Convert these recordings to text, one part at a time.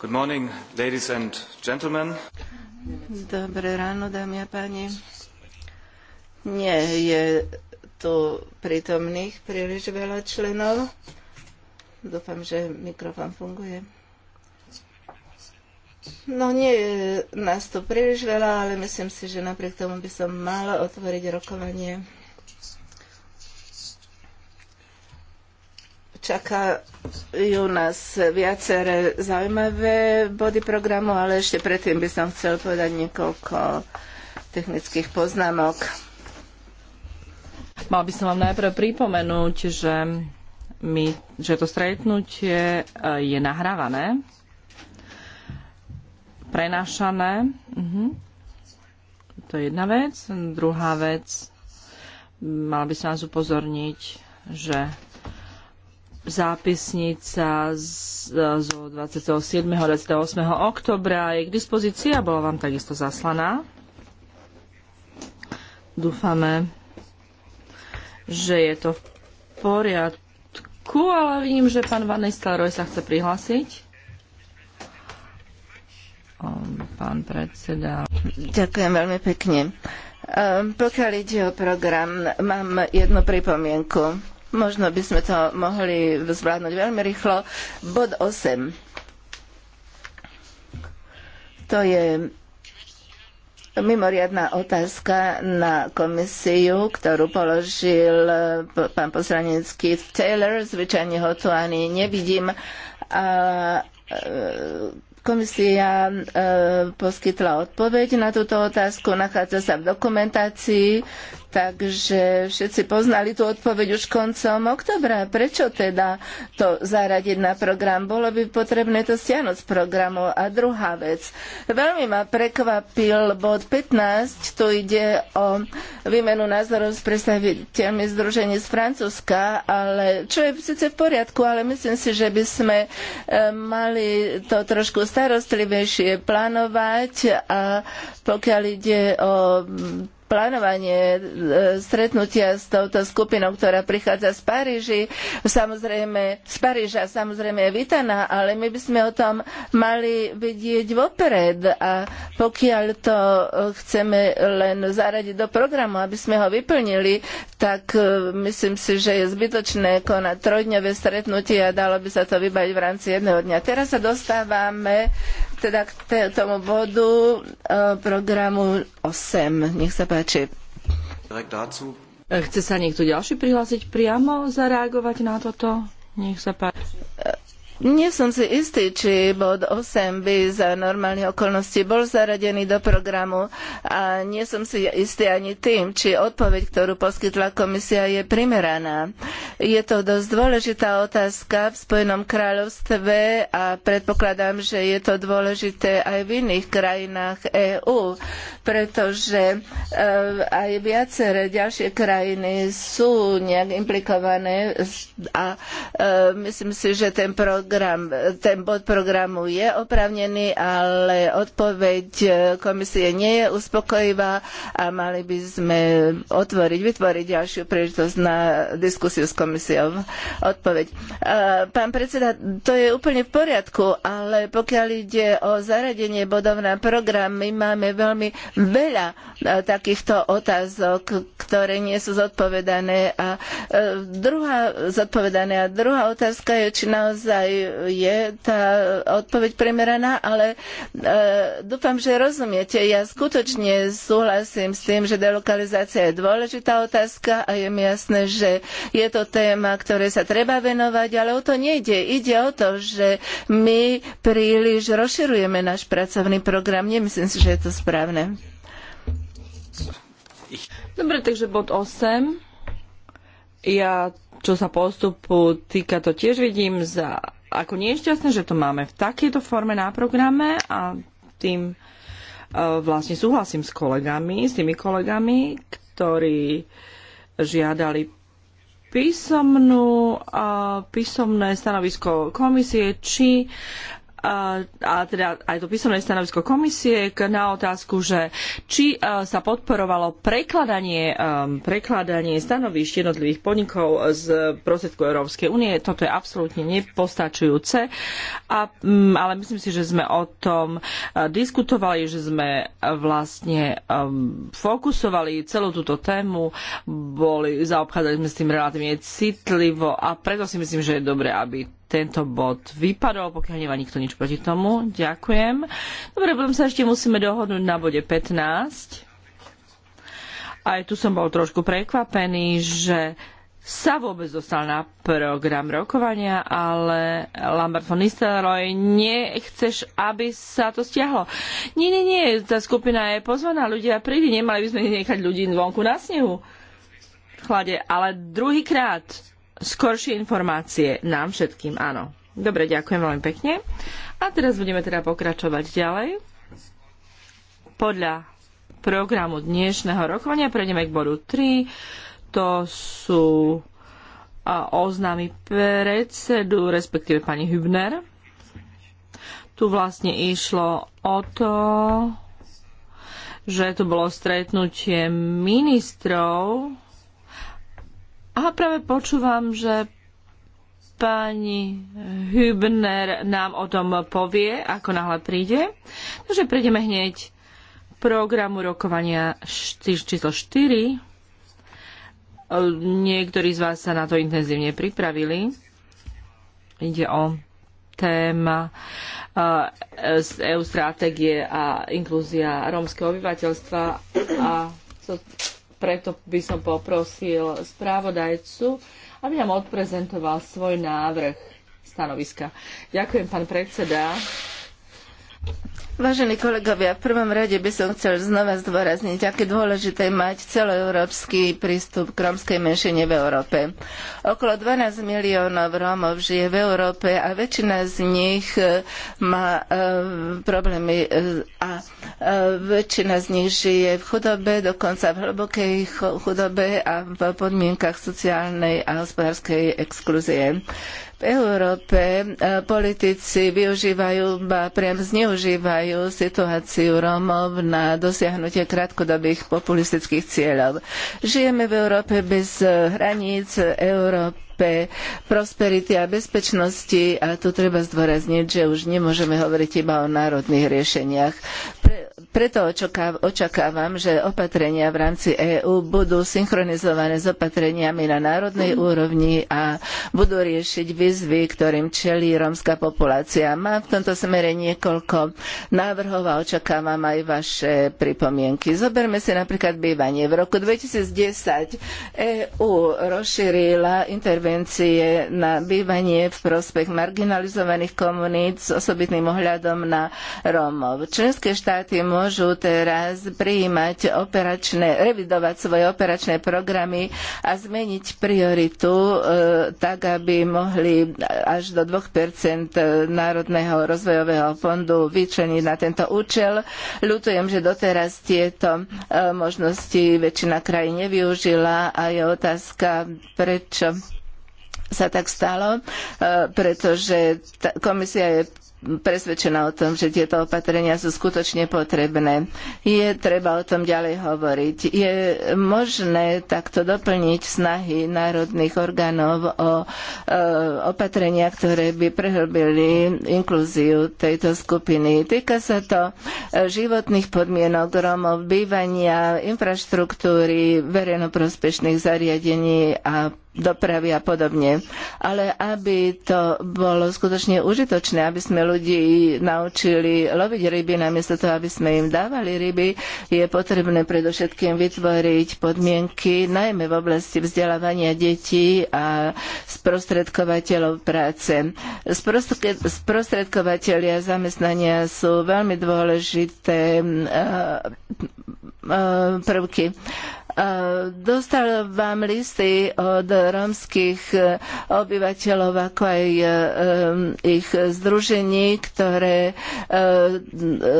Good morning, ladies and gentlemen. Dobré ráno, dámy a páni. Nie je tu prítomných príliš veľa členov. Dúfam, že mikrofón funguje. No nie je nás tu príliš veľa, ale myslím si, že napriek tomu by som mala otvoriť rokovanie. Čakajú nás viaceré zaujímavé body programu, ale ešte predtým by som chcel povedať niekoľko technických poznámok. Mal by som vám najprv pripomenúť, že, my, že to stretnutie eh, je nahrávané, prenášané. Uh-huh. To je jedna vec. Druhá vec, mal by som vás upozorniť, že Zápisnica z, zo 27. a 28. oktobra je k dispozícii a bola vám takisto zaslaná. Dúfame, že je to v poriadku, ale vidím, že pán Van Nistelrooy sa chce prihlásiť. Ehm, pán predseda. Ďakujem veľmi pekne. Ehm, pokiaľ ide o program, mám jednu pripomienku Možno by sme to mohli zvládnuť veľmi rýchlo. Bod 8. To je mimoriadná otázka na komisiu, ktorú položil eh, pán poslanec Keith Taylor. Zvyčajne ho tu ani nevidím. A eh, komisia eh, poskytla odpoveď na túto otázku. Nachádza sa v dokumentácii, Takže všetci poznali tú odpoveď už koncom oktobra. Prečo teda to zaradiť na program? Bolo by potrebné to stiahnuť z programu. A druhá vec. Veľmi ma prekvapil bod 15. Tu ide o výmenu názorov s predstaviteľmi Združení z Francúzska, ale čo je síce v poriadku, ale myslím si, že by sme e, mali to trošku starostlivejšie plánovať a pokiaľ ide o plánovanie e, stretnutia s touto skupinou, ktorá prichádza z Paríži, samozrejme, z Paríža samozrejme je vítaná, ale my by sme o tom mali vidieť vopred a pokiaľ to e, chceme len zaradiť do programu, aby sme ho vyplnili, tak e, myslím si, že je zbytočné konať trojdňové stretnutie a dalo by sa to vybaviť v rámci jedného dňa. Teraz sa dostávame teda k tomu bodu e, programu 8. Nech sa páči. E, chce sa niekto ďalší prihlásiť priamo zareagovať na toto? Nech sa páči. E, nie som si istý, či bod 8 by za normálne okolnosti bol zaradený do programu a nie som si istý ani tým, či odpoveď, ktorú poskytla komisia, je primeraná. Je to dosť dôležitá otázka v Spojenom kráľovstve a predpokladám, že je to dôležité aj v iných krajinách EÚ, pretože eh, aj viaceré ďalšie krajiny sú nejak implikované a eh, myslím si, že ten program program, ten bod programu je oprávnený, ale odpoveď e, komisie nie je uspokojivá a mali by sme otvoriť, vytvoriť ďalšiu príležitosť na diskusiu s komisiou. Odpoveď. E, pán predseda, to je úplne v poriadku, ale pokiaľ ide o zaradenie bodov na program, my máme veľmi veľa e, takýchto otázok, ktoré nie sú zodpovedané a druhá zodpovedané a druhá otázka je, či naozaj je tá odpoveď premeraná, ale e, dúfam, že rozumiete. Ja skutočne súhlasím s tým, že delokalizácia je dôležitá otázka a je mi jasné, že je to téma, ktoré sa treba venovať, ale o to nejde. Ide o to, že my príliš rozširujeme náš pracovný program. Nemyslím si, že je to správne. Dobre, takže bod 8. Ja, čo sa postupu týka, to tiež vidím za ako nešťastné, že to máme v takejto forme na programe a tým e, vlastne súhlasím s kolegami, s tými kolegami, ktorí žiadali písomnú, e, písomné stanovisko komisie, či a, teda aj to písomné stanovisko komisie na otázku, že či e, sa podporovalo prekladanie, e, prekladanie stanovišť jednotlivých podnikov z prostriedku Európskej únie. Toto je absolútne nepostačujúce, a, ale myslím si, že sme o tom e, diskutovali, že sme vlastne fokusovali celú túto tému, boli, zaobchádzali sme s tým relatívne citlivo a preto si myslím, že je dobré, aby tento bod vypadol, pokiaľ nemá nikto nič proti tomu. Ďakujem. Dobre, potom sa ešte musíme dohodnúť na bode 15. Aj tu som bol trošku prekvapený, že sa vôbec dostal na program rokovania, ale Lambert von Nistelrooy, nechceš, aby sa to stiahlo. Nie, nie, nie, tá skupina je pozvaná, ľudia prídi, nemali by sme nechať ľudí vonku na snehu v chlade, ale druhýkrát skoršie informácie nám všetkým, áno. Dobre, ďakujem veľmi pekne. A teraz budeme teda pokračovať ďalej. Podľa programu dnešného rokovania prejdeme k bodu 3. To sú oznámy predsedu, respektíve pani Hübner. Tu vlastne išlo o to, že tu bolo stretnutie ministrov a práve počúvam, že pani Hübner nám o tom povie, ako náhle príde. Takže prejdeme hneď programu rokovania číslo 4. Niektorí z vás sa na to intenzívne pripravili. Ide o téma z EU stratégie a inklúzia rómskeho obyvateľstva a preto by som poprosil správodajcu, aby nám odprezentoval svoj návrh stanoviska. Ďakujem, pán predseda. Vážení kolegovia, v prvom rade by som chcel znova zdôrazniť, aké dôležité mať celoeurópsky prístup k rómskej menšine v Európe. Okolo 12 miliónov Rómov žije v Európe a väčšina z nich e, má e, problémy e, a e, väčšina z nich žije v chudobe, dokonca v hlbokej chudobe a v podmienkach sociálnej a hospodárskej exkluzie. V Európe e, politici využívajú, ba priam zneužívajú situáciu Rómov na dosiahnutie krátkodobých populistických cieľov. Žijeme v Európe bez hraníc, Európe Európe prosperity a bezpečnosti a tu treba zdôrazniť, že už nemôžeme hovoriť iba o národných riešeniach. Pre preto očakávam, že opatrenia v rámci EÚ budú synchronizované s opatreniami na národnej úrovni a budú riešiť výzvy, ktorým čelí rómska populácia. Mám v tomto smere niekoľko návrhov a očakávam aj vaše pripomienky. Zoberme si napríklad bývanie. V roku 2010 EÚ rozšírila intervencie na bývanie v prospech marginalizovaných komunít s osobitným ohľadom na Rómov. Členské štáty môžu teraz prijímať operačné, revidovať svoje operačné programy a zmeniť prioritu e, tak, aby mohli až do 2% Národného rozvojového fondu vyčleniť na tento účel. Ľutujem, že doteraz tieto e, možnosti väčšina krajín nevyužila a je otázka, prečo sa tak stalo, e, pretože komisia je presvedčená o tom, že tieto opatrenia sú skutočne potrebné. Je treba o tom ďalej hovoriť. Je možné takto doplniť snahy národných orgánov o e, opatrenia, ktoré by prehlbili inklúziu tejto skupiny. Týka sa to e, životných podmienok Rómov, bývania, infraštruktúry, verejnoprospešných zariadení a dopravy a podobne. Ale aby to bolo skutočne užitočné, aby sme ľudí naučili loviť ryby namiesto toho, aby sme im dávali ryby, je potrebné predovšetkým vytvoriť podmienky, najmä v oblasti vzdelávania detí a sprostredkovateľov práce. Sprostredkovateľia zamestnania sú veľmi dôležité eh, eh, prvky Dostal vám listy od rómskych e, obyvateľov, ako aj e, e, ich združení, ktoré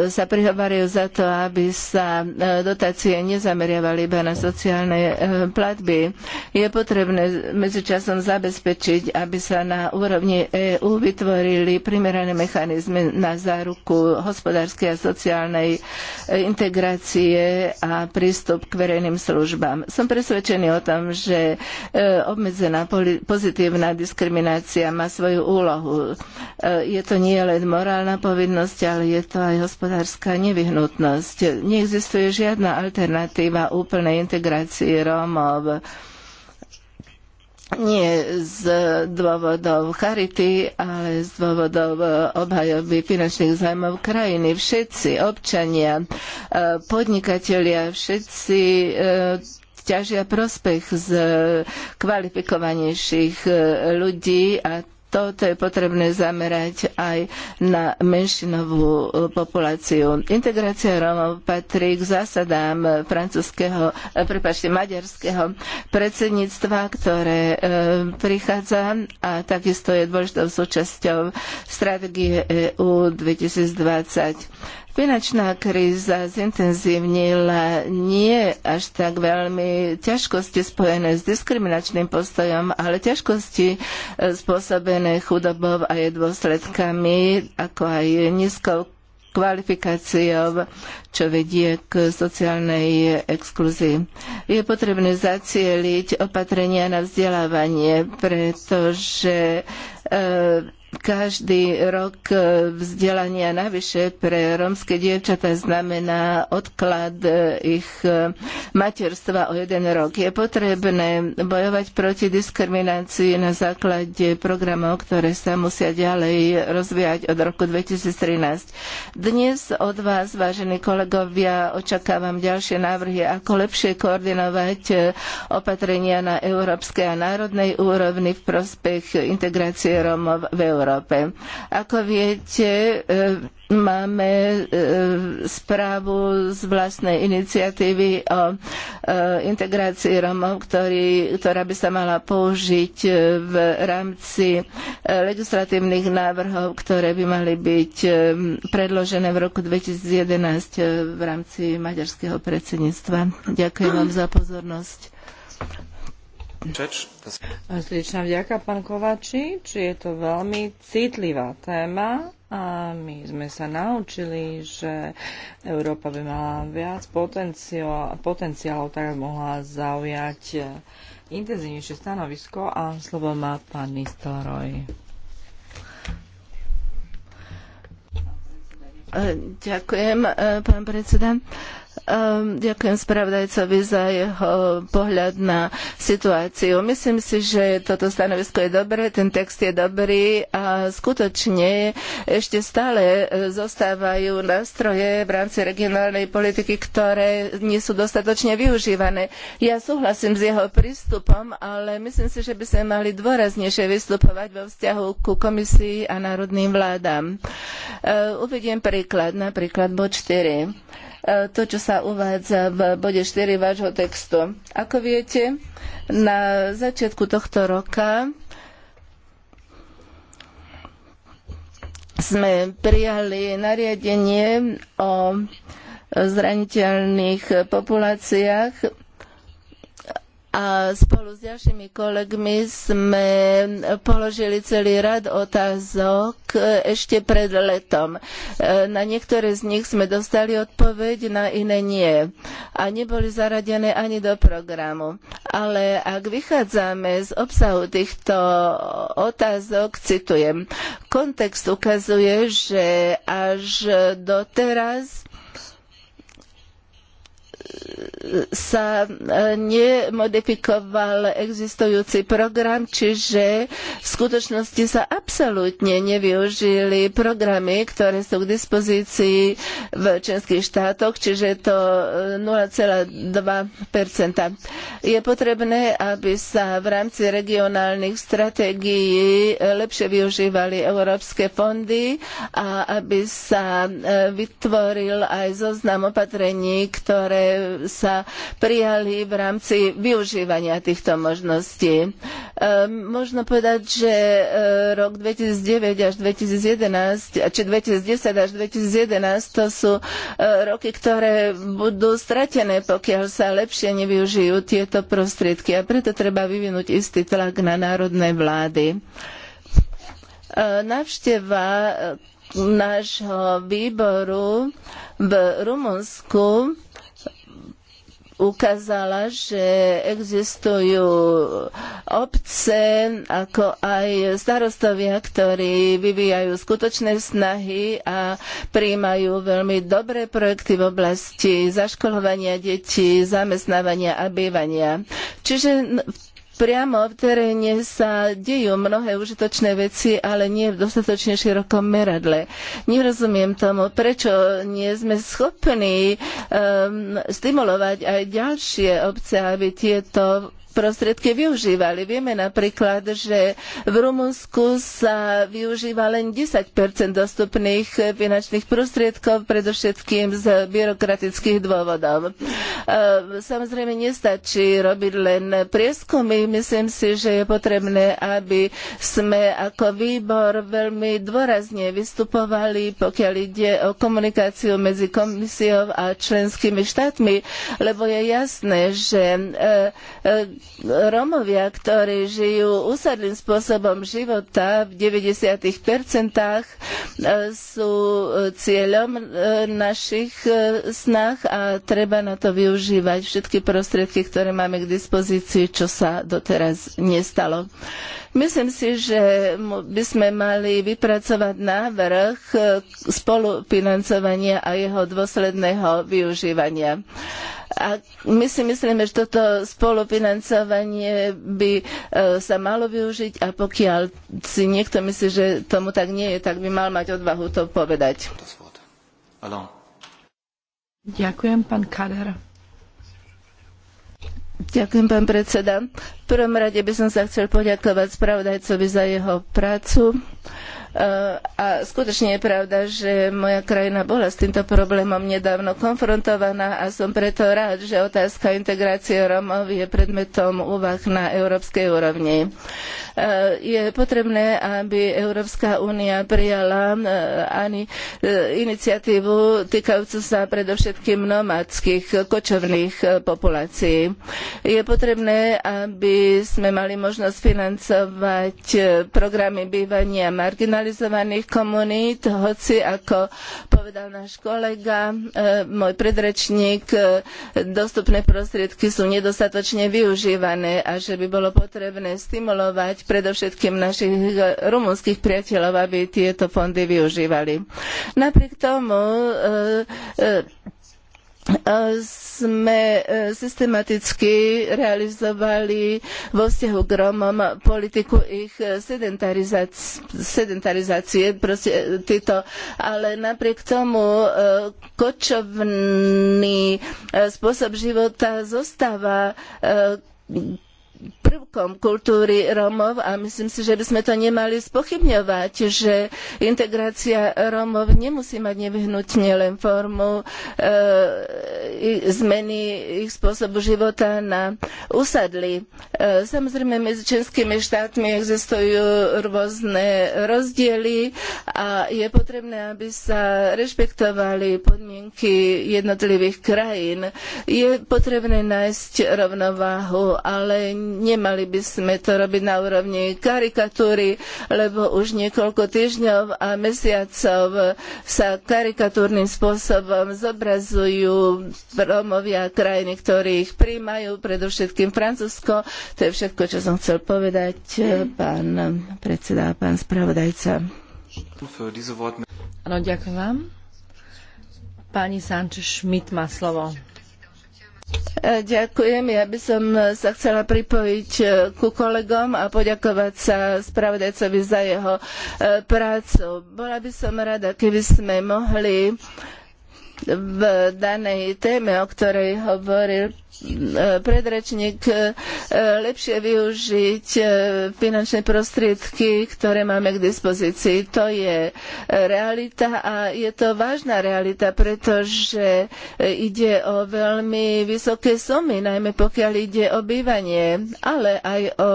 sa prihovárajú za to, aby sa dotácie nezameriavali iba na sociálne platby. Je potrebné medzičasom zabezpečiť, aby sa na úrovni EÚ vytvorili primerané mechanizmy na záruku hospodárskej a sociálnej integrácie a prístup k verejným službám službám. Som presvedčený o tom, že e, obmedzená pozitívna diskriminácia má svoju úlohu. E, je to nie len morálna povinnosť, ale je to aj hospodárska nevyhnutnosť. Neexistuje žiadna alternatíva úplnej integrácii Rómov nie z dôvodov charity, ale z dôvodov e, obhajoby finančných zájmov krajiny. Všetci občania, e, podnikatelia, všetci e, ťažia prospech z kvalifikovanejších ľudí a toto je potrebné zamerať aj na menšinovú e, populáciu. Integrácia Rómov patrí k zásadám francúzského, e, prepáčte, maďarského predsedníctva, ktoré e, prichádza a takisto je dôležitou súčasťou stratégie EU 2020. Finančná kríza zintenzívnila nie až tak veľmi ťažkosti spojené s diskriminačným postojom, ale ťažkosti e, spôsobené chudobou a jej dôsledkami, ako aj nízkou kvalifikáciou, čo vedie k sociálnej exkluzii. Je potrebné zacieliť opatrenia na vzdelávanie, pretože e, každý rok e, vzdelania navyše pre rómske dievčatá znamená odklad e, ich e, materstva o jeden rok. Je potrebné bojovať proti diskriminácii na základe programov, ktoré sa musia ďalej rozvíjať od roku 2013. Dnes od vás, vážení kolegovia, očakávam ďalšie návrhy, ako lepšie koordinovať opatrenia na európskej a národnej úrovni v prospech integrácie Rómov v Európe. Európe. Ako viete, e, máme e, správu z vlastnej iniciatívy o e, integrácii Romov, ktorý, ktorá by sa mala použiť v rámci legislatívnych návrhov, ktoré by mali byť predložené v roku 2011 v rámci maďarského predsedníctva. Ďakujem vám za pozornosť. Sličná vďaka, pán Kovači, či je to veľmi citlivá téma a my sme sa naučili, že Európa by mala viac potenciál, potenciálov, tak aby mohla zaujať eh, intenzívnejšie stanovisko a slovo má pán Nistelroj. Eh, ďakujem, eh, pán predseda. Ehm, ďakujem spravodajcovi za jeho pohľad na situáciu. Myslím si, že toto stanovisko je dobré, ten text je dobrý a skutočne ešte stále e, zostávajú nástroje v rámci regionálnej politiky, ktoré nie sú dostatočne využívané. Ja súhlasím s jeho prístupom, ale myslím si, že by sme mali dôraznejšie vystupovať vo vzťahu ku komisii a národným vládam. Ehm, uvediem príklad, napríklad bod 4 E, to, čo sa uvádza v bode 4 vášho textu. Ako viete, na začiatku tohto roka sme prijali nariadenie o zraniteľných populáciách a spolu s ďalšími kolegmi sme položili celý rad otázok e, ešte pred letom. E, na niektoré z nich sme dostali odpoveď, na iné nie. A neboli zaradené ani do programu. Ale ak vychádzame z obsahu týchto otázok, citujem, kontext ukazuje, že až doteraz sa e, nemodifikoval existujúci program, čiže v skutočnosti sa absolútne nevyužili programy, ktoré sú k dispozícii v členských štátoch, čiže to 0,2 e, Je potrebné, aby sa v rámci regionálnych stratégií lepšie využívali európske fondy a aby sa e, vytvoril aj zoznam opatrení, ktoré sa prijali v rámci využívania týchto možností. Ehm, možno povedať, že eh, rok 2009 až 2011, či 2010 až 2011, to sú eh, roky, ktoré budú stratené, pokiaľ sa lepšie nevyužijú tieto prostriedky. A preto treba vyvinúť istý tlak na národné vlády. Eh, návšteva nášho výboru v Rumunsku ukázala, že existujú obce, ako aj starostovia, ktorí vyvíjajú skutočné snahy a príjmajú veľmi dobré projekty v oblasti zaškolovania detí, zamestnávania a bývania. Čiže v priamo v teréne sa dejú mnohé užitočné veci, ale nie v dostatočne širokom meradle. Nerozumiem tomu, prečo nie sme schopní um, stimulovať aj ďalšie obce, aby tieto prostriedky využívali. Vieme napríklad, že v Rumunsku sa využíva len 10 dostupných finančných prostriedkov, predovšetkým z byrokratických dôvodov. E, samozrejme, nestačí robiť len prieskumy. Myslím si, že je potrebné, aby sme ako výbor veľmi dôrazne vystupovali, pokiaľ ide o komunikáciu medzi komisiou a členskými štátmi, lebo je jasné, že e, e, Romovia, ktorí žijú usadlým spôsobom života v 90% e, sú cieľom e, našich e, snah a treba na to využívať všetky prostriedky, ktoré máme k dispozícii, čo sa doteraz nestalo. Myslím si, že by sme mali vypracovať návrh spolufinancovania a jeho dôsledného využívania. A my si myslíme, že toto spolufinancovanie by e, sa malo využiť a pokiaľ si niekto myslí, že tomu tak nie je, tak by mal mať odvahu to povedať. Ďakujem, pán Kader. Ďakujem, pán predseda. V prvom rade by som sa chcel poďakovať spravodajcovi za jeho prácu. A skutočne je pravda, že moja krajina bola s týmto problémom nedávno konfrontovaná a som preto rád, že otázka integrácie Rómov je predmetom úvah na európskej úrovni. E, je potrebné, aby Európska únia prijala e, ani e, iniciatívu týkajúcu sa predovšetkým nomádskych kočovných populácií. Je potrebné, aby sme mali možnosť financovať programy bývania marginálnych marginalizovaných komunít, hoci ako povedal náš kolega, e, môj predrečník, e, dostupné prostriedky sú nedostatočne využívané a že by bolo potrebné stimulovať predovšetkým našich rumunských priateľov, aby tieto fondy využívali. Napriek tomu e, E, sme e, systematicky realizovali vo vzťahu k Rómom politiku ich e, sedentarizácie, proste títo, ale napriek tomu kočovný spôsob života zostáva prvkom kultúry Rómov a myslím si, že by sme to nemali spochybňovať, že integrácia Rómov nemusí mať nevyhnutne len formu e, zmeny ich spôsobu života na usadli. E, samozrejme, medzi členskými štátmi existujú rôzne rozdiely a je potrebné, aby sa rešpektovali podmienky jednotlivých krajín. Je potrebné nájsť rovnováhu, ale nemali by sme to robiť na úrovni karikatúry, lebo už niekoľko týždňov a mesiacov sa karikatúrnym spôsobom zobrazujú Rómovia krajiny, ktorí ich príjmajú, predovšetkým Francúzsko. To je všetko, čo som chcel povedať, pán predseda a pán spravodajca. Áno, ďakujem vám. Pani Sanchez Schmidt má slovo. E, ďakujem. Ja by som e, sa chcela pripojiť e, ku kolegom a poďakovať sa spravodajcovi za jeho prácu. Bola by som rada, keby sme mohli v danej téme, o ktorej hovoril e, predrečník, e, lepšie využiť e, finančné prostriedky, ktoré máme k dispozícii. To je realita a je to vážna realita, pretože ide o veľmi vysoké sumy, najmä pokiaľ ide o bývanie, ale aj o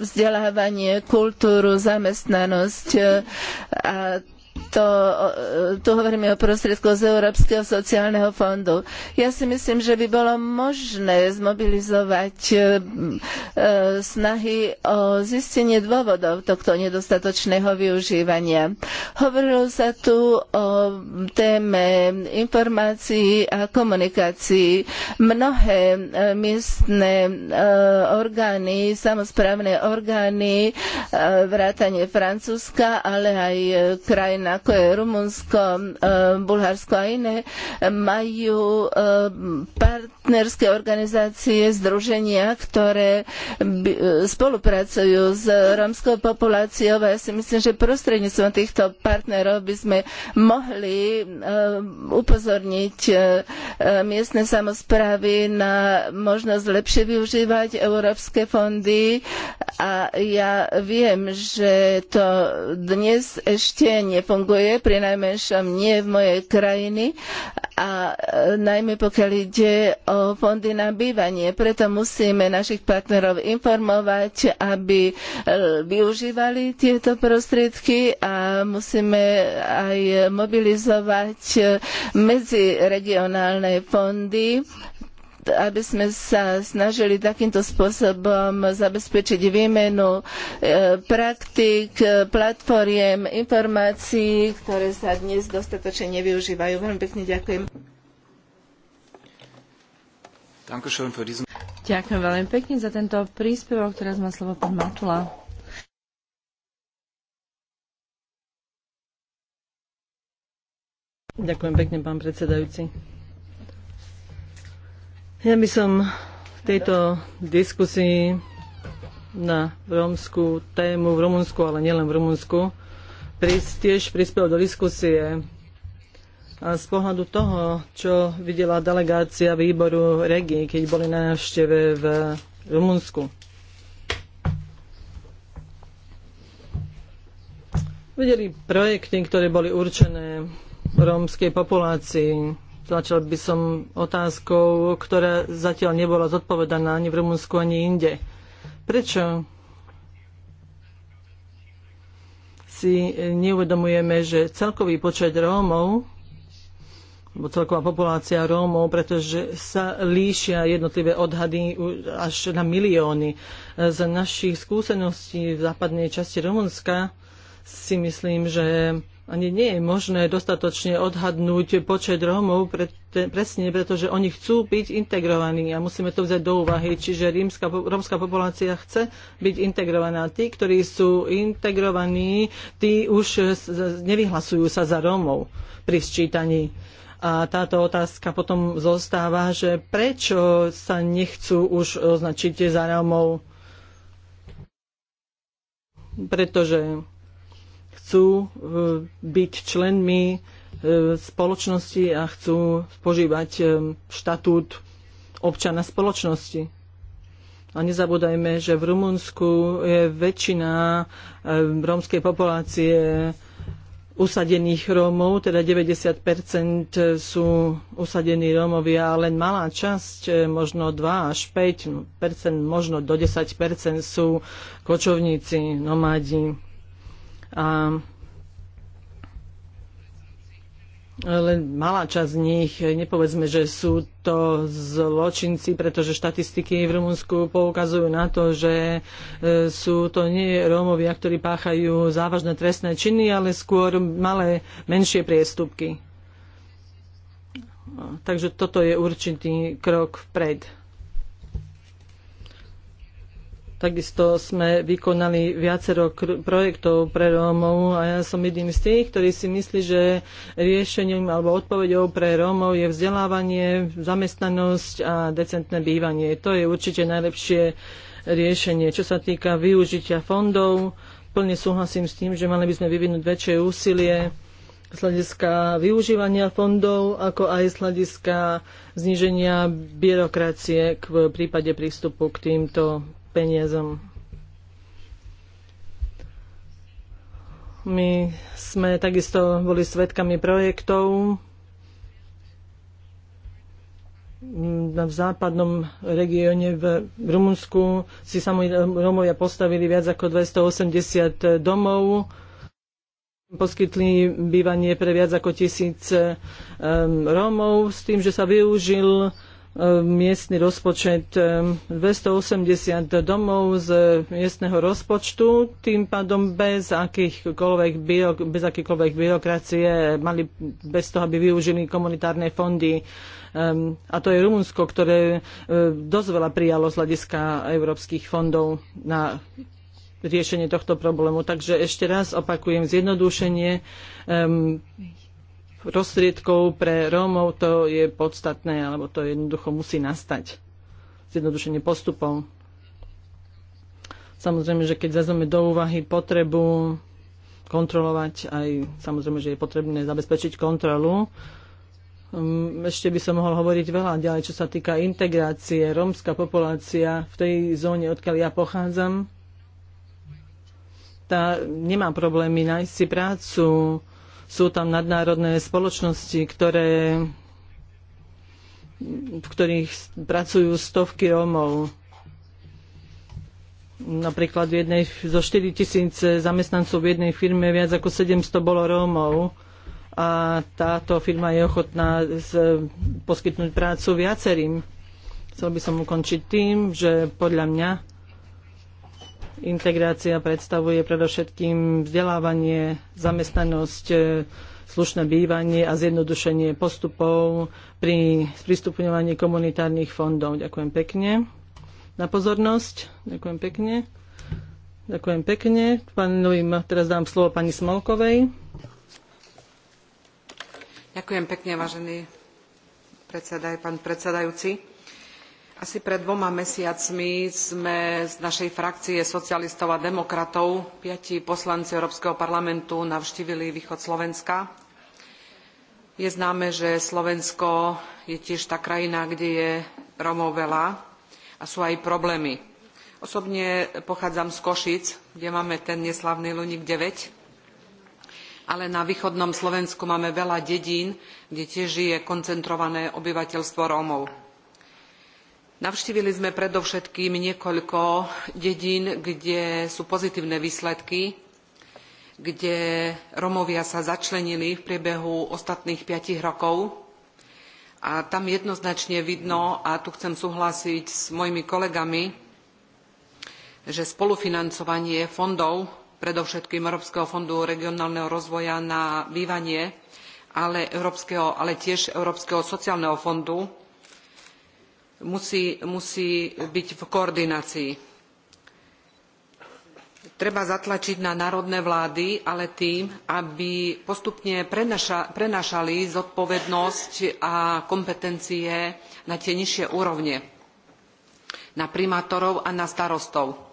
vzdelávanie, kultúru, zamestnanosť a to, e, tu hovoríme o prostriedku z Európskeho sociálneho fondu. Ja si myslím, že by bolo možné zmobilizovať e, e, snahy o zistenie dôvodov tohto nedostatočného využívania. Hovorilo sa tu o téme informácií a komunikácií. Mnohé miestne orgány, samozprávne orgány, vrátane Francúzska, ale aj krajina ako je Rumunsko, e, Bulharsko a iné, majú e, partnerské organizácie, združenia, ktoré e, spolupracujú s rómskou populáciou a ja si myslím, že prostredníctvom týchto partnerov by sme mohli upozorniť miestne samozprávy na možnosť lepšie využívať európske fondy a ja viem, že to dnes ešte nefunguje nefunguje, prinajmenšom nie v mojej krajiny a e, najmä pokiaľ ide o fondy na bývanie. Preto musíme našich partnerov informovať, aby e, využívali tieto prostriedky a musíme aj mobilizovať e, medziregionálne fondy aby sme sa snažili takýmto spôsobom zabezpečiť výmenu e, praktik, e, platformiem, informácií, ktoré sa dnes dostatočne nevyužívajú. Veľmi pekne ďakujem. Ďakujem veľmi pekne za tento príspevok. Teraz má slovo pán Matula. Ďakujem pekne, pán predsedajúci. Ja by som v tejto diskusii na rómskú tému v Rumunsku, ale nielen v Rumunsku, tiež prispel do diskusie a z pohľadu toho, čo videla delegácia výboru Regi, keď boli na návšteve v Rumunsku. Videli projekty, ktoré boli určené rómskej populácii začal by som otázkou, ktorá zatiaľ nebola zodpovedaná ani v Rumunsku, ani inde. Prečo si neuvedomujeme, že celkový počet Rómov, alebo celková populácia Rómov, pretože sa líšia jednotlivé odhady až na milióny. Z našich skúseností v západnej časti Rumunska si myslím, že ani nie je možné dostatočne odhadnúť počet Rómov pre, te, presne, pretože oni chcú byť integrovaní a musíme to vziať do úvahy. Čiže rímska, rómska populácia chce byť integrovaná. Tí, ktorí sú integrovaní, tí už nevyhlasujú sa za Rómov pri sčítaní. A táto otázka potom zostáva, že prečo sa nechcú už označiť za Rómov? Pretože chcú e, byť členmi e, spoločnosti a chcú požívať e, štatút občana spoločnosti. A nezabúdajme, že v Rumunsku je väčšina rómskej populácie usadených Rómov, teda 90 sú usadení Rómovia a len malá časť, možno 2 až 5 možno do 10 sú kočovníci, nomádi a len malá časť z nich, nepovedzme, že sú to zločinci, pretože štatistiky v Rumunsku poukazujú na to, že e, sú to nie Rómovia, ktorí páchajú závažné trestné činy, ale skôr malé, menšie priestupky. Takže toto je určitý krok vpred. Takisto sme vykonali viacero projektov pre Rómov a ja som jedným z tých, ktorí si myslí, že riešením alebo odpovedou pre Rómov je vzdelávanie, zamestnanosť a decentné bývanie. To je určite najlepšie riešenie. Čo sa týka využitia fondov, plne súhlasím s tým, že mali by sme vyvinúť väčšie úsilie z hľadiska využívania fondov, ako aj z hľadiska zníženia byrokracie v prípade prístupu k týmto peniazom. My sme takisto boli svetkami projektov v západnom regióne v Rumunsku si sami Romovia postavili viac ako 280 domov, poskytli bývanie pre viac ako tisíc ehm, Rómov s tým, že sa využil miestny rozpočet 280 domov z miestneho rozpočtu, tým pádom bez, akýchkoľvek bio, bez akýkoľvek byrokracie, mali bez toho, aby využili komunitárne fondy. A to je Rumunsko, ktoré e, dosť veľa prijalo z hľadiska európskych fondov na riešenie tohto problému. Takže ešte raz opakujem zjednodušenie prostriedkov pre Rómov, to je podstatné, alebo to jednoducho musí nastať. Zjednodušenie postupov. Samozrejme, že keď zazveme do úvahy potrebu kontrolovať, aj samozrejme, že je potrebné zabezpečiť kontrolu. Um, ešte by som mohol hovoriť veľa ďalej, čo sa týka integrácie. Rómska populácia v tej zóne, odkiaľ ja pochádzam, tá nemá problémy nájsť si prácu, sú tam nadnárodné spoločnosti, ktoré, v ktorých pracujú stovky Rómov. Napríklad v jednej, zo 4 tisíc zamestnancov v jednej firme viac ako 700 bolo Rómov a táto firma je ochotná z, poskytnúť prácu viacerým. Chcel by som ukončiť tým, že podľa mňa Integrácia predstavuje predovšetkým vzdelávanie, zamestnanosť, e, slušné bývanie a zjednodušenie postupov pri sprístupňovaní komunitárnych fondov. Ďakujem pekne na pozornosť. Ďakujem pekne. Ďakujem pekne. Pánovi, teraz dám slovo pani Smolkovej. Ďakujem pekne, vážený predseda, pán predsedajúci asi pred dvoma mesiacmi sme z našej frakcie socialistov a demokratov piati poslanci Európskeho parlamentu navštívili východ Slovenska. Je známe, že Slovensko je tiež tá krajina, kde je Romov veľa a sú aj problémy. Osobne pochádzam z Košic, kde máme ten neslavný Luník 9, ale na východnom Slovensku máme veľa dedín, kde tiež žije koncentrované obyvateľstvo Rómov Navštívili sme predovšetkým niekoľko dedín, kde sú pozitívne výsledky, kde Romovia sa začlenili v priebehu ostatných piatich rokov. A tam jednoznačne vidno, a tu chcem súhlasiť s mojimi kolegami, že spolufinancovanie fondov, predovšetkým Európskeho fondu regionálneho rozvoja na bývanie, ale, ale tiež Európskeho sociálneho fondu, musí, musí byť v koordinácii. Treba zatlačiť na národné vlády, ale tým, aby postupne prenaša, prenašali zodpovednosť a kompetencie na tie nižšie úrovne, na primátorov a na starostov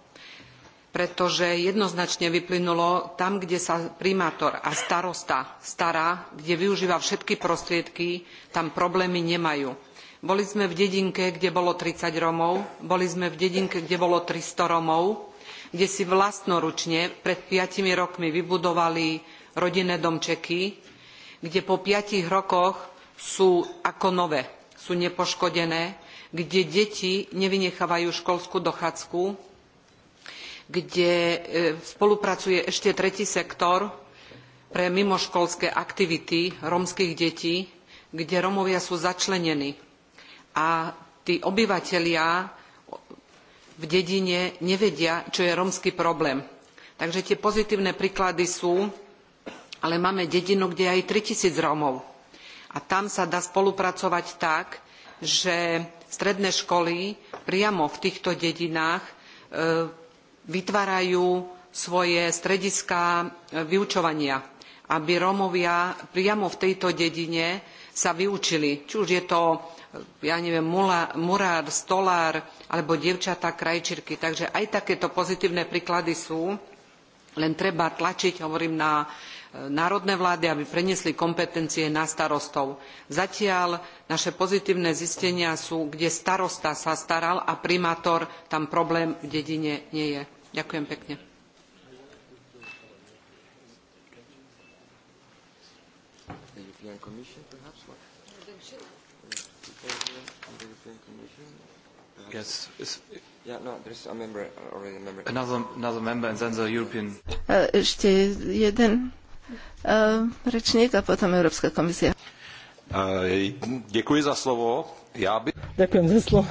pretože jednoznačne vyplynulo tam kde sa primátor a starosta stará kde využíva všetky prostriedky tam problémy nemajú boli sme v dedinke, kde bolo 30 Romov, boli sme v dedinke, kde bolo 300 Romov, kde si vlastnoručne pred 5 rokmi vybudovali rodinné domčeky, kde po 5 rokoch sú ako nové, sú nepoškodené, kde deti nevynechávajú školskú dochádzku, kde e, spolupracuje ešte tretí sektor pre mimoškolské aktivity rómskych detí, kde Rómovia sú začlenení a tí obyvatelia v dedine nevedia, čo je rómsky problém. Takže tie pozitívne príklady sú, ale máme dedinu, kde je aj 3000 Rómov. A tam sa dá spolupracovať tak, že stredné školy priamo v týchto dedinách e, vytvárajú svoje strediská e, vyučovania, aby Rómovia priamo v tejto dedine sa vyučili. Či už je to, ja neviem, murár, stolár alebo dievčatá krajčírky. Takže aj takéto pozitívne príklady sú, len treba tlačiť, hovorím, na e, národné vlády, aby preniesli kompetencie na starostov. Zatiaľ naše pozitívne zistenia sú, kde starosta sa staral a primátor tam problém v dedine nie je. Ďakujem pekne. Yes. It's... Yeah, no, there's a member, already a member. Another, another member and then the European... Uh, ešte jeden uh, rečník a potom Európska komisia. Uh, e, ďakujem za slovo. by... Ďakujem za slovo.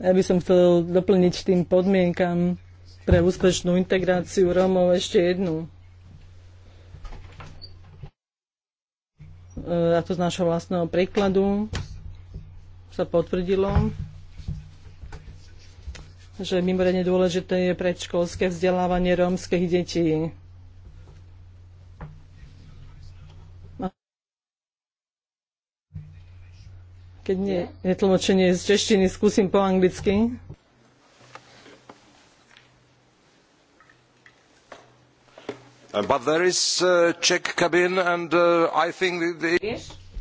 Ja by som chcel doplniť tým podmienkam pre úspešnú integráciu Rómov ešte jednu. A to z našho vlastného príkladu sa potvrdilo, že mimoriadne dôležité je predškolské vzdelávanie rómskych detí. Keď nie je tlmočenie z češtiny, skúsim po anglicky. Uh, but there is uh, Czech cabin and uh, I think the...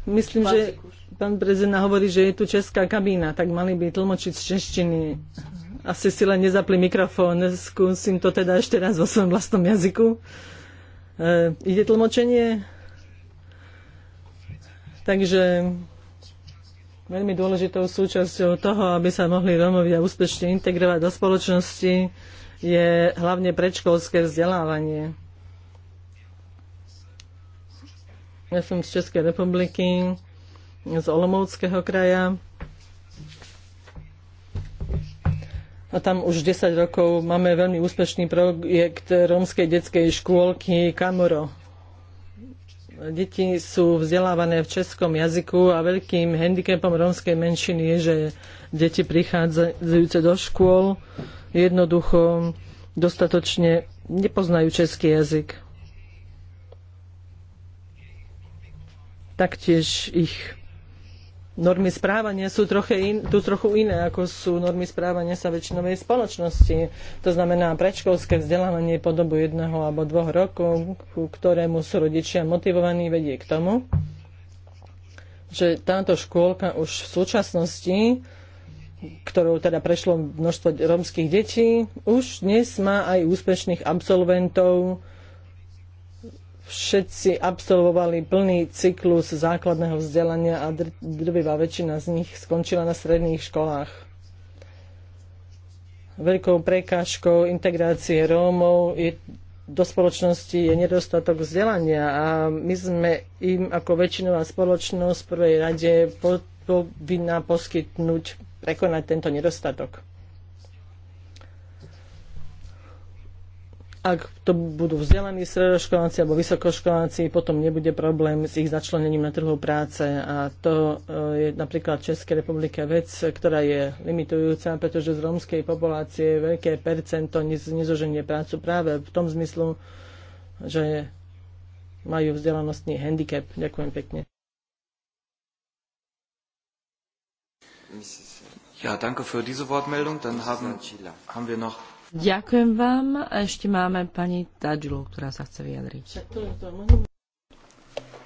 Myslím, že pán prezident hovorí, že je tu česká kabína, tak mali by tlmočiť z češtiny. Asi si len nezapli mikrofón, skúsim to teda ešte raz vo svojom vlastnom jazyku. E, ide tlmočenie? Takže veľmi dôležitou súčasťou toho, aby sa mohli Rómovia úspešne integrovať do spoločnosti, je hlavne predškolské vzdelávanie. Ja som z Českej republiky, z Olomouckého kraja a tam už 10 rokov máme veľmi úspešný projekt rómskej detskej škôlky Kamoro. Deti sú vzdelávané v českom jazyku a veľkým handicapom rómskej menšiny je, že deti prichádzajúce do škôl jednoducho dostatočne nepoznajú český jazyk. Taktiež ich normy správania sú, troche in, tu trochu iné, ako sú normy správania sa väčšinovej spoločnosti. To znamená, predškolské vzdelávanie po dobu jedného alebo dvoch rokov, ku ktorému sú rodičia motivovaní, vedie k tomu, že táto škôlka už v súčasnosti ktorou teda prešlo množstvo romských detí, už dnes má aj úspešných absolventov všetci absolvovali plný cyklus základného vzdelania a dr- drvivá väčšina z nich skončila na stredných školách. Veľkou prekážkou integrácie Rómov je, do spoločnosti je nedostatok vzdelania a my sme im ako väčšinová spoločnosť v prvej rade povinná poskytnúť prekonať tento nedostatok. ak to budú vzdelaní stredoškoláci alebo vysokoškoláci, potom nebude problém s ich začlenením na trhu práce. A to e, je napríklad v Českej republike vec, ktorá je limitujúca, pretože z rómskej populácie je veľké percento nezoženie prácu práve v tom zmyslu, že majú vzdelanostný handicap. Ďakujem pekne. Ja, danke für diese Wortmeldung. Dann haben, haben wir noch Ďakujem vám. A ešte máme pani Tadžilu, ktorá sa chce vyjadriť.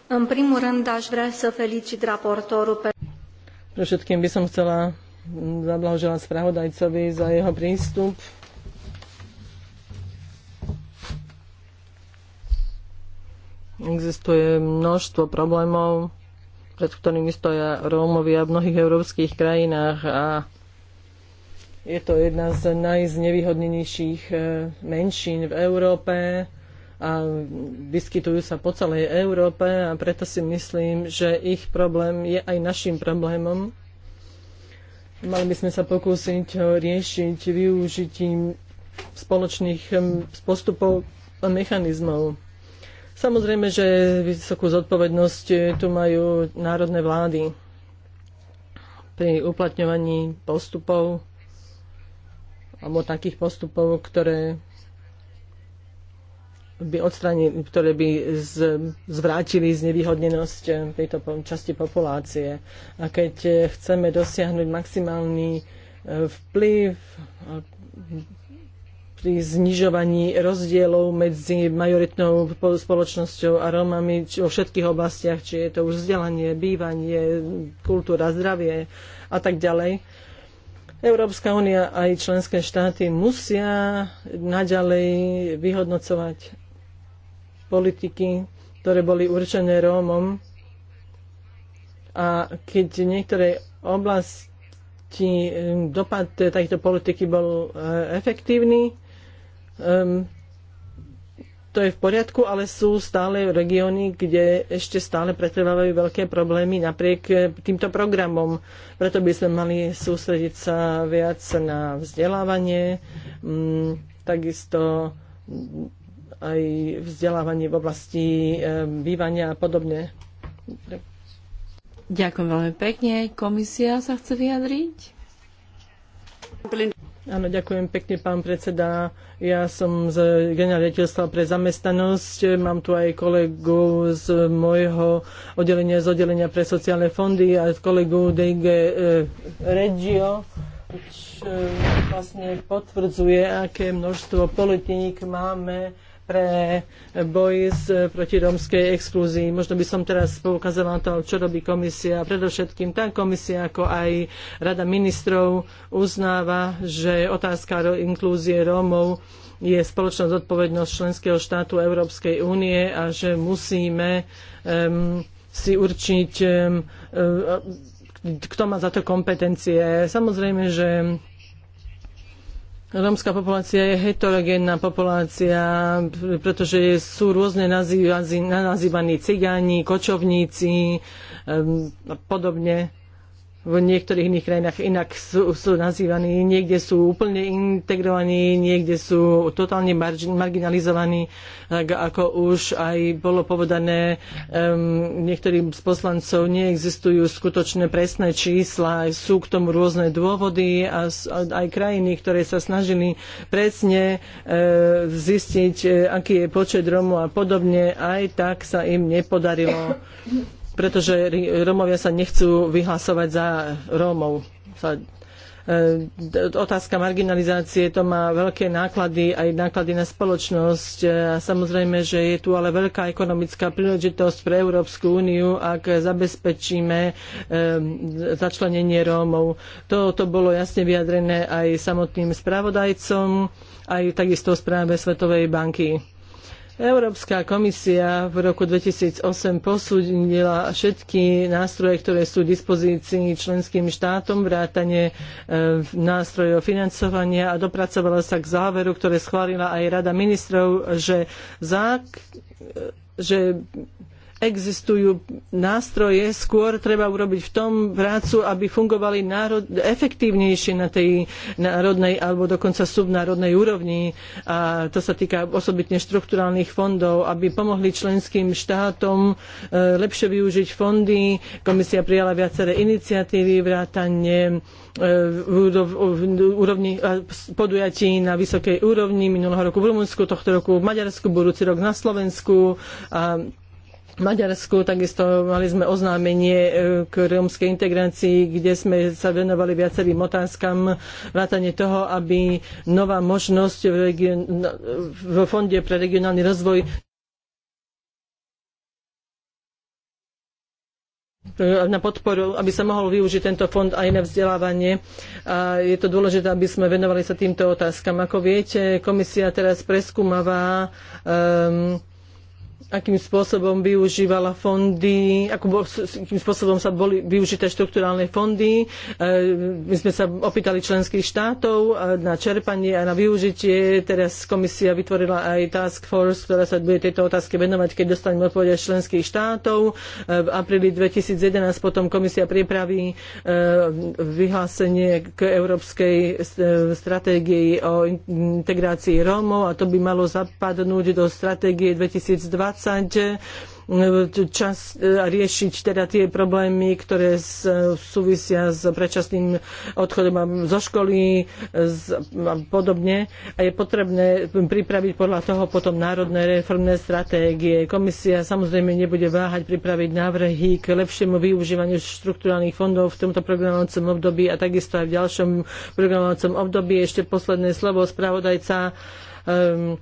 În primul rând, aș vrea să felicit raportorul pe... Pre všetkým by som chcela zablahoželať spravodajcovi za jeho prístup Existuje množstvo problémov, pred ktorými stoja Rómovia v mnohých európskych krajinách a je to jedna z najznevýhodnenejších e, menšín v Európe a vyskytujú sa po celej Európe a preto si myslím, že ich problém je aj našim problémom. Mali by sme sa pokúsiť ho riešiť využitím spoločných postupov a mechanizmov. Samozrejme, že vysokú zodpovednosť tu majú národné vlády pri uplatňovaní postupov alebo takých postupov, ktoré by odstránili, ktoré by z, zvrátili znevýhodnenosť tejto časti populácie. A keď chceme dosiahnuť maximálny e, vplyv pri znižovaní rozdielov medzi majoritnou spoločnosťou a Rómami vo všetkých oblastiach, či je to už vzdelanie, bývanie, kultúra, zdravie a tak ďalej, Európska únia aj členské štáty musia naďalej vyhodnocovať politiky, ktoré boli určené Rómom. A keď v niektorej oblasti eh, dopad eh, takejto politiky bol eh, efektívny, ehm, to je v poriadku, ale sú stále regióny, kde ešte stále pretrvávajú veľké problémy napriek eh, týmto programom. Preto by sme mali sústrediť sa viac na vzdelávanie, mm, takisto mm, aj vzdelávanie v oblasti eh, bývania a podobne. Ďakujem veľmi pekne. Komisia sa chce vyjadriť? Áno, ďakujem pekne, pán predseda. Ja som z generáliteľstva pre zamestnanosť. Mám tu aj kolegu z môjho oddelenia, z oddelenia pre sociálne fondy a kolegu DG eh, Regio, čo vlastne potvrdzuje, aké množstvo politík máme pre boj s, e, proti rómskej exklúzii. Možno by som teraz na to, čo robí komisia. Predovšetkým tá komisia, ako aj Rada ministrov uznáva, že otázka inklúzie Rómov je spoločná zodpovednosť členského štátu Európskej únie a že musíme um, si určiť, um, kto má za to kompetencie. Samozrejme, že Rómska populácia je heterogénna populácia, pretože sú rôzne nazývaní cigáni, kočovníci a podobne v niektorých iných krajinách inak sú, sú nazývaní, niekde sú úplne integrovaní, niekde sú totálne marginalizovaní, tak ako už aj bolo povedané, um, niektorým z poslancov neexistujú skutočné presné čísla, sú k tomu rôzne dôvody a, aj krajiny, ktoré sa snažili presne uh, zistiť, e, aký je počet Romov a podobne, aj tak sa im nepodarilo pretože Rómovia sa nechcú vyhlasovať za Rómov. E, otázka marginalizácie, to má veľké náklady, aj náklady na spoločnosť. E, a samozrejme, že je tu ale veľká ekonomická príležitosť pre Európsku úniu, ak zabezpečíme e, začlenenie Rómov. Toto bolo jasne vyjadrené aj samotným spravodajcom, aj takisto v správe Svetovej banky. Európska komisia v roku 2008 posúdila všetky nástroje, ktoré sú v dispozícii členským štátom, vrátane e, nástrojov financovania a dopracovala sa k záveru, ktoré schválila aj Rada ministrov, že, zák, e, že existujú nástroje, skôr treba urobiť v tom prácu, aby fungovali národ, efektívnejšie na tej národnej alebo dokonca subnárodnej úrovni. A to sa týka osobitne štrukturálnych fondov, aby pomohli členským štátom e, lepšie využiť fondy. Komisia prijala viaceré iniciatívy, vrátanie e, úrovni podujatí na vysokej úrovni minulého roku v Rumunsku, tohto roku v Maďarsku, budúci rok na Slovensku. A Maďarsku, takisto mali sme oznámenie e, k rómskej integrácii, kde sme sa venovali viacerým otázkam, vrátane toho, aby nová možnosť v, region, no, v Fonde pre regionálny rozvoj e, na podporu, aby sa mohol využiť tento fond aj na vzdelávanie. A je to dôležité, aby sme venovali sa týmto otázkam. Ako viete, komisia teraz preskúmava um, ehm, akým spôsobom využívala fondy, ako, akým spôsobom sa boli využité štrukturálne fondy. E, my sme sa opýtali členských štátov e, na čerpanie a na využitie. Teraz komisia vytvorila aj task force, ktorá sa bude tejto otázke venovať, keď dostaneme odpovede členských štátov. E, v apríli 2011 potom komisia pripraví vyhlásenie k európskej stratégii o integrácii Rómov a to by malo zapadnúť do stratégie 2020 strácať e, čas e, a riešiť teda tie problémy, ktoré e, súvisia s predčasným odchodom zo školy a podobne. A je potrebné pripraviť podľa toho potom národné reformné stratégie. Komisia samozrejme nebude váhať pripraviť návrhy k lepšiemu využívaniu štrukturálnych fondov v tomto programovacom období a takisto aj v ďalšom programovacom období. Ešte posledné slovo spravodajca. Um,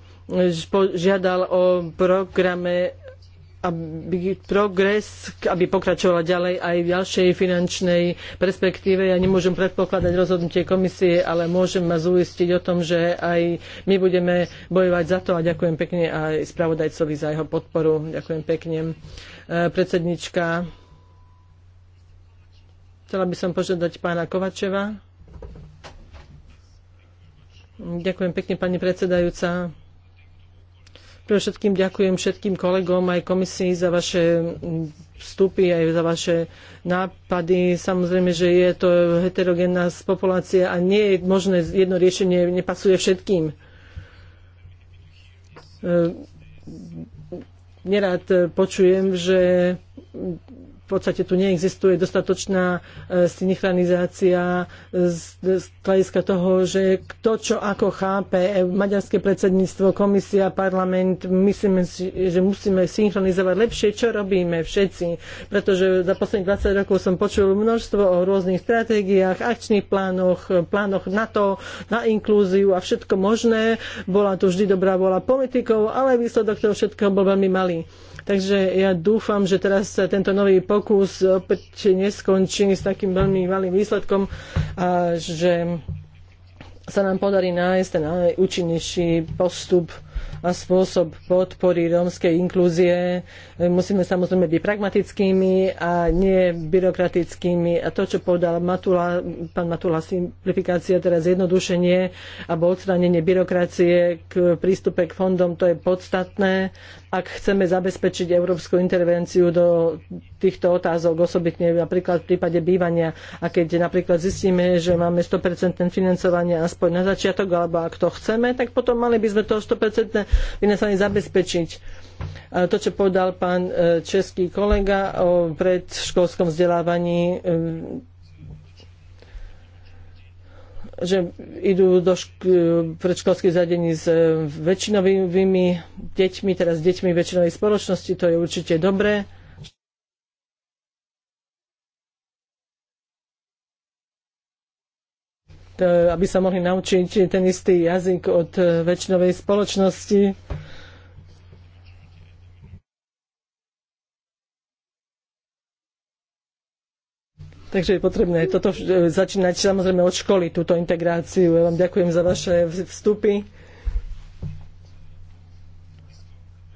žiadal o programe aby progres, aby pokračovala ďalej aj v ďalšej finančnej perspektíve. Ja nemôžem predpokladať rozhodnutie komisie, ale môžem ma uistiť o tom, že aj my budeme bojovať za to a ďakujem pekne aj spravodajcovi za jeho podporu. Ďakujem pekne. E, predsednička, chcela by som požiadať pána Kovačeva. Ďakujem pekne, pani predsedajúca. Pre všetkým ďakujem všetkým kolegom aj komisii za vaše vstupy, aj za vaše nápady. Samozrejme, že je to heterogénna populácia a nie je možné jedno riešenie, nepasuje všetkým. E, nerad počujem, že v podstate tu neexistuje dostatočná e, synchronizácia e, e, z hľadiska toho, že kto čo ako chápe, maďarské predsedníctvo, komisia, parlament, myslíme si, že musíme synchronizovať lepšie, čo robíme všetci. Pretože za posledných 20 rokov som počul množstvo o rôznych stratégiách, akčných plánoch, plánoch na to, na inklúziu a všetko možné. Bola tu vždy dobrá vola politikov, ale výsledok toho všetkého bol veľmi malý. Takže ja dúfam, že teraz tento nový pokus opäť neskončí s takým veľmi malým výsledkom a že sa nám podarí nájsť ten najúčinnejší postup a spôsob podpory rómskej inklúzie. Musíme samozrejme byť pragmatickými a nie byrokratickými. A to, čo povedal Matula, pán Matula, simplifikácia, teraz zjednodušenie alebo odstránenie byrokracie k prístupe k fondom, to je podstatné ak chceme zabezpečiť európsku intervenciu do týchto otázok, osobitne napríklad v prípade bývania. A keď napríklad zistíme, že máme 100% financovanie aspoň na začiatok, alebo ak to chceme, tak potom mali by sme to 100% financovanie zabezpečiť. to, čo povedal pán e, český kolega o predškolskom vzdelávaní, e, že idú do šk- predškolských zariadení s e, väčšinovými deťmi, teda s deťmi väčšinovej spoločnosti, to je určite dobré. aby sa mohli naučiť ten istý jazyk od e, väčšinovej spoločnosti. Takže je potrebné toto e, začínať samozrejme od školy, túto integráciu. Ja vám ďakujem za vaše vstupy.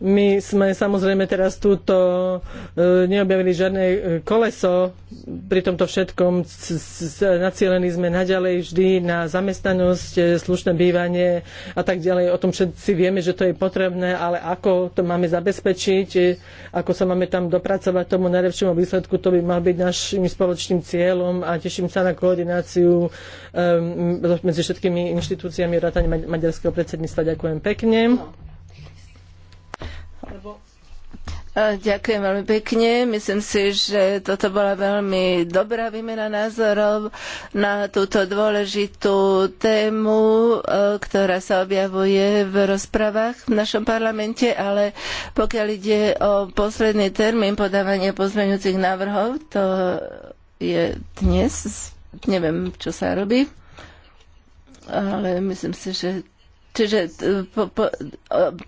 my sme samozrejme teraz túto e, neobjavili žiadne e, koleso, pri tomto všetkom nacielení sme naďalej vždy na zamestnanosť, e, slušné bývanie a tak ďalej. O tom všetci vieme, že to je potrebné, ale ako to máme zabezpečiť, ako sa máme tam dopracovať tomu najlepšiemu výsledku, to by mal byť našim spoločným cieľom a teším sa na koordináciu medzi všetkými inštitúciami vrátane maďarského predsedníctva. Ďakujem pekne lebo Ďakujem veľmi pekne. Myslím si, že toto bola veľmi dobrá výmena názorov na túto dôležitú tému, e, ktorá sa objavuje v rozprávach v našom parlamente, ale pokiaľ ide o posledný termín podávania pozmeňujúcich návrhov, to je dnes. Neviem, čo sa robí, ale myslím si, že Čiže e, po, po, e,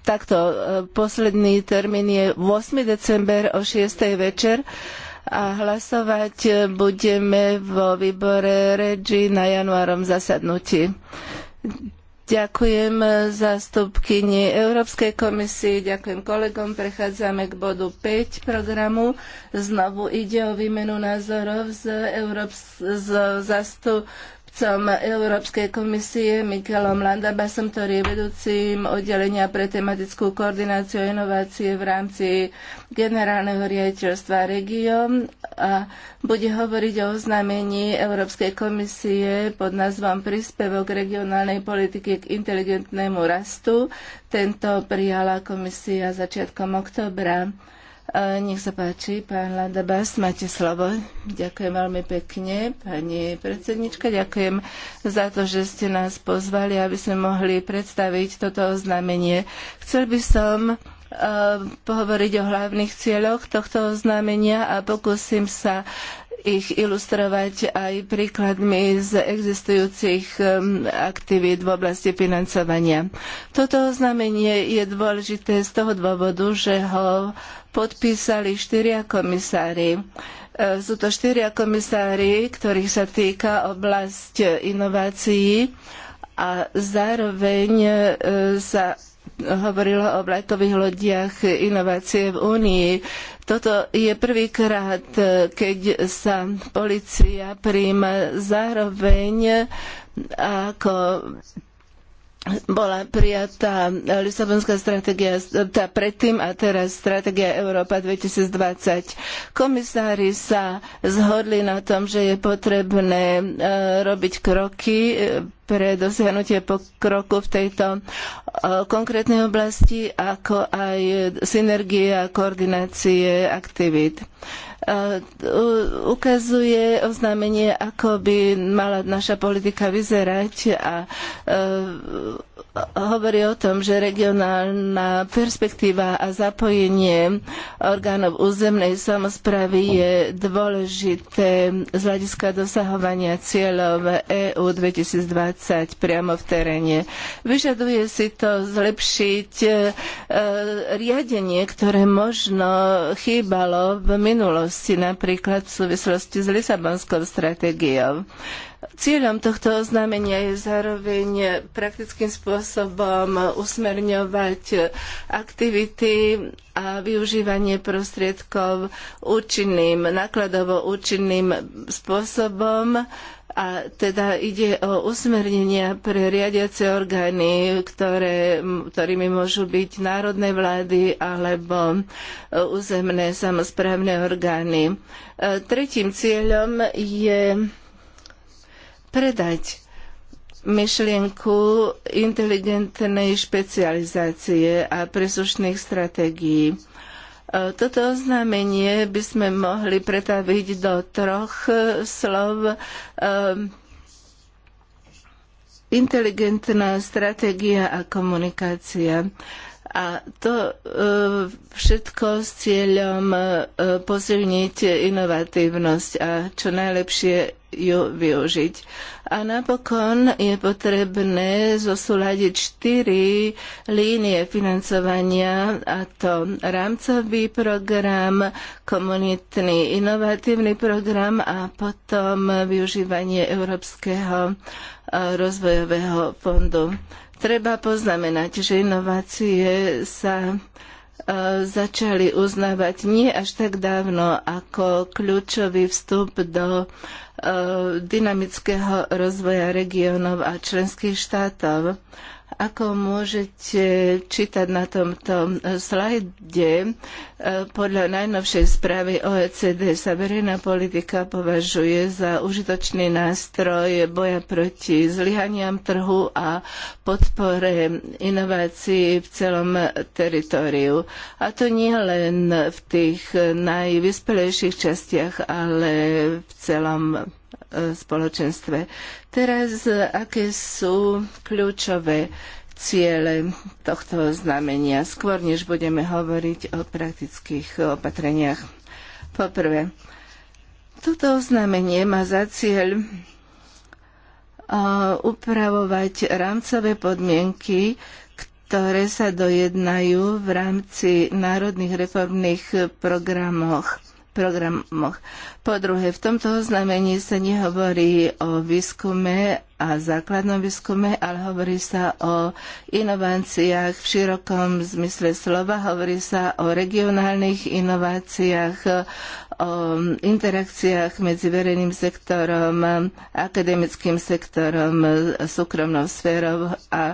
takto e, posledný termín je 8. december o 6. večer a hlasovať budeme vo výbore REGI na januárom zasadnutí. Ďakujem zastupkyni Európskej komisii, ďakujem kolegom. Prechádzame k bodu 5 programu. Znovu ide o výmenu názorov s, Európs- s zastup zástupcom Európskej komisie Mikelom Landabasom, ktorý je vedúcim oddelenia pre tematickú koordináciu a inovácie v rámci generálneho riaditeľstva región a bude hovoriť o oznámení Európskej komisie pod názvom Príspevok regionálnej politiky k inteligentnému rastu. Tento prijala komisia začiatkom oktobra. Eh, nech sa páči, pán Ladabas, máte slovo. Ďakujem veľmi pekne, pani predsednička. Ďakujem za to, že ste nás pozvali, aby sme mohli predstaviť toto oznámenie. Chcel by som eh, pohovoriť o hlavných cieľoch tohto oznámenia a pokúsim sa ich ilustrovať aj príkladmi z existujúcich um, aktivít v oblasti financovania. Toto oznámenie je dôležité z toho dôvodu, že ho podpísali štyria komisári. Uh, sú to štyria komisári, ktorých sa týka oblasť inovácií a zároveň uh, sa hovorilo o vlajkových lodiach inovácie v Únii. Toto je prvýkrát, keď sa policia príjma zároveň ako bola prijatá Lisabonská stratégia tá predtým a teraz stratégia Európa 2020. Komisári sa zhodli na tom, že je potrebné e, robiť kroky e, pre dosiahnutie pokroku v tejto e, konkrétnej oblasti, ako aj synergie a koordinácie aktivít. E, Eh, ukazuje oznámenie, ako by mala naša politika vyzerať a eh, hovorí o tom, že regionálna perspektíva a zapojenie orgánov územnej samozpravy je dôležité z hľadiska dosahovania cieľov EU 2020 priamo v teréne. Vyžaduje si to zlepšiť e, riadenie, ktoré možno chýbalo v minulosti, napríklad v súvislosti s Lisabonskou stratégiou. Cieľom tohto oznámenia je zároveň praktickým spôsobom usmerňovať aktivity a využívanie prostriedkov účinným, nákladovo účinným spôsobom a teda ide o usmernenia pre riadiace orgány, ktoré, ktorými môžu byť národné vlády alebo územné samozprávne orgány. E, tretím cieľom je predať myšlienku inteligentnej špecializácie a preslušných stratégií. E, toto oznámenie by sme mohli pretaviť do troch e, slov e, inteligentná stratégia a komunikácia. A to e, všetko s cieľom e, posilniť inovatívnosť a čo najlepšie ju využiť. A napokon je potrebné zosúľadiť štyri línie financovania, a to rámcový program, komunitný inovatívny program a potom využívanie Európskeho e, rozvojového fondu. Treba poznamenať, že inovácie sa e, začali uznávať nie až tak dávno ako kľúčový vstup do e, dynamického rozvoja regiónov a členských štátov. Ako môžete čítať na tomto e, slajde, e, podľa najnovšej správy OECD sa verejná politika považuje za užitočný nástroj boja proti zlyhaniam trhu a podpore inovácií v celom teritoriu, A to nie len v tých najvyspelejších častiach, ale v celom spoločenstve. Teraz, aké sú kľúčové ciele tohto znamenia, skôr než budeme hovoriť o praktických opatreniach. Poprvé, toto oznámenie má za cieľ uh, upravovať rámcové podmienky, ktoré sa dojednajú v rámci národných reformných programoch programoch. Po druhé, v tomto oznámení sa nehovorí o výskume a základnom výskume, ale hovorí sa o inováciách v širokom zmysle slova, hovorí sa o regionálnych inováciách, o interakciách medzi verejným sektorom, akademickým sektorom, súkromnou sférou a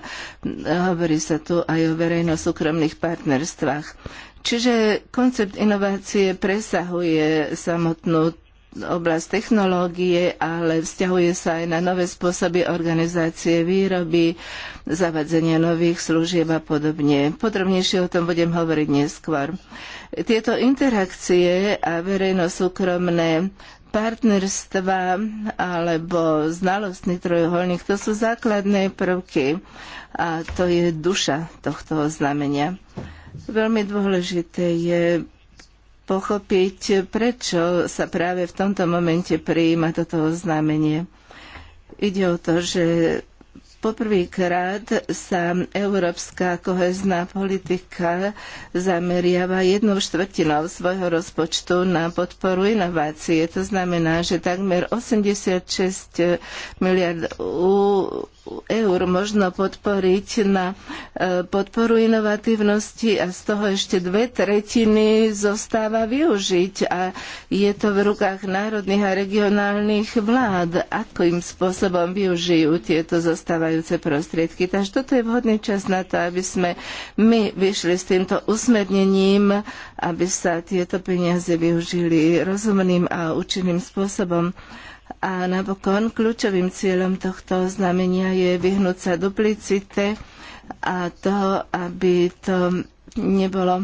hovorí sa tu aj o verejno-súkromných partnerstvách. Čiže koncept inovácie presahuje samotnú oblasť technológie, ale vzťahuje sa aj na nové spôsoby organizácie výroby, zavadzenia nových služieb a podobne. Podrobnejšie o tom budem hovoriť neskôr. Tieto interakcie a verejno-súkromné partnerstva alebo znalostný trojuholník, to sú základné prvky a to je duša tohto oznámenia. Veľmi dôležité je pochopiť, prečo sa práve v tomto momente prijíma toto oznámenie. Ide o to, že poprvýkrát sa európska kohezná politika zameriava jednou štvrtinou svojho rozpočtu na podporu inovácie. To znamená, že takmer 86 miliard eur možno podporiť na e, podporu inovatívnosti a z toho ešte dve tretiny zostáva využiť a je to v rukách národných a regionálnych vlád, akým spôsobom využijú tieto zostávajúce prostriedky. Takže toto je vhodný čas na to, aby sme my vyšli s týmto usmernením, aby sa tieto peniaze využili rozumným a účinným spôsobom. A napokon kľúčovým cieľom tohto znamenia je vyhnúť sa duplicite a to, aby to nebolo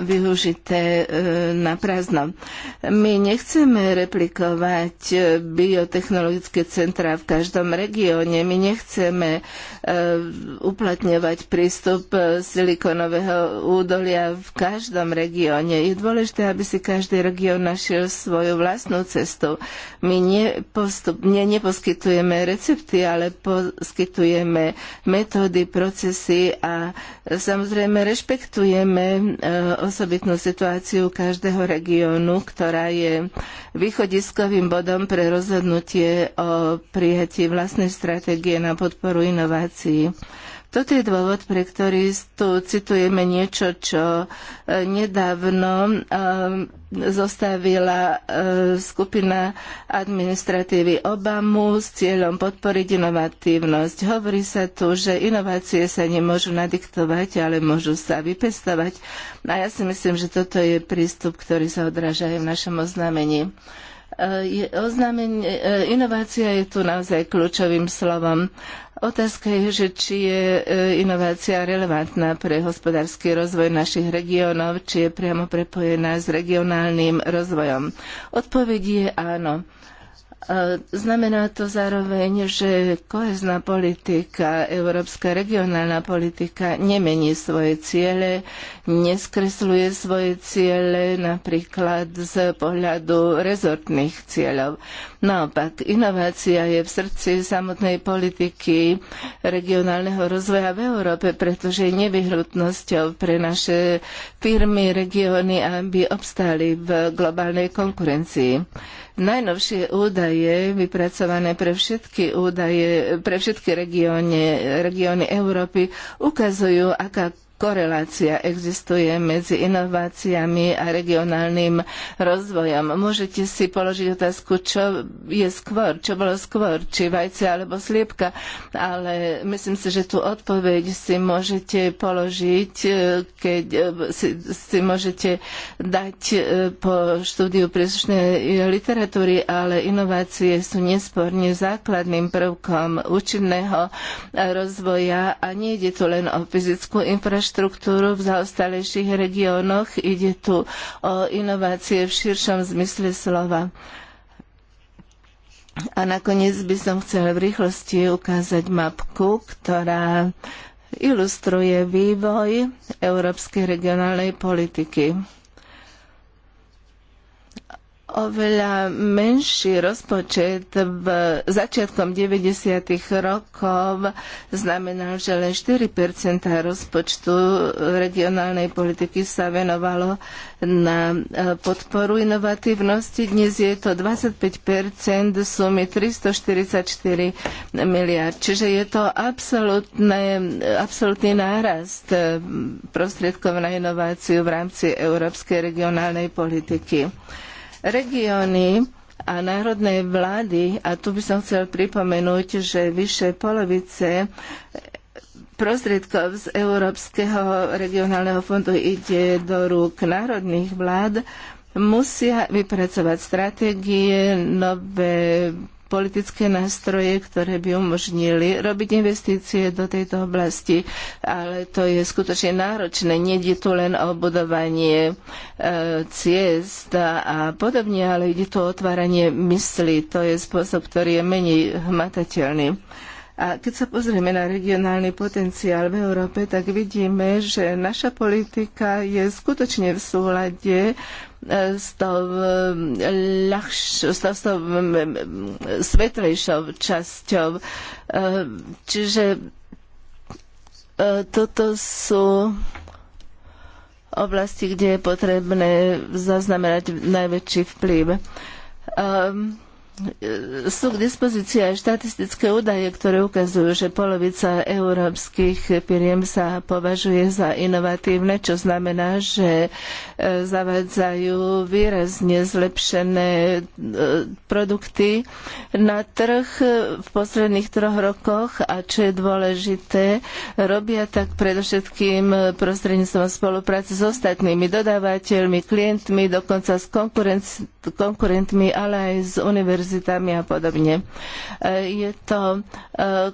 využité e, na prázdno. My nechceme replikovať e, biotechnologické centrá v každom regióne, my nechceme e, uplatňovať prístup silikonového údolia v každom regióne. Je dôležité, aby si každý región našiel svoju vlastnú cestu. My nepostup, ne, neposkytujeme recepty, ale poskytujeme metódy, procesy a samozrejme rešpektujeme osobitnú situáciu každého regiónu, ktorá je východiskovým bodom pre rozhodnutie o prijatí vlastnej stratégie na podporu inovácií. Toto je dôvod, pre ktorý tu citujeme niečo, čo e, nedávno e, zostavila e, skupina administratívy Obamu s cieľom podporiť inovatívnosť. Hovorí sa tu, že inovácie sa nemôžu nadiktovať, ale môžu sa vypestovať. A ja si myslím, že toto je prístup, ktorý sa odráža aj v našom oznámení. Eh, eh, inovácia je tu naozaj kľúčovým slovom. Otázka je, že či je eh, inovácia relevantná pre hospodársky rozvoj našich regiónov, či je priamo prepojená s regionálnym rozvojom. Odpovedie je áno. Znamená to zároveň, že kohezná politika, európska regionálna politika nemení svoje ciele, neskresluje svoje ciele napríklad z pohľadu rezortných cieľov. Naopak, inovácia je v srdci samotnej politiky regionálneho rozvoja v Európe, pretože je nevyhnutnosťou pre naše firmy, regióny, aby obstali v globálnej konkurencii. Najnovšie údaje, vypracované pre všetky údaje, pre všetky regióny Európy, ukazujú, aká korelácia existuje medzi inováciami a regionálnym rozvojom. Môžete si položiť otázku, čo je skôr, čo bolo skôr, či vajce alebo sliepka, ale myslím si, že tú odpoveď si môžete položiť, e, keď e, si, si môžete dať e, po štúdiu príslušnej literatúry, ale inovácie sú nesporne základným prvkom účinného rozvoja a nie ide tu len o fyzickú infraštruktúru, infraštruktúru v zaostalejších regiónoch. Ide tu o inovácie v širšom zmysle slova. A nakoniec by som chcela v rýchlosti ukázať mapku, ktorá ilustruje vývoj európskej regionálnej politiky oveľa menší rozpočet v začiatkom 90. rokov znamenal, že len 4 rozpočtu regionálnej politiky sa venovalo na e, podporu inovatívnosti. Dnes je to 25 sumy 344 miliard. Čiže je to absolútny nárast e, prostriedkov na inováciu v rámci európskej regionálnej politiky. Regióny a národné vlády, a tu by som chcel pripomenúť, že vyše polovice prostriedkov z Európskeho regionálneho fondu ide do rúk národných vlád, musia vypracovať stratégie, nové politické nástroje, ktoré by umožnili robiť investície do tejto oblasti, ale to je skutočne náročné. je tu len o budovanie e, ciest a podobne, ale ide tu o otváranie mysli. To je spôsob, ktorý je menej hmatateľný. A keď sa pozrieme na regionálny potenciál v Európe, tak vidíme, že naša politika je skutočne v súlade s tou, eh, ľahš, s tou eh, svetlejšou časťou. Eh, čiže toto sú oblasti, kde je potrebné zaznamenať najväčší vplyv. Um, sú k dispozícii aj štatistické údaje, ktoré ukazujú, že polovica európskych firiem sa považuje za inovatívne, čo znamená, že e, zavádzajú výrazne zlepšené e, produkty na trh e, v posledných troch rokoch a čo je dôležité, robia tak predovšetkým prostredníctvom spolupráce s ostatnými dodávateľmi, klientmi, dokonca s konkurentmi, ale aj s univerzitami univerzitami a podobne. E, je to e,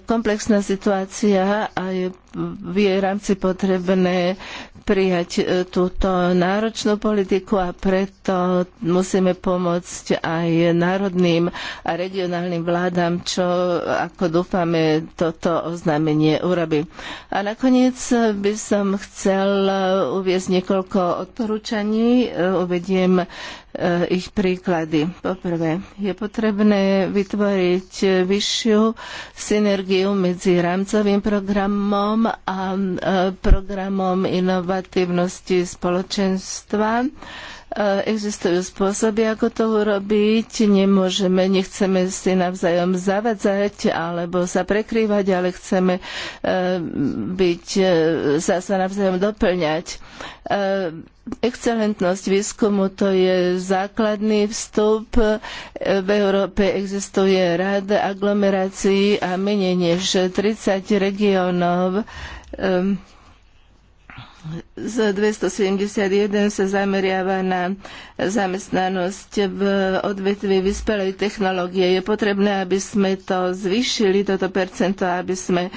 komplexná situácia a je v jej rámci potrebné prijať e, túto náročnú politiku a preto musíme pomôcť aj národným a regionálnym vládam, čo, ako dúfame, toto oznámenie urobí. A nakoniec by som chcel uviezť niekoľko odporúčaní. Uvediem Eh, ich príklady. Poprvé, je potrebné vytvoriť vyššiu synergiu medzi rámcovým programom a eh, programom inovatívnosti spoločenstva Existujú spôsoby, ako to urobiť. Nemôžeme, nechceme si navzájom zavadzať alebo sa prekrývať, ale chceme e, byť, e, sa, sa navzájom doplňať. E, excelentnosť výskumu to je základný vstup. V Európe existuje rád aglomerácií a menej než 30 regiónov. Um, z 271 sa zameriava na zamestnanosť v odvetvi vyspelej technológie. Je potrebné, aby sme to zvýšili, toto percento, aby sme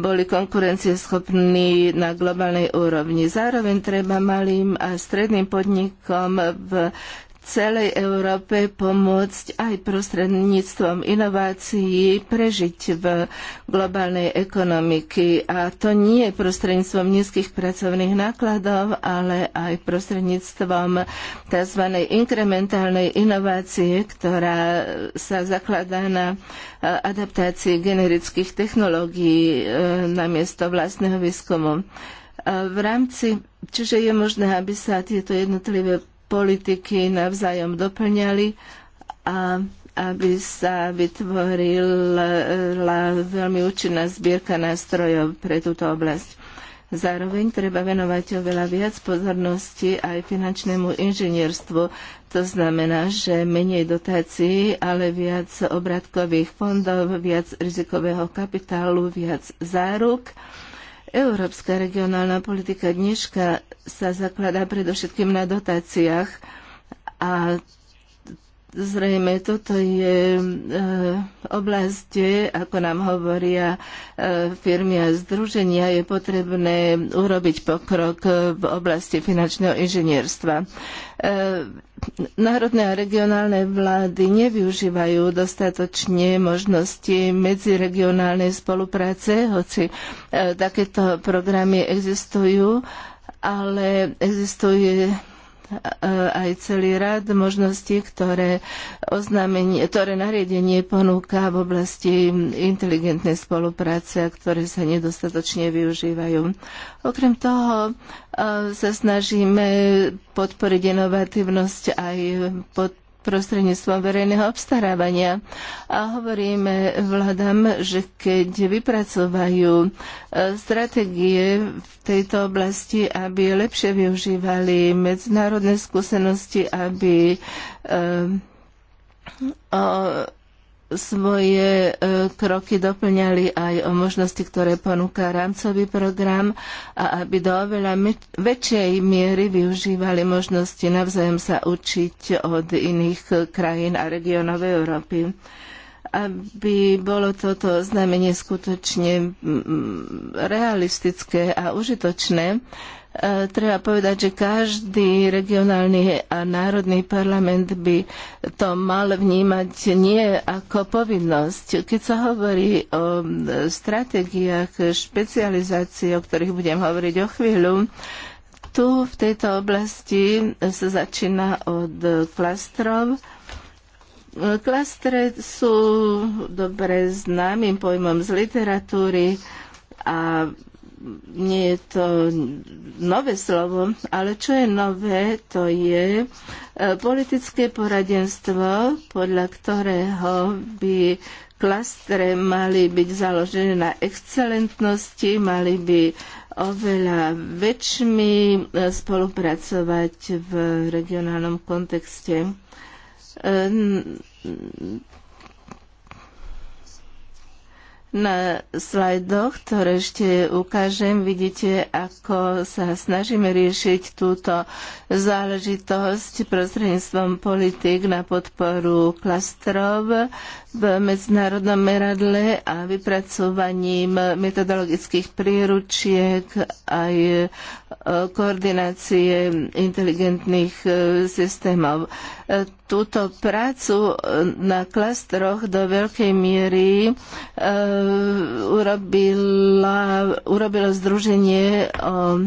boli konkurencieschopní na globálnej úrovni. Zároveň treba malým a stredným podnikom v celej Európe pomôcť aj prostredníctvom inovácií prežiť v globálnej ekonomiky. A to nie prostredníctvom nízkych pracovných nákladov, ale aj prostredníctvom tzv. inkrementálnej inovácie, ktorá sa zakladá na e, adaptácii generických technológií e, namiesto vlastného výskumu. E, v rámci, čiže je možné, aby sa tieto jednotlivé politiky navzájom doplňali a aby sa vytvorila veľmi účinná zbierka nástrojov pre túto oblasť. Zároveň treba venovať oveľa viac pozornosti aj finančnému inžinierstvu. To znamená, že menej dotácií, ale viac obratkových fondov, viac rizikového kapitálu, viac záruk. Európska regionálna politika dneška sa zakladá predovšetkým na dotáciách a Zrejme toto je e, oblasť, kde, ako nám hovoria e, firmy a združenia, je potrebné urobiť pokrok v oblasti finančného inžinierstva. E, národné a regionálne vlády nevyužívajú dostatočne možnosti medziregionálnej spolupráce, hoci e, takéto programy existujú, ale existuje aj celý rad možností, ktoré, oznámenie, ktoré nariadenie ponúka v oblasti inteligentnej spolupráce a ktoré sa nedostatočne využívajú. Okrem toho sa snažíme podporiť inovatívnosť aj pod prostredníctvom verejného obstarávania. A hovoríme vládam, že keď vypracovajú e, stratégie v tejto oblasti, aby lepšie využívali medzinárodné skúsenosti, aby e, svoje e, kroky doplňali aj o možnosti, ktoré ponúka rámcový program a aby do oveľa väčšej miery využívali možnosti navzájom sa učiť od iných krajín a regionov Európy aby bolo toto znamenie skutočne realistické a užitočné, E, treba povedať, že každý regionálny a národný parlament by to mal vnímať nie ako povinnosť. Keď sa hovorí o e, stratégiách špecializácie, o ktorých budem hovoriť o chvíľu, tu v tejto oblasti sa začína od klastrov. E, Klastre sú dobre známym pojmom z literatúry a nie je to nové slovo, ale čo je nové, to je e, politické poradenstvo, podľa ktorého by klastre mali byť založené na excelentnosti, mali by oveľa väčšmi e, spolupracovať v regionálnom kontexte e, Na slajdoch, ktoré ešte ukážem, vidíte, ako sa snažíme riešiť túto záležitosť prostredníctvom politik na podporu klastrov v medzinárodnom meradle a vypracovaním metodologických príručiek aj e, koordinácie inteligentných e, systémov. E, túto prácu na klastroch do veľkej miery Eh, urobila, urobila združenie o,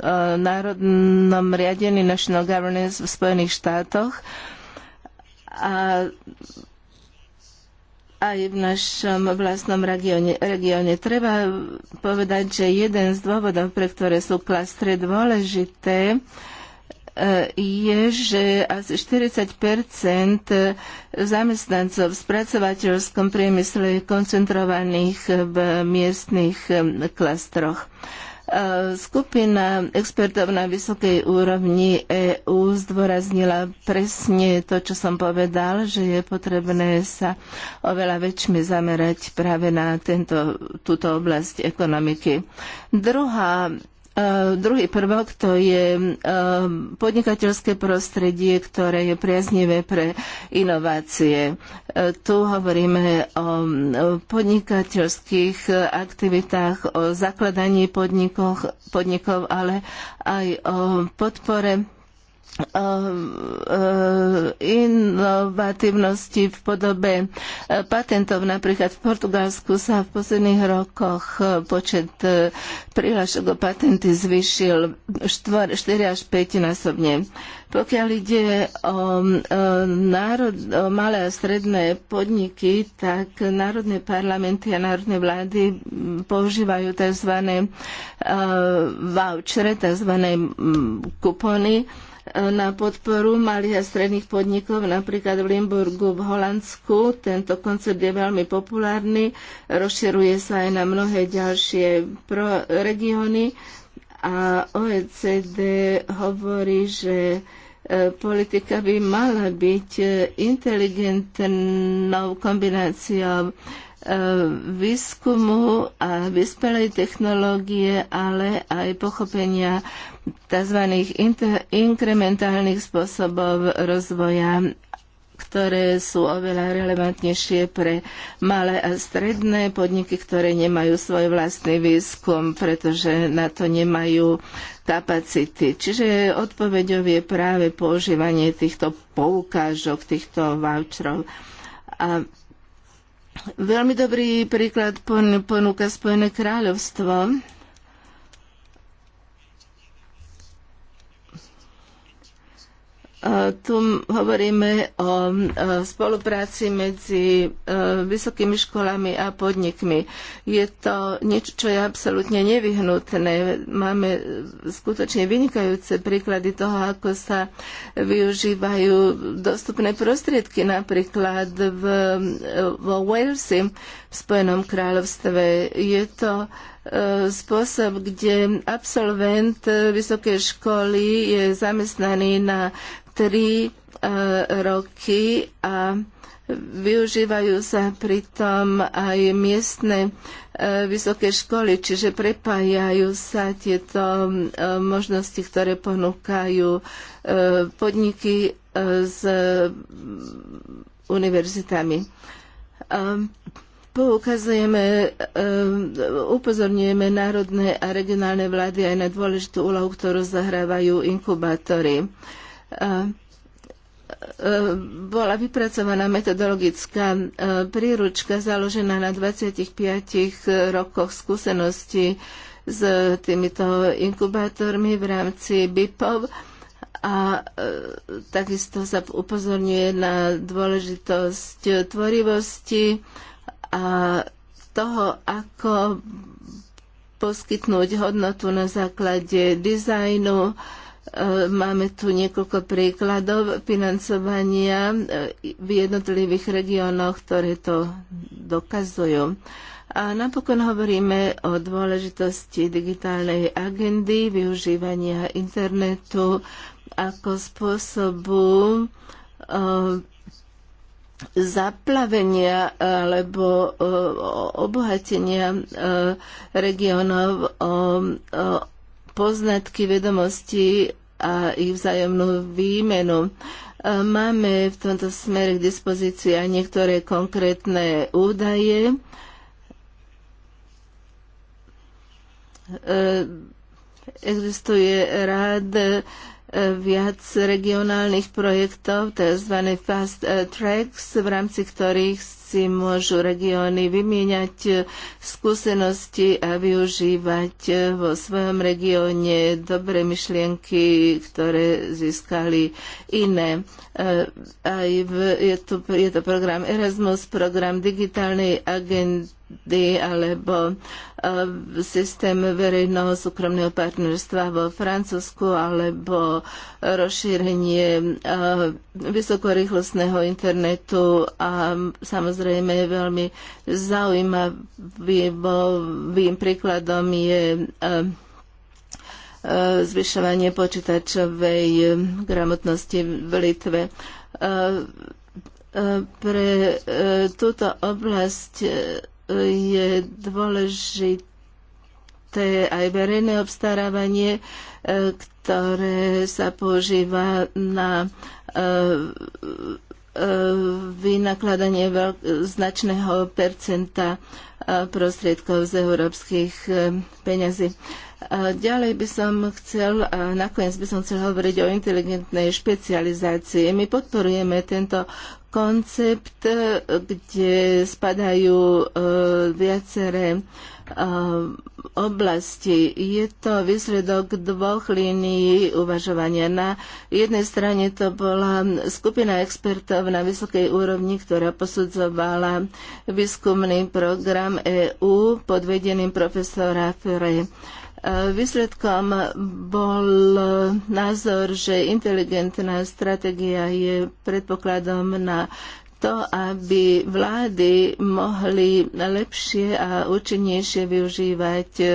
o národnom riadení National Governance v Spojených štátoch a aj v našom vlastnom regióne. regióne. Treba povedať, že jeden z dôvodov, pre ktoré sú klastre dôležité, je, že asi 40 zamestnancov v spracovateľskom priemysle je koncentrovaných v miestnych klastroch. E, skupina expertov na vysokej úrovni EÚ zdôraznila presne to, čo som povedal, že je potrebné sa oveľa väčšmi zamerať práve na tento, túto oblasť ekonomiky. Druhá Eh, druhý prvok to je eh, podnikateľské prostredie, ktoré je priaznivé pre inovácie. Eh, tu hovoríme o podnikateľských aktivitách, o zakladaní podnikov, ale aj o podpore Eh, eh, inovatívnosti v podobe eh, patentov. Napríklad v Portugalsku sa v posledných rokoch počet prihlášok o patenty zvyšil 4 až 5 násobne. Pokiaľ ide o, národ, o malé a stredné podniky, tak národné parlamenty a národné vlády používajú tzv. vouchere, tzv. Mm, kupony, na podporu malých a stredných podnikov, napríklad v Limburgu v Holandsku. Tento koncept je veľmi populárny, rozširuje sa aj na mnohé ďalšie regióny a OECD hovorí, že e, politika by mala byť e, inteligentnou kombináciou výskumu a vyspelej technológie, ale aj pochopenia tzv. inkrementálnych spôsobov rozvoja ktoré sú oveľa relevantnejšie pre malé a stredné podniky, ktoré nemajú svoj vlastný výskum, pretože na to nemajú kapacity. Čiže odpoveďou je práve používanie týchto poukážok, týchto voucherov. A Veľmi dobrý príklad ponúka Spojené kráľovstvo Tu hovoríme o e, spolupráci medzi e, vysokými školami a podnikmi. Je to niečo, čo je absolútne nevyhnutné. Máme skutočne vynikajúce príklady toho, ako sa využívajú dostupné prostriedky, napríklad v, e, vo Walesi v Spojenom kráľovstve. Je to spôsob, kde absolvent vysokej školy je zamestnaný na 3 e, roky a Využívajú sa pritom aj miestne e, vysoké školy, čiže prepájajú sa tieto e, možnosti, ktoré ponúkajú podniky s univerzitami. Poukazujeme, upozorňujeme národné a regionálne vlády aj na dôležitú úlohu, ktorú zahrávajú inkubátory. E, e, bola vypracovaná metodologická e, príručka založená na 25 rokoch skúsenosti s týmito inkubátormi v rámci BIPov a takisto sa upozorňuje na dôležitosť tvorivosti a toho, ako poskytnúť hodnotu na základe dizajnu, E, máme tu niekoľko príkladov financovania e, v jednotlivých regiónoch, ktoré to dokazujú. A napokon hovoríme o dôležitosti digitálnej agendy, využívania internetu ako spôsobu e, zaplavenia alebo obohatenia regionov o poznatky, vedomosti a ich vzájomnú výmenu. E, máme v tomto smere k dispozícii aj niektoré konkrétne údaje. E, existuje rád e, viac regionálnych projektov, tzv. fast tracks, v rámci ktorých si môžu regióny vymieňať skúsenosti a využívať vo svojom regióne dobré myšlienky, ktoré získali iné. E, aj v, je, to, je to program Erasmus, program digitálnej agendy, alebo e, systém verejného súkromného partnerstva vo Francúzsku alebo rozšírenie e, vysokorýchlostného internetu a samozrejme samozrejme veľmi zaujímavým príkladom je e, e, zvyšovanie počítačovej e, gramotnosti v Litve. Pre túto oblasť je dôležité aj verejné obstarávanie, ktoré sa používa na E, vynakladanie značného percenta e, prostriedkov z európskych e, peňazí. ďalej by som chcel, a nakoniec by som chcel hovoriť o inteligentnej špecializácii. My podporujeme tento koncept, kde spadajú viaceré Eh, oblasti. Je to výsledok dvoch línií uvažovania. Na jednej strane to bola skupina expertov na vysokej úrovni, ktorá posudzovala výskumný program EÚ pod vedením profesora Ferre. Eh, výsledkom bol názor, že inteligentná stratégia je predpokladom na to, aby vlády mohli lepšie a účinnejšie využívať eh,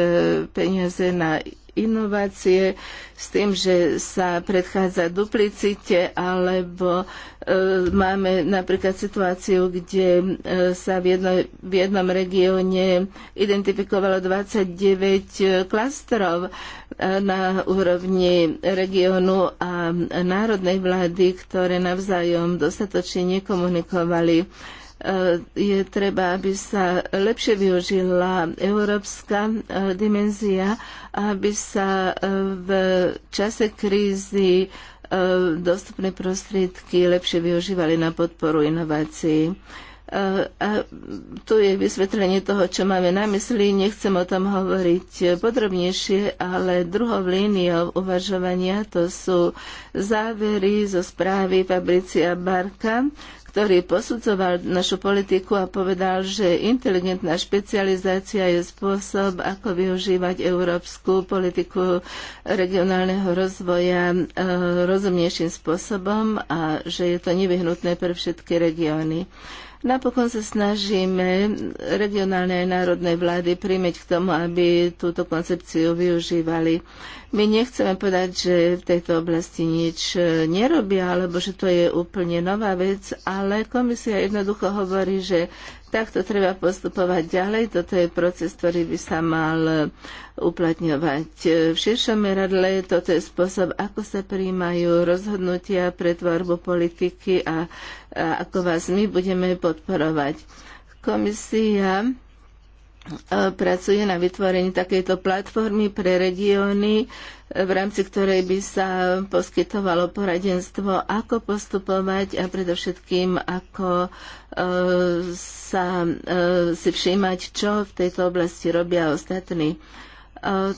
peniaze na inovácie s tým, že sa predchádza duplicite, alebo e, máme napríklad situáciu, kde e, sa v, jedno, v jednom regióne identifikovalo 29 e, klastrov e, na úrovni regiónu a národnej vlády, ktoré navzájom dostatočne nekomunikovali E, je treba, aby sa lepšie využila európska e, dimenzia, aby sa e, v čase krízy dostupné prostriedky lepšie využívali na podporu inovácií. A tu je vysvetlenie toho, čo máme na mysli. Nechcem o tom hovoriť podrobnejšie, ale druhou líniou uvažovania to sú závery zo správy Fabricia Barka ktorý posudzoval našu politiku a povedal, že inteligentná špecializácia je spôsob, ako využívať európsku politiku regionálneho rozvoja e, rozumnejším spôsobom a že je to nevyhnutné pre všetky regióny. Napokon sa snažíme regionálne aj národné vlády príjmeť k tomu, aby túto koncepciu využívali. My nechceme povedať, že v tejto oblasti nič e, nerobia, alebo že to je úplne nová vec, ale komisia jednoducho hovorí, že Takto treba postupovať ďalej. Toto je proces, ktorý by sa mal e, uplatňovať e, v širšom meradle. Toto je spôsob, ako sa príjmajú rozhodnutia pre tvorbu politiky a, a ako vás my budeme podporovať. Komisia E, pracuje na vytvorení takejto platformy pre regióny, e, v rámci ktorej by sa poskytovalo poradenstvo, ako postupovať a predovšetkým, ako e, sa si všímať, čo v tejto oblasti robia ostatní.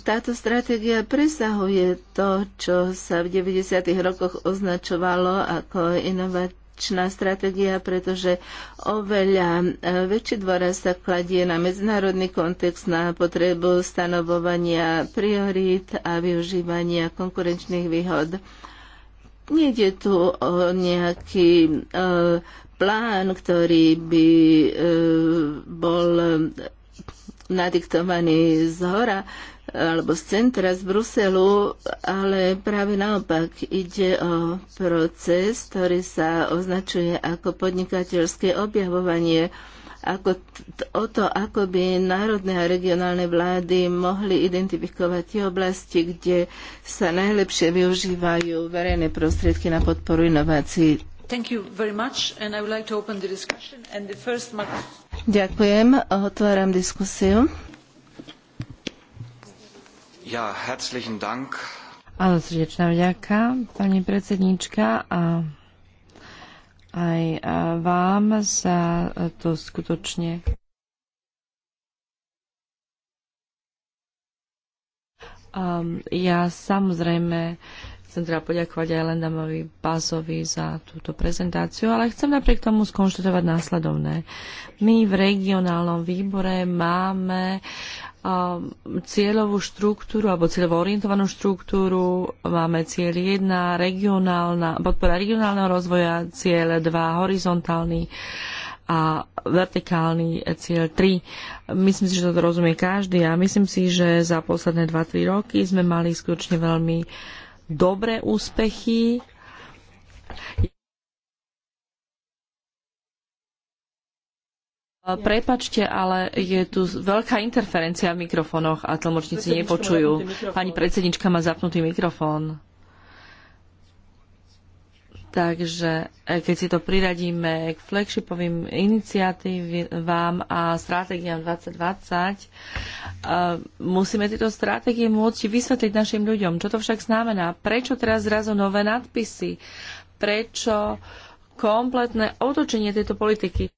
Táto stratégia presahuje to, čo sa v 90. rokoch označovalo ako inovat akčná stratégia, pretože oveľa e, väčší dôraz sa kladie na medzinárodný kontext, na potrebu stanovovania priorít a využívania konkurenčných výhod. Nejde tu o nejaký e, plán, ktorý by e, bol nadiktovaný z hora alebo z centra z Bruselu, ale práve naopak ide o proces, ktorý sa označuje ako podnikateľské objavovanie ako o to, ako by národné a regionálne vlády mohli identifikovať tie oblasti, kde sa najlepšie využívajú verejné prostriedky na podporu inovácií. Like Ďakujem, otváram diskusiu. Ja, herzlichen Dank. Áno, srdečná vďaka, pani predsedníčka a aj vám za to skutočne Um, ja samozrejme chcem teda poďakovať aj Lendamovi Bazovi za túto prezentáciu, ale chcem napriek tomu skonštatovať následovné. My v regionálnom výbore máme Ehm, cieľovú štruktúru alebo cieľovo orientovanú štruktúru. Máme cieľ 1, regionálna, podpora regionálneho rozvoja, cieľ 2, horizontálny a vertikálny cieľ 3. Myslím si, že toto rozumie každý a myslím si, že za posledné 2-3 roky sme mali skutočne veľmi dobré úspechy. E, prepačte, ale je tu veľká interferencia v mikrofonoch a tlmočníci nepočujú. Pani predsednička má zapnutý mikrofón. Takže e, keď si to priradíme k flagshipovým iniciatívam a stratégiám 2020, e, musíme tieto stratégie môcť vysvetliť našim ľuďom. Čo to však znamená? Prečo teraz zrazu nové nadpisy? Prečo kompletné otočenie tejto politiky?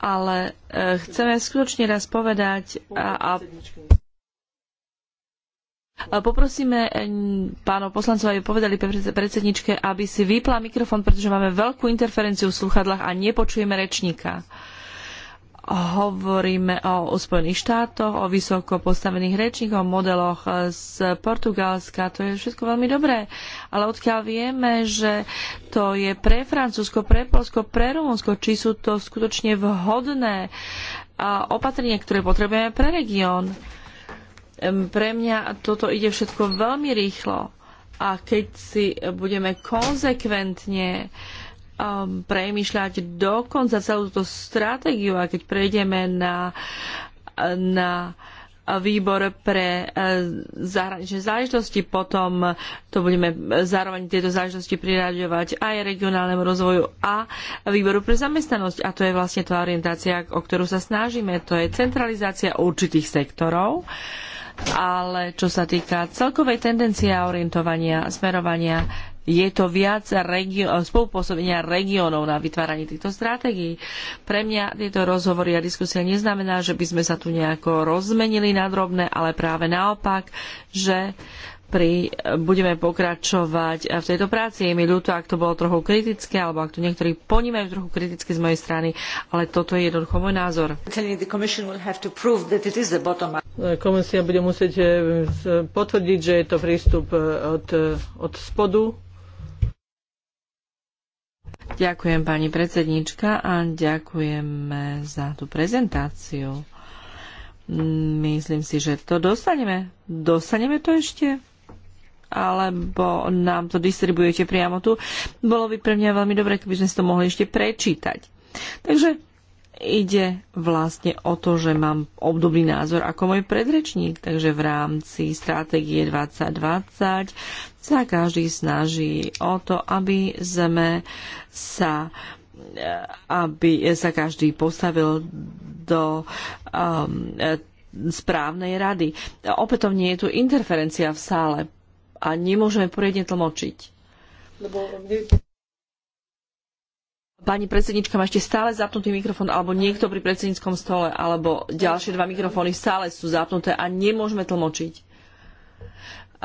ale e, chceme skutočne raz povedať a, a Poprosíme e, pánov poslancov, aby povedali predsedničke, aby si vypla mikrofón, pretože máme veľkú interferenciu v sluchadlách a nepočujeme rečníka. Uh, Hovoríme o Spojených štátoch, o vysoko postavených rečníkoch, o modeloch z Portugalska. To je všetko veľmi dobré. Ale odkiaľ vieme, že to je pre Francúzsko, pre Polsko, pre Rumunsko, či sú to skutočne vhodné opatrenia, ktoré potrebujeme pre región. Pre mňa toto ide všetko veľmi rýchlo. A keď si budeme konzekventne uh, um, premýšľať dokonca celú túto stratégiu a keď prejdeme na, na výbor pre eh, zahraničné záležitosti, potom to budeme zároveň tieto záležitosti priraďovať aj regionálnemu rozvoju a výboru pre zamestnanosť. A to je vlastne tá orientácia, o ktorú sa snažíme. To je centralizácia určitých sektorov, ale čo sa týka celkovej tendencie a orientovania, smerovania, je to viac regio- spolupôsobenia regiónov na vytváranie týchto stratégií. Pre mňa tieto rozhovory a diskusia neznamená, že by sme sa tu nejako rozmenili na drobné, ale práve naopak, že pri, budeme pokračovať v tejto práci. Je mi ľúto, ak to bolo trochu kritické, alebo ak to niektorí ponímajú trochu kriticky z mojej strany, ale toto je jednoducho môj názor. Komisia bude musieť eh, potvrdiť, že je to prístup eh, od, eh, od spodu Ďakujem pani predsednička a ďakujeme za tú prezentáciu. Myslím si, že to dostaneme. Dostaneme to ešte? Alebo nám to distribujete priamo tu? Bolo by pre mňa veľmi dobre, keby sme si to mohli ešte prečítať. Takže ide vlastne o to, že mám obdobný názor ako môj predrečník, takže v rámci stratégie 2020 sa každý snaží o to, aby sme sa eh, aby sa každý postavil do um, správnej rady. Opätovne je tu interferencia v sále a nemôžeme poriadne tlmočiť. Pani predsednička máte stále zapnutý mikrofón, alebo niekto pri predsedníckom stole, alebo ďalšie dva mikrofóny stále sú zapnuté a nemôžeme tlmočiť.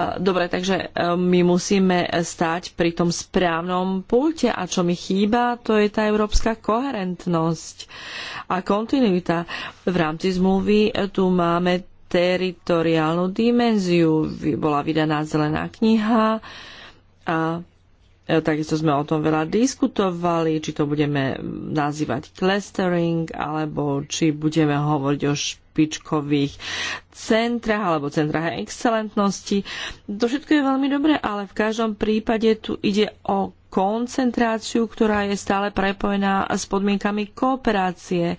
Eh, dobre, takže eh, my musíme stať pri tom správnom pulte a čo mi chýba, to je tá európska koherentnosť a kontinuita. V rámci zmluvy eh, tu máme teritoriálnu dimenziu. Bola vydaná zelená kniha a Takisto sme o tom veľa diskutovali, či to budeme mm, nazývať clustering, alebo či budeme hovoriť o špičkových centrách alebo centrách excelentnosti. To všetko je veľmi dobré, ale v každom prípade tu ide o koncentráciu, ktorá je stále prepojená s podmienkami kooperácie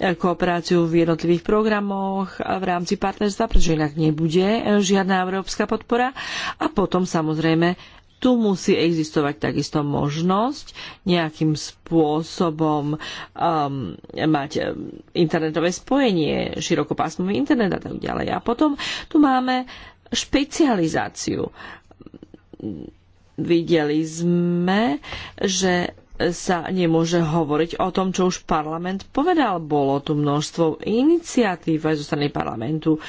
kooperáciu v jednotlivých programoch v rámci partnerstva, pretože inak nebude žiadna európska podpora. A potom samozrejme tu musí existovať takisto možnosť nejakým spôsobom um, mať um, internetové spojenie, širokopásmový internet a tak ďalej. A potom tu máme špecializáciu. Videli sme, že sa nemôže hovoriť o tom, čo už parlament povedal. Bolo tu množstvo iniciatív aj zo strany parlamentu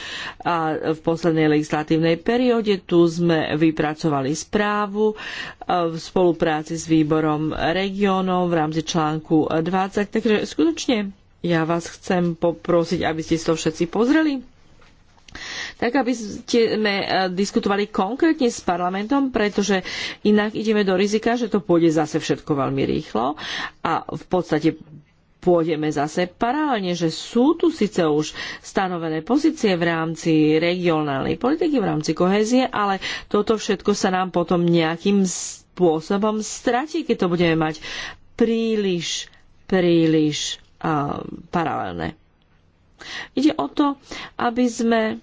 a v poslednej legislatívnej perióde. Tu sme vypracovali správu e, v spolupráci s výborom regiónov v rámci článku 20. Takže skutočne ja vás chcem poprosiť, aby ste si to všetci pozreli tak aby sme eh, diskutovali konkrétne s parlamentom, pretože inak ideme do rizika, že to pôjde zase všetko veľmi rýchlo a v podstate pôjdeme zase paralelne, že sú tu síce už stanovené pozície v rámci regionálnej politiky, v rámci kohézie, ale toto všetko sa nám potom nejakým spôsobom stratí, keď to budeme mať príliš, príliš uh, paralelné. Ide o to, aby sme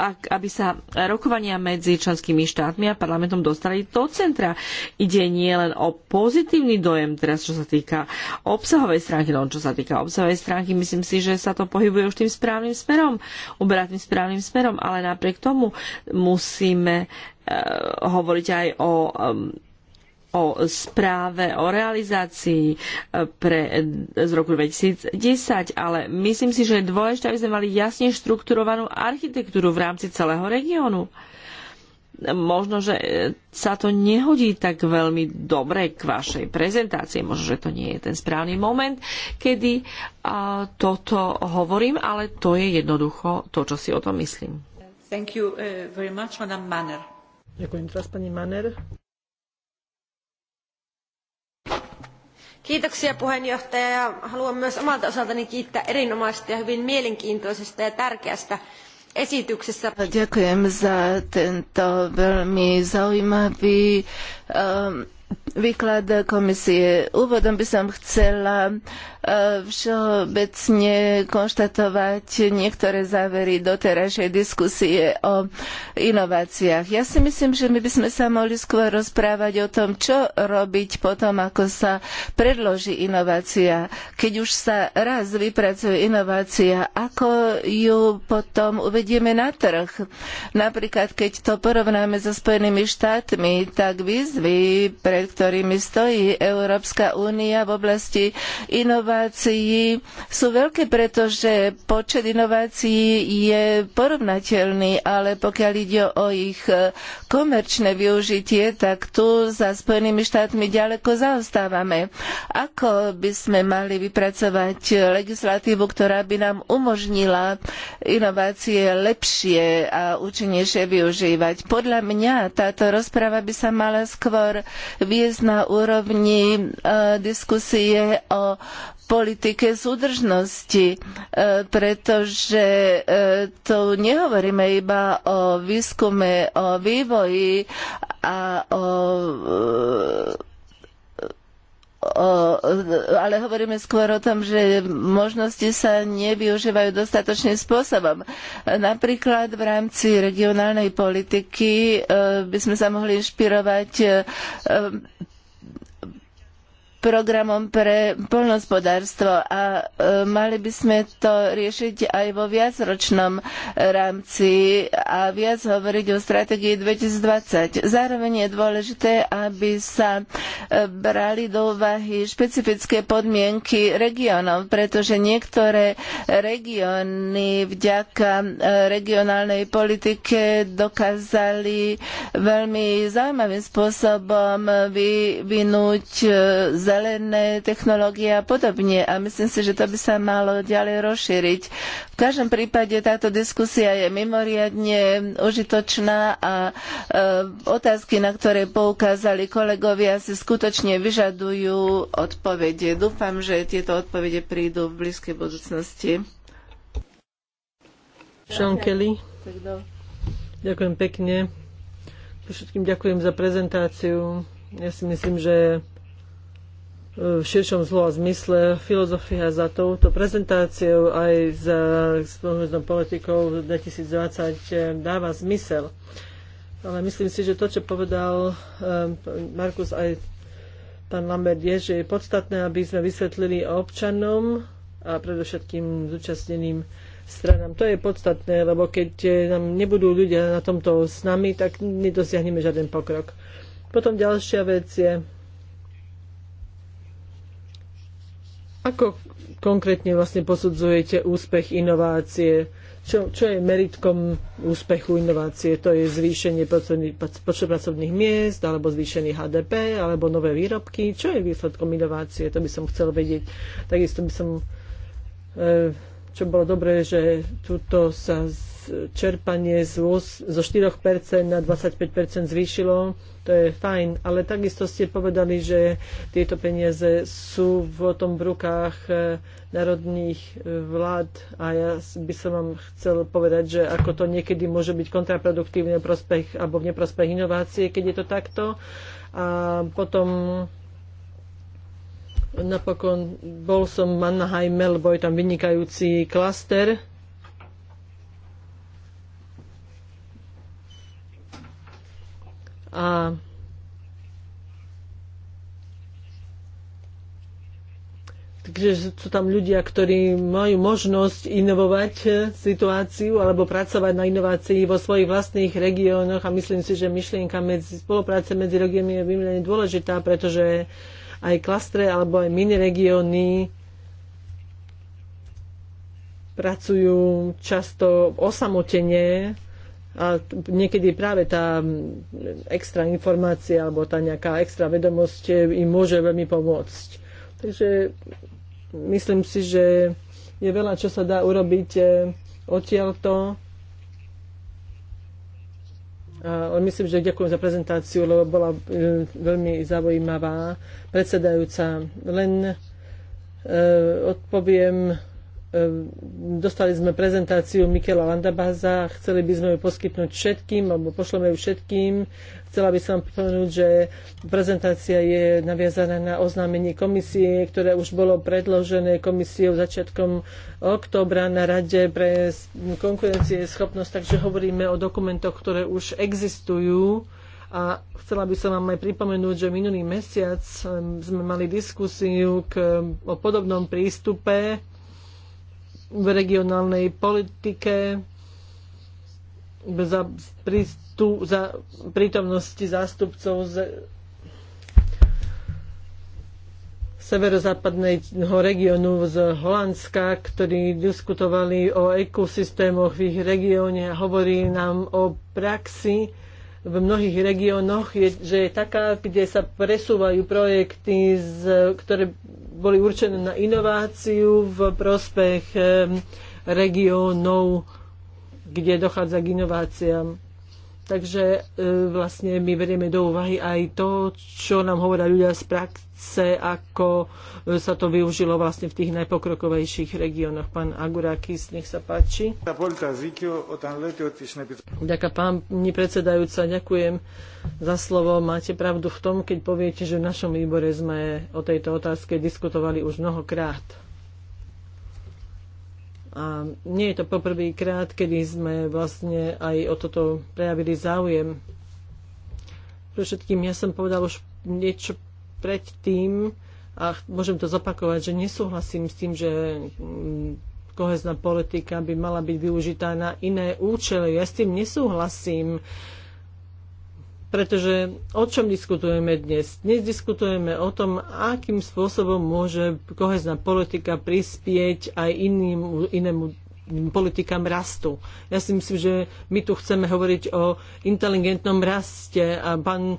ak, aby sa rokovania medzi členskými štátmi a parlamentom dostali do centra. Ide nielen o pozitívny dojem teraz, čo sa týka obsahovej stránky, no čo sa týka obsahovej stránky, myslím si, že sa to pohybuje už tým správnym smerom, uberatým správnym smerom, ale napriek tomu musíme e, hovoriť aj o e, o správe o realizácii e, pre, e, z roku 2010, ale myslím si, že je dôležité, aby sme mali jasne štrukturovanú architektúru v rámci celého regiónu. Možno, že e, sa to nehodí tak veľmi dobre k vašej prezentácii. Možno, že to nie je ten správny moment, kedy a, toto hovorím, ale to je jednoducho to, čo si o tom myslím. Much, Ďakujem teraz, pani Manner. Kiitoksia puheenjohtaja ja haluan myös omalta osaltani kiittää erinomaisesta ja hyvin mielenkiintoisesta ja tärkeästä esityksestä. Ďakujem za tento veľmi zaujímavý um, výklad komisie. Úvodom by som chcela e, všeobecne konštatovať niektoré závery doterajšej diskusie o inováciách. Ja si myslím, že my by sme sa mohli skôr rozprávať o tom, čo robiť potom, ako sa predloží inovácia. Keď už sa raz vypracuje inovácia, ako ju potom uvedieme na trh. Napríklad, keď to porovnáme so Spojenými štátmi, tak výzvy pre pred ktorými stojí Európska únia v oblasti inovácií, sú veľké, pretože počet inovácií je porovnateľný, ale pokiaľ ide o ich komerčné využitie, tak tu za Spojenými štátmi ďaleko zaostávame. Ako by sme mali vypracovať legislatívu, ktorá by nám umožnila inovácie lepšie a účinnejšie využívať? Podľa mňa táto rozprava by sa mala skôr viesť na úrovni e, diskusie o politike súdržnosti, e, pretože e, tu nehovoríme iba o výskume, o vývoji a o e, O, ale hovoríme skôr o tom, že možnosti sa nevyužívajú dostatočným spôsobom. Napríklad v rámci regionálnej politiky by sme sa mohli inšpirovať programom pre poľnohospodárstvo a e, mali by sme to riešiť aj vo viacročnom rámci a viac hovoriť o stratégii 2020. Zároveň je dôležité, aby sa e, brali do úvahy špecifické podmienky regiónov, pretože niektoré regióny vďaka e, regionálnej politike dokázali veľmi zaujímavým spôsobom vyvinúť zelené technológie a podobne. A myslím si, že to by sa malo ďalej rozšíriť. V každom prípade táto diskusia je mimoriadne užitočná a e, otázky, na ktoré poukázali kolegovia, si skutočne vyžadujú odpovede. Dúfam, že tieto odpovede prídu v blízkej budúcnosti. Sean Kelly. Ďakujem pekne. Všetkým ďakujem za prezentáciu. Ja si myslím, že v širšom a zmysle filozofia za touto prezentáciou aj s spoločnou politikou 2020 dáva zmysel. Ale myslím si, že to, čo povedal eh, Markus aj pán Lambert, je, že je podstatné, aby sme vysvetlili občanom a predovšetkým zúčastneným stranám. To je podstatné, lebo keď eh, nám nebudú ľudia na tomto s nami, tak nedosiahneme žiaden pokrok. Potom ďalšia vec je, Ako konkrétne vlastne posudzujete úspech inovácie? Čo, čo je meritkom úspechu inovácie? To je zvýšenie počtu pracovných miest, alebo zvýšenie HDP, alebo nové výrobky. Čo je výsledkom inovácie? To by som chcel vedieť. Takisto by som, e, čo bolo dobré, že tuto sa čerpanie z, zo 4% na 25% zvýšilo, to je fajn, ale takisto ste povedali, že tieto peniaze sú v tom v rukách e, národných e, vlád a ja by som vám chcel povedať, že ako to niekedy môže byť kontraproduktívne prospech alebo v neprospech inovácie, keď je to takto. A potom napokon bol som v Mannheime, lebo je tam vynikajúci klaster A Takže sú tam ľudia, ktorí majú možnosť inovovať situáciu alebo pracovať na inovácii vo svojich vlastných regiónoch a myslím si, že myšlienka medzi, spolupráce medzi regiónmi je vymerne dôležitá, pretože aj klastre alebo aj miniregióny pracujú často osamotene a niekedy práve tá extra informácia alebo tá nejaká extra vedomosť e, im môže veľmi pomôcť. Takže myslím si, že je veľa, čo sa dá urobiť e, odtiaľto. Ale myslím, že ďakujem za prezentáciu, lebo bola e, veľmi zaujímavá. Predsedajúca, len odpoviem Ehm, dostali sme prezentáciu Mikela Landabaza, chceli by sme ju poskytnúť všetkým, alebo pošleme ju všetkým. Chcela by som pripomenúť, že prezentácia je naviazaná na oznámenie komisie, ktoré už bolo predložené komisiou začiatkom októbra na Rade pre konkurencie schopnosť, takže hovoríme o dokumentoch, ktoré už existujú. A chcela by som vám aj pripomenúť, že minulý mesiac ehm, sme mali diskusiu k, o podobnom prístupe v regionálnej politike za, prístup, za prítomnosti zástupcov z severozápadného regiónu z Holandska, ktorí diskutovali o ekosystémoch v ich regióne a hovorí nám o praxi, v mnohých regiónoch, je, že je taká, kde sa presúvajú projekty, z, ktoré boli určené na inováciu v prospech regiónov, kde dochádza k inováciám. Takže e, vlastne my vedieme do úvahy aj to, čo nám hovoria ľudia z praxe, ako e, sa to využilo vlastne v tých najpokrokovejších regiónoch. Pán Agurakis, nech sa páči. Ďaká pani predsedajúca, ďakujem za slovo. Máte pravdu v tom, keď poviete, že v našom výbore sme o tejto otázke diskutovali už mnohokrát. A nie je to poprvýkrát, kedy sme vlastne aj o toto prejavili záujem. Pre všetkým ja som povedal už niečo predtým a môžem to zopakovať, že nesúhlasím s tým, že mm, kohezná politika by mala byť využitá na iné účely. Ja s tým nesúhlasím. Pretože o čom diskutujeme dnes? Dnes diskutujeme o tom, akým spôsobom môže kohezná politika prispieť aj iným, inému politikám rastu. Ja si myslím, že my tu chceme hovoriť o inteligentnom raste a pán e,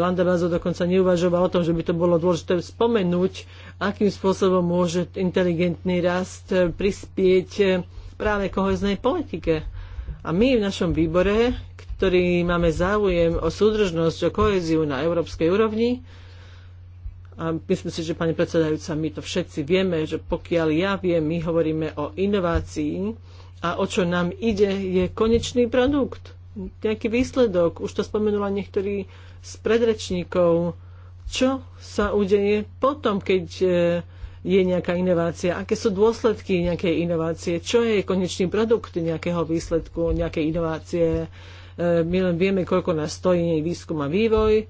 Landabazo dokonca neuvažoval o tom, že by to bolo dôležité spomenúť, akým spôsobom môže inteligentný rast e, prispieť e, práve koheznej politike. A my v našom výbore ktorí máme záujem o súdržnosť, o koheziu na európskej úrovni. A myslím si, že pani predsedajúca, my to všetci vieme, že pokiaľ ja viem, my hovoríme o inovácii a o čo nám ide, je konečný produkt, nejaký výsledok. Už to spomenula niektorí z predrečníkov. Čo sa udeje potom, keď e, je nejaká inovácia? Aké sú dôsledky nejakej inovácie? Čo je konečný produkt nejakého výsledku, nejakej inovácie? My len vieme, koľko nás stojí výskum a vývoj.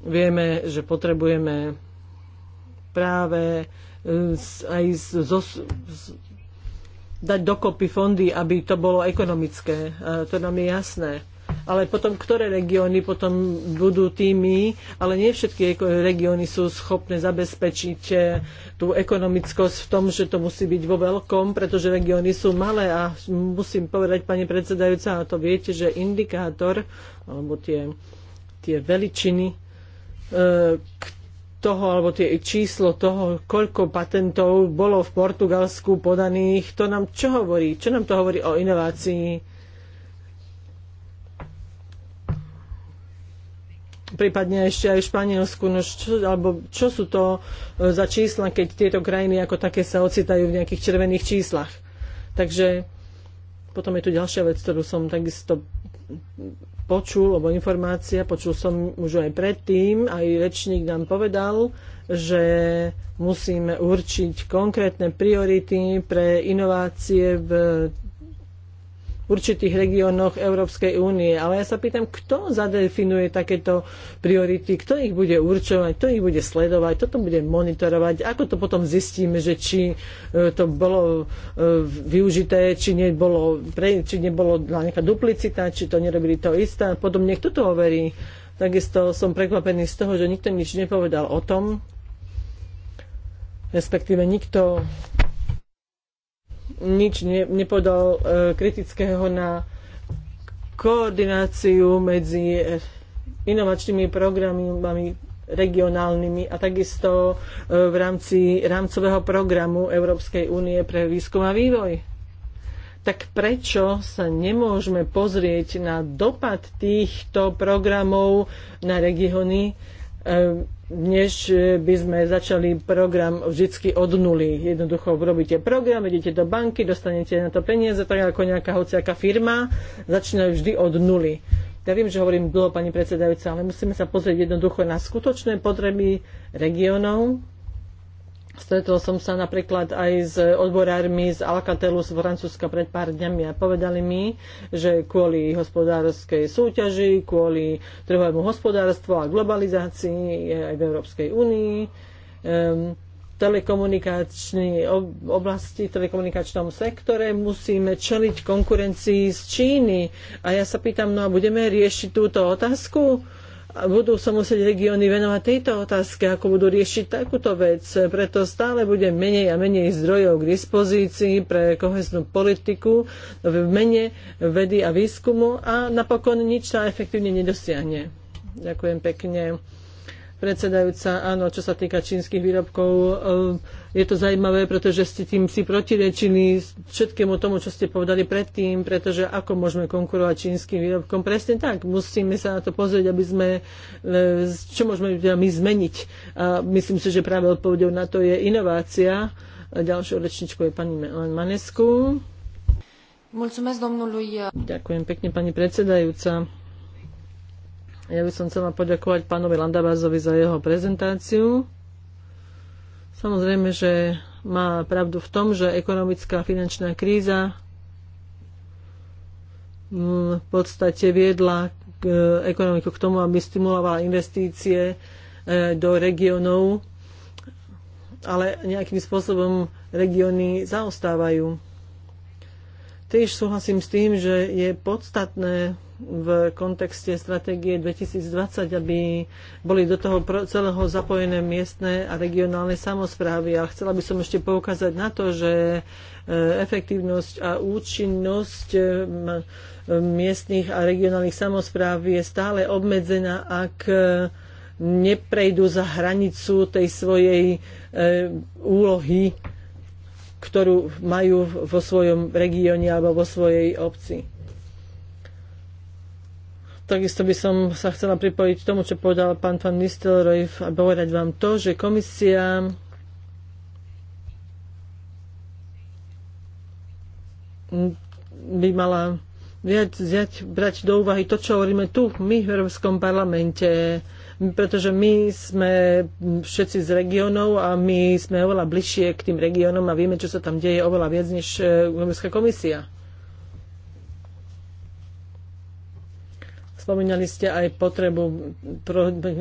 Vieme, že potrebujeme práve e, aj zo, dať dokopy fondy, aby to bolo ekonomické. To nám je jasné ale potom ktoré regióny potom budú tými, ale nie všetky regióny sú schopné zabezpečiť eh, tú ekonomickosť v tom, že to musí byť vo veľkom, pretože regióny sú malé a musím povedať, pani predsedajúca, a to viete, že indikátor alebo tie, tie veličiny e, toho, alebo tie číslo toho, koľko patentov bolo v Portugalsku podaných, to nám čo hovorí? Čo nám to hovorí o inovácii? prípadne ešte aj v Španielsku, no čo, alebo čo sú to e, za čísla, keď tieto krajiny ako také sa ocitajú v nejakých červených číslach. Takže potom je tu ďalšia vec, ktorú som takisto počul, alebo informácia, počul som už aj predtým, aj rečník nám povedal, že musíme určiť konkrétne priority pre inovácie v určitých regiónoch Európskej únie. Ale ja sa pýtam, kto zadefinuje takéto priority, kto ich bude určovať, kto ich bude sledovať, kto to bude monitorovať, ako to potom zistíme, že či e, to bolo e, využité, či nebolo, pre, či nebolo nejaká duplicita, či to nerobili to isté. Podobne kto to overí. Takisto som prekvapený z toho, že nikto nič nepovedal o tom, respektíve nikto nič ne, nepodal e, kritického na koordináciu medzi e, inovačnými programami regionálnymi a takisto e, v rámci rámcového programu Európskej únie pre výskum a vývoj. Tak prečo sa nemôžeme pozrieť na dopad týchto programov na regióny, Ehm, než e, by sme začali program vždy od nuly. Jednoducho robíte program, idete do banky, dostanete na to peniaze, tak ako nejaká hociaká firma, začínajú vždy od nuly. Ja viem, že hovorím dlho, pani predsedajúca, ale musíme sa pozrieť jednoducho na skutočné potreby regiónov, Stretol som sa napríklad aj s odborármi z Alcatelu z Francúzska pred pár dňami a povedali mi, že kvôli hospodárskej súťaži, kvôli trhovému hospodárstvu a globalizácii aj v Európskej únii, um, telekomunikačnej oblasti, telekomunikačnom sektore musíme čeliť konkurencii z Číny. A ja sa pýtam, no a budeme riešiť túto otázku? budú sa musieť regióny venovať tejto otázke, ako budú riešiť takúto vec. Preto stále bude menej a menej zdrojov k dispozícii pre koheznú politiku v mene vedy a výskumu a napokon nič sa efektívne nedosiahne. Ďakujem pekne predsedajúca, áno, čo sa týka čínskych výrobkov, eh, je to zaujímavé, pretože ste tým si protirečili všetkému tomu, čo ste povedali predtým, pretože ako môžeme konkurovať čínskym výrobkom. Presne tak, musíme sa na to pozrieť, aby sme, eh, čo môžeme teda my zmeniť. A myslím si, že práve odpovedou na to je inovácia. Ďalšou rečničkou je pani Manesku. Ďakujem pekne, pani predsedajúca. Ja by som chcela poďakovať pánovi Landabázovi za jeho prezentáciu. Samozrejme, že má pravdu v tom, že ekonomická finančná kríza mm, v podstate viedla k, e, ekonomiku k tomu, aby stimulovala investície e, do regiónov, ale nejakým spôsobom regióny zaostávajú. Tiež súhlasím s tým, že je podstatné v kontexte stratégie 2020, aby boli do toho celého zapojené miestne a regionálne samozprávy. A chcela by som ešte poukázať na to, že e, efektívnosť a účinnosť e, e, miestnych a regionálnych samozpráv je stále obmedzená, ak neprejdú za hranicu tej svojej úlohy, ktorú majú vo svojom regióne alebo vo svojej obci. Takisto by som sa chcela pripojiť k tomu, čo povedal pán pán Nistelroj a povedať vám to, že komisia by mala viac vziať, brať do úvahy to, čo hovoríme tu, my v Európskom parlamente, pretože my sme všetci z regiónov a my sme oveľa bližšie k tým regiónom a vieme, čo sa tam deje oveľa viac než Európska komisia. Spomínali ste aj potrebu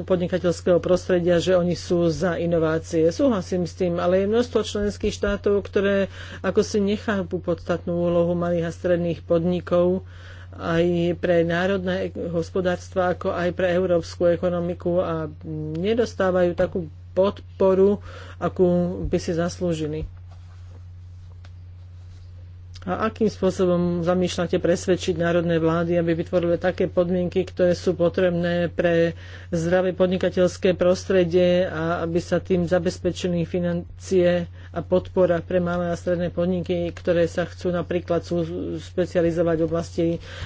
podnikateľského prostredia, že oni sú za inovácie. Súhlasím s tým, ale je množstvo členských štátov, ktoré ako si nechápu podstatnú úlohu malých a stredných podnikov aj pre národné hospodárstva, ako aj pre európsku ekonomiku a nedostávajú takú podporu, akú by si zaslúžili. A akým spôsobom zamýšľate presvedčiť národné vlády, aby vytvorili také podmienky, ktoré sú potrebné pre zdravé podnikateľské prostredie a aby sa tým zabezpečili financie a podpora pre malé a stredné podniky, ktoré sa chcú napríklad sú specializovať v oblasti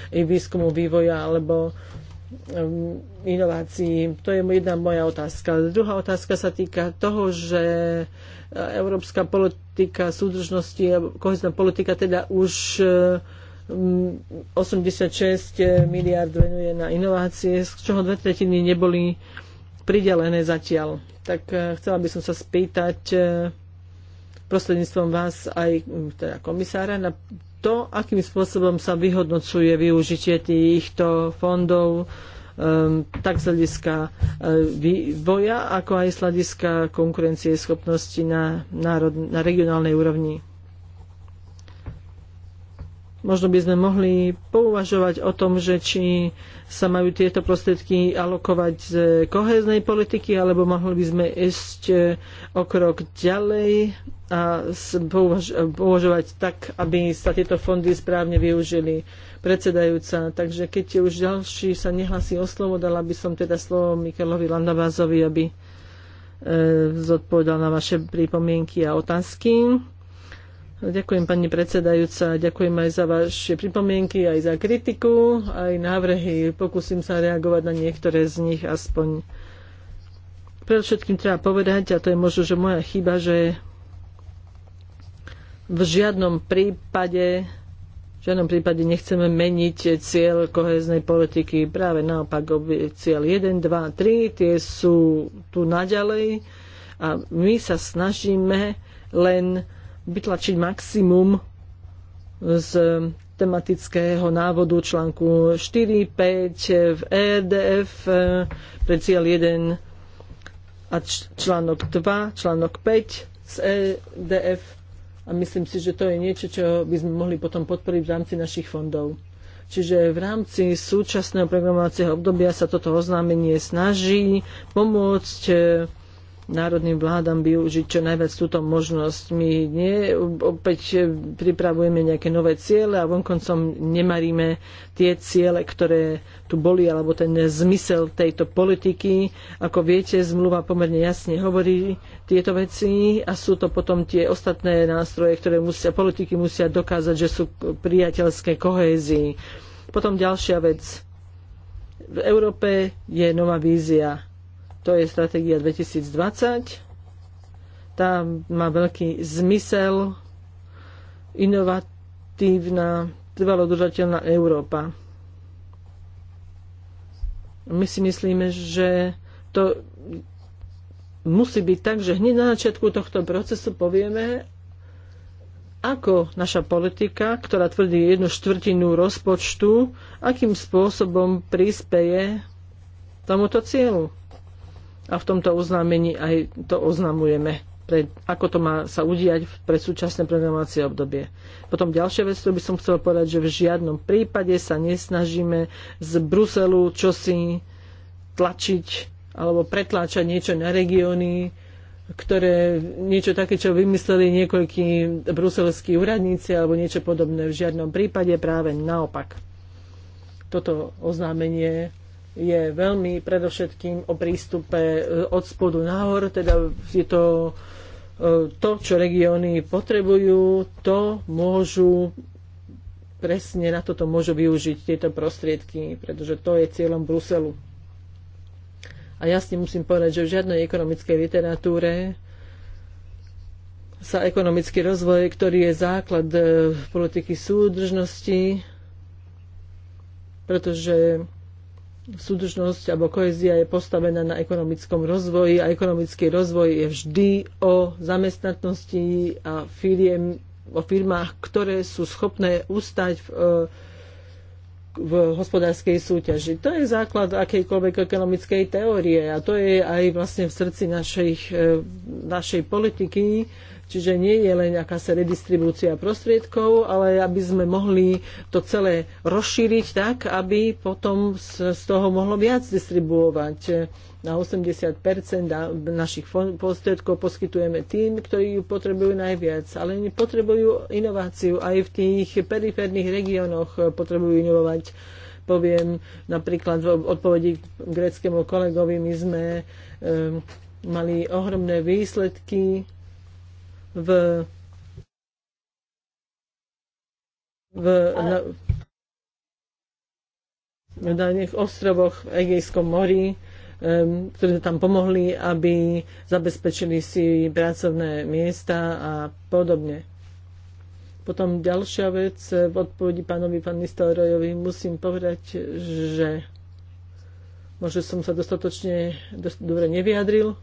výskumu, vývoja alebo Um, inovácií. To je jedna moja otázka. Druhá otázka sa týka toho, že eh, európska politika súdržnosti a kohezná politika teda už 86 eh, um, miliard venuje na inovácie, z čoho dve tretiny neboli pridelené zatiaľ. Tak eh, chcela by som sa spýtať prostredníctvom vás aj mm, teda komisára na to, akým spôsobom sa vyhodnocuje využitie týchto fondov um, tak z hľadiska e, vývoja, ako aj z hľadiska konkurencie schopnosti na, národ, na regionálnej úrovni možno by sme mohli pouvažovať o tom, že či sa majú tieto prostriedky alokovať z kohéznej politiky, alebo mohli by sme ísť e, o krok ďalej a pouvažovať tak, aby sa tieto fondy správne využili predsedajúca. Takže keď už ďalší sa nehlasí o slovo, dala by som teda slovo Mikelovi Landavázovi, aby e, zodpovedal na vaše pripomienky a otázky. Ďakujem pani predsedajúca, ďakujem aj za vaše pripomienky, aj za kritiku, aj návrhy. Pokúsim sa reagovať na niektoré z nich aspoň. všetkým treba povedať, a to je možno, že moja chyba, že v žiadnom prípade v žiadnom prípade nechceme meniť cieľ koheznej politiky. Práve naopak, cieľ 1, 2, 3, tie sú tu naďalej a my sa snažíme len vytlačiť maximum z tematického návodu článku 4, 5 v EDF e, pre cieľ 1 a článok 2, článok 5 z EDF a myslím si, že to je niečo, čo by sme mohli potom podporiť v rámci našich fondov. Čiže v rámci súčasného programovacieho obdobia sa toto oznámenie snaží pomôcť e, národným vládam využiť čo najviac túto možnosť. My nie, opäť pripravujeme nejaké nové ciele a vonkoncom nemaríme tie ciele, ktoré tu boli, alebo ten zmysel tejto politiky. Ako viete, zmluva pomerne jasne hovorí tieto veci a sú to potom tie ostatné nástroje, ktoré musia, politiky musia dokázať, že sú priateľské kohézii. Potom ďalšia vec. V Európe je nová vízia to je stratégia 2020. Tá má veľký zmysel, inovatívna, trvalodržateľná Európa. My si myslíme, že to musí byť tak, že hneď na začiatku tohto procesu povieme, ako naša politika, ktorá tvrdí jednu štvrtinu rozpočtu, akým spôsobom prispeje tomuto cieľu a v tomto oznámení aj to oznamujeme, pre, ako to má sa udiať pre súčasné programovacie obdobie. Potom ďalšia vec, ktorú by som chcela povedať, že v žiadnom prípade sa nesnažíme z Bruselu čosi tlačiť alebo pretláčať niečo na regióny, ktoré niečo také, čo vymysleli niekoľkí bruselskí úradníci alebo niečo podobné. V žiadnom prípade práve naopak. Toto oznámenie je veľmi predovšetkým o prístupe e, od spodu nahor, teda je to e, to, čo regióny potrebujú, to môžu presne na toto môžu využiť tieto prostriedky, pretože to je cieľom Bruselu. A ja si musím povedať, že v žiadnej ekonomickej literatúre sa ekonomický rozvoj, ktorý je základ e, politiky súdržnosti, pretože súdržnosť alebo kohezia je postavená na ekonomickom rozvoji a ekonomický rozvoj je vždy o zamestnatnosti a firiem, o firmách, ktoré sú schopné ustať v, e, v hospodárskej súťaži. To je základ akejkoľvek ekonomickej teórie a to je aj vlastne v srdci našej, e, našej politiky, Čiže nie je len akási redistribúcia prostriedkov, ale aby sme mohli to celé rozšíriť tak, aby potom z toho mohlo viac distribuovať. Na 80 našich prostriedkov poskytujeme tým, ktorí ju potrebujú najviac, ale potrebujú inováciu aj v tých periférnych regiónoch potrebujú inovovať poviem napríklad v odpovedi gréckému kolegovi, my sme um, mali ohromné výsledky v, v, na, v daných ostrovoch v Egejskom mori, ktoré tam pomohli, aby zabezpečili si pracovné miesta a podobne. Potom ďalšia vec v odpovedi pánovi pán musím povedať, že možno som sa dostatočne dobre nevyjadril.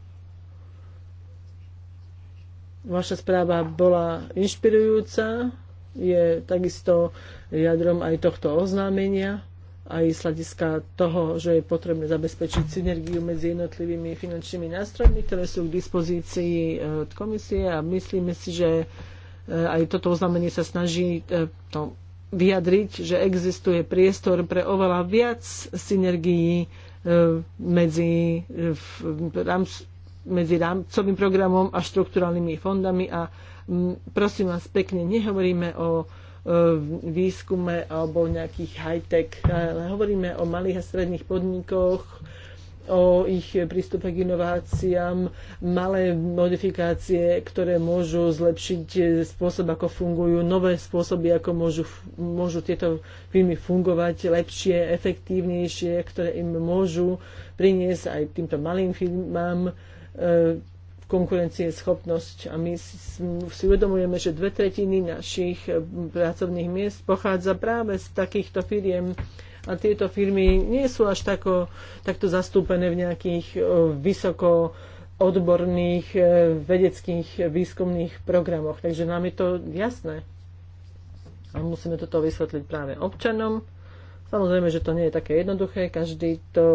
Vaša správa bola inšpirujúca, je takisto jadrom aj tohto oznámenia, aj z hľadiska toho, že je potrebné zabezpečiť synergiu medzi jednotlivými finančnými nástrojmi, ktoré sú k dispozícii e, od komisie a myslíme si, že e, aj toto oznámenie sa snaží e, to vyjadriť, že existuje priestor pre oveľa viac synergií medzi v, v, v, medzi rámcovým programom a štrukturálnymi fondami a mm, prosím vás pekne, nehovoríme o e, výskume alebo nejakých high-tech, ale hovoríme o malých a stredných podnikoch, o ich prístupe k inováciám, malé modifikácie, ktoré môžu zlepšiť spôsob, ako fungujú, nové spôsoby, ako môžu, môžu tieto firmy fungovať lepšie, efektívnejšie, ktoré im môžu priniesť aj týmto malým firmám E, schopnosť A my si uvedomujeme, že dve tretiny našich e, pracovných miest pochádza práve z takýchto firiem. A tieto firmy nie sú až tako, takto zastúpené v nejakých e, vysoko odborných vedeckých výskumných programoch. Takže nám je to jasné. A musíme toto vysvetliť práve občanom. Samozrejme, že to nie je také jednoduché, každý to,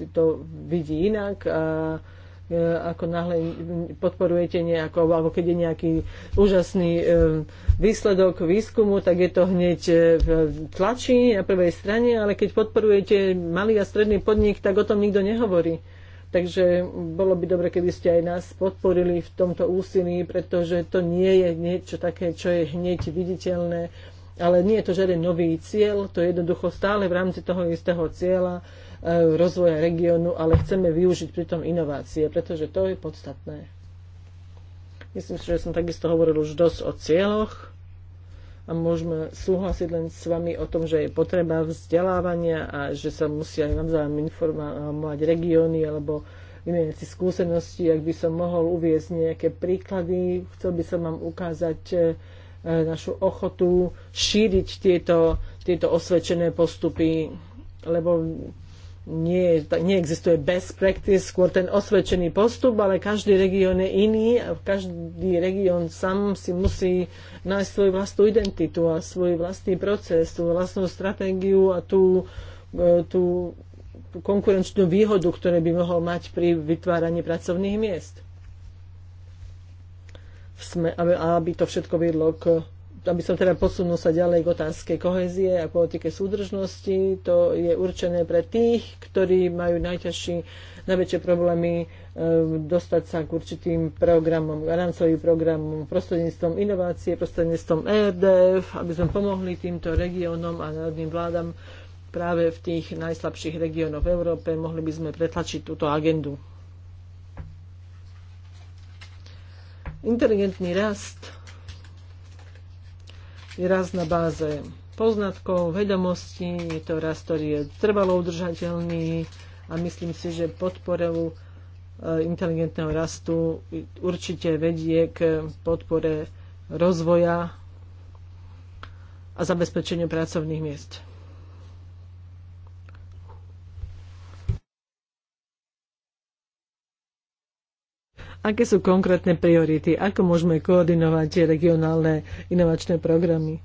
si to vidí inak a E, ako náhle podporujete nejako, alebo keď je nejaký úžasný e, výsledok výskumu, tak je to hneď e, v tlači na prvej strane, ale keď podporujete malý a stredný podnik, tak o tom nikto nehovorí. Takže bolo by dobre, keby ste aj nás podporili v tomto úsilí, pretože to nie je niečo také, čo je hneď viditeľné, ale nie je to žiaden nový cieľ, to je jednoducho stále v rámci toho istého cieľa, E, rozvoja regiónu, ale chceme využiť pritom inovácie, pretože to je podstatné. Myslím si, že som takisto hovoril už dosť o cieľoch a môžeme súhlasiť len s vami o tom, že je potreba vzdelávania a že sa musia navzájom informovať regióny alebo vymeniať si skúsenosti. Ak by som mohol uviezť nejaké príklady, chcel by som vám ukázať e, našu ochotu šíriť tieto, tieto osvedčené postupy, lebo nie, neexistuje best practice, skôr ten osvedčený postup, ale každý región je iný a každý región sám si musí nájsť svoju vlastnú identitu a svoj vlastný proces, tú vlastnú stratégiu a tú, e, tú konkurenčnú výhodu, ktoré by mohol mať pri vytváraní pracovných miest. Sme, aby to všetko viedlo k aby som teda posunul sa ďalej k otázke kohezie a politike súdržnosti, to je určené pre tých, ktorí majú najťažší, najväčšie problémy e, dostať sa k určitým programom, rámcovým programom, prostredníctvom inovácie, prostredníctvom ERDF, aby sme pomohli týmto regiónom a národným vládam práve v tých najslabších regiónoch v Európe, mohli by sme pretlačiť túto agendu. Inteligentný rast je raz na báze poznatkov, vedomostí, je to raz, ktorý je trvalo udržateľný a myslím si, že podporou e, inteligentného rastu určite vedie k podpore rozvoja a zabezpečeniu pracovných miest. Aké sú konkrétne priority? Ako môžeme koordinovať tie regionálne inovačné programy?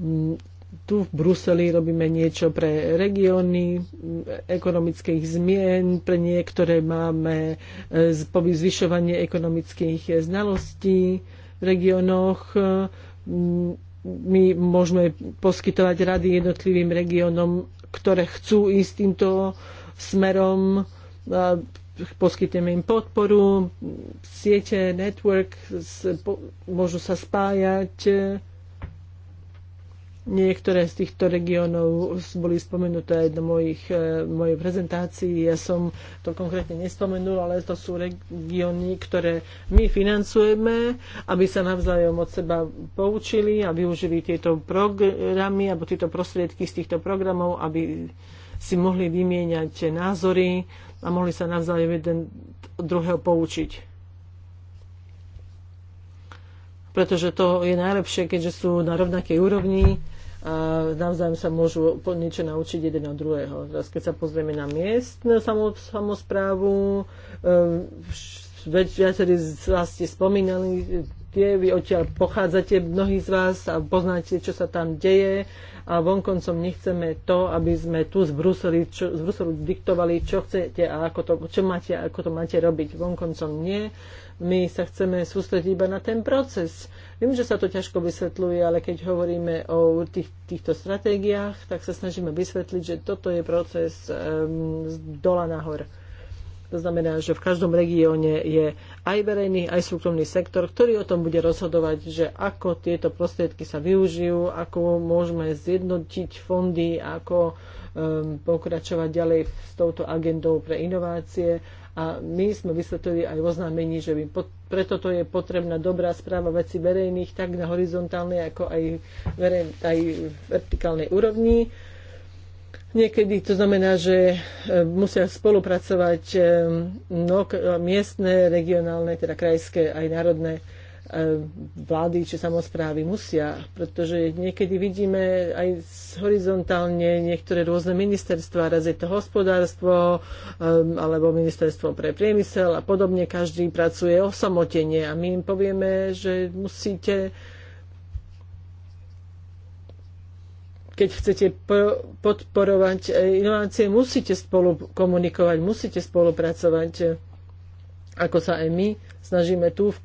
Mm, tu v Bruseli robíme niečo pre regióny mm, ekonomických zmien, pre niektoré máme e, zvyšovanie ekonomických znalostí v regiónoch e, mm, my môžeme poskytovať rady jednotlivým regiónom, ktoré chcú ísť týmto smerom poskytneme im podporu, siete, network, môžu sa spájať. Niektoré z týchto regiónov boli spomenuté aj do mojich, e, mojej prezentácii. Ja som to konkrétne nespomenul, ale to sú regióny, ktoré my financujeme, aby sa navzájom od seba poučili a využili tieto programy alebo tieto prostriedky z týchto programov, aby si mohli vymieňať názory a mohli sa navzájom jeden od druhého poučiť. Pretože to je najlepšie, keďže sú na rovnakej úrovni a navzájom sa môžu niečo naučiť jeden od druhého. Teraz keď sa pozrieme na na samozprávu, e, viacerí z vás ste spomínali tie, vy odtiaľ pochádzate, mnohí z vás a poznáte, čo sa tam deje a vonkoncom nechceme to, aby sme tu z, Bruseli, čo, z Bruselu diktovali, čo chcete a ako to, čo máte, ako to máte robiť. Vonkoncom nie. My sa chceme sústrediť iba na ten proces. Viem, že sa to ťažko vysvetľuje, ale keď hovoríme o tých, týchto stratégiách, tak sa snažíme vysvetliť, že toto je proces um, z dola nahor. To znamená, že v každom regióne je aj verejný, aj súkromný sektor, ktorý o tom bude rozhodovať, že ako tieto prostriedky sa využijú, ako môžeme zjednotiť fondy, ako um, pokračovať ďalej s touto agendou pre inovácie. A my sme vysvetlili aj v oznámení, že by pod, preto to je potrebná dobrá správa veci verejných tak na horizontálnej, ako aj, verej, aj vertikálnej úrovni Niekedy to znamená, že e, musia spolupracovať no, miestne, regionálne, teda krajské aj národné e, vlády či samozprávy musia, pretože niekedy vidíme aj horizontálne niektoré rôzne ministerstva, raz je to hospodárstvo alebo ministerstvo pre priemysel a podobne, každý pracuje osamotene a my im povieme, že musíte keď chcete podporovať e, inovácie, musíte spolu komunikovať, musíte spolupracovať, e, ako sa aj my snažíme tu, e,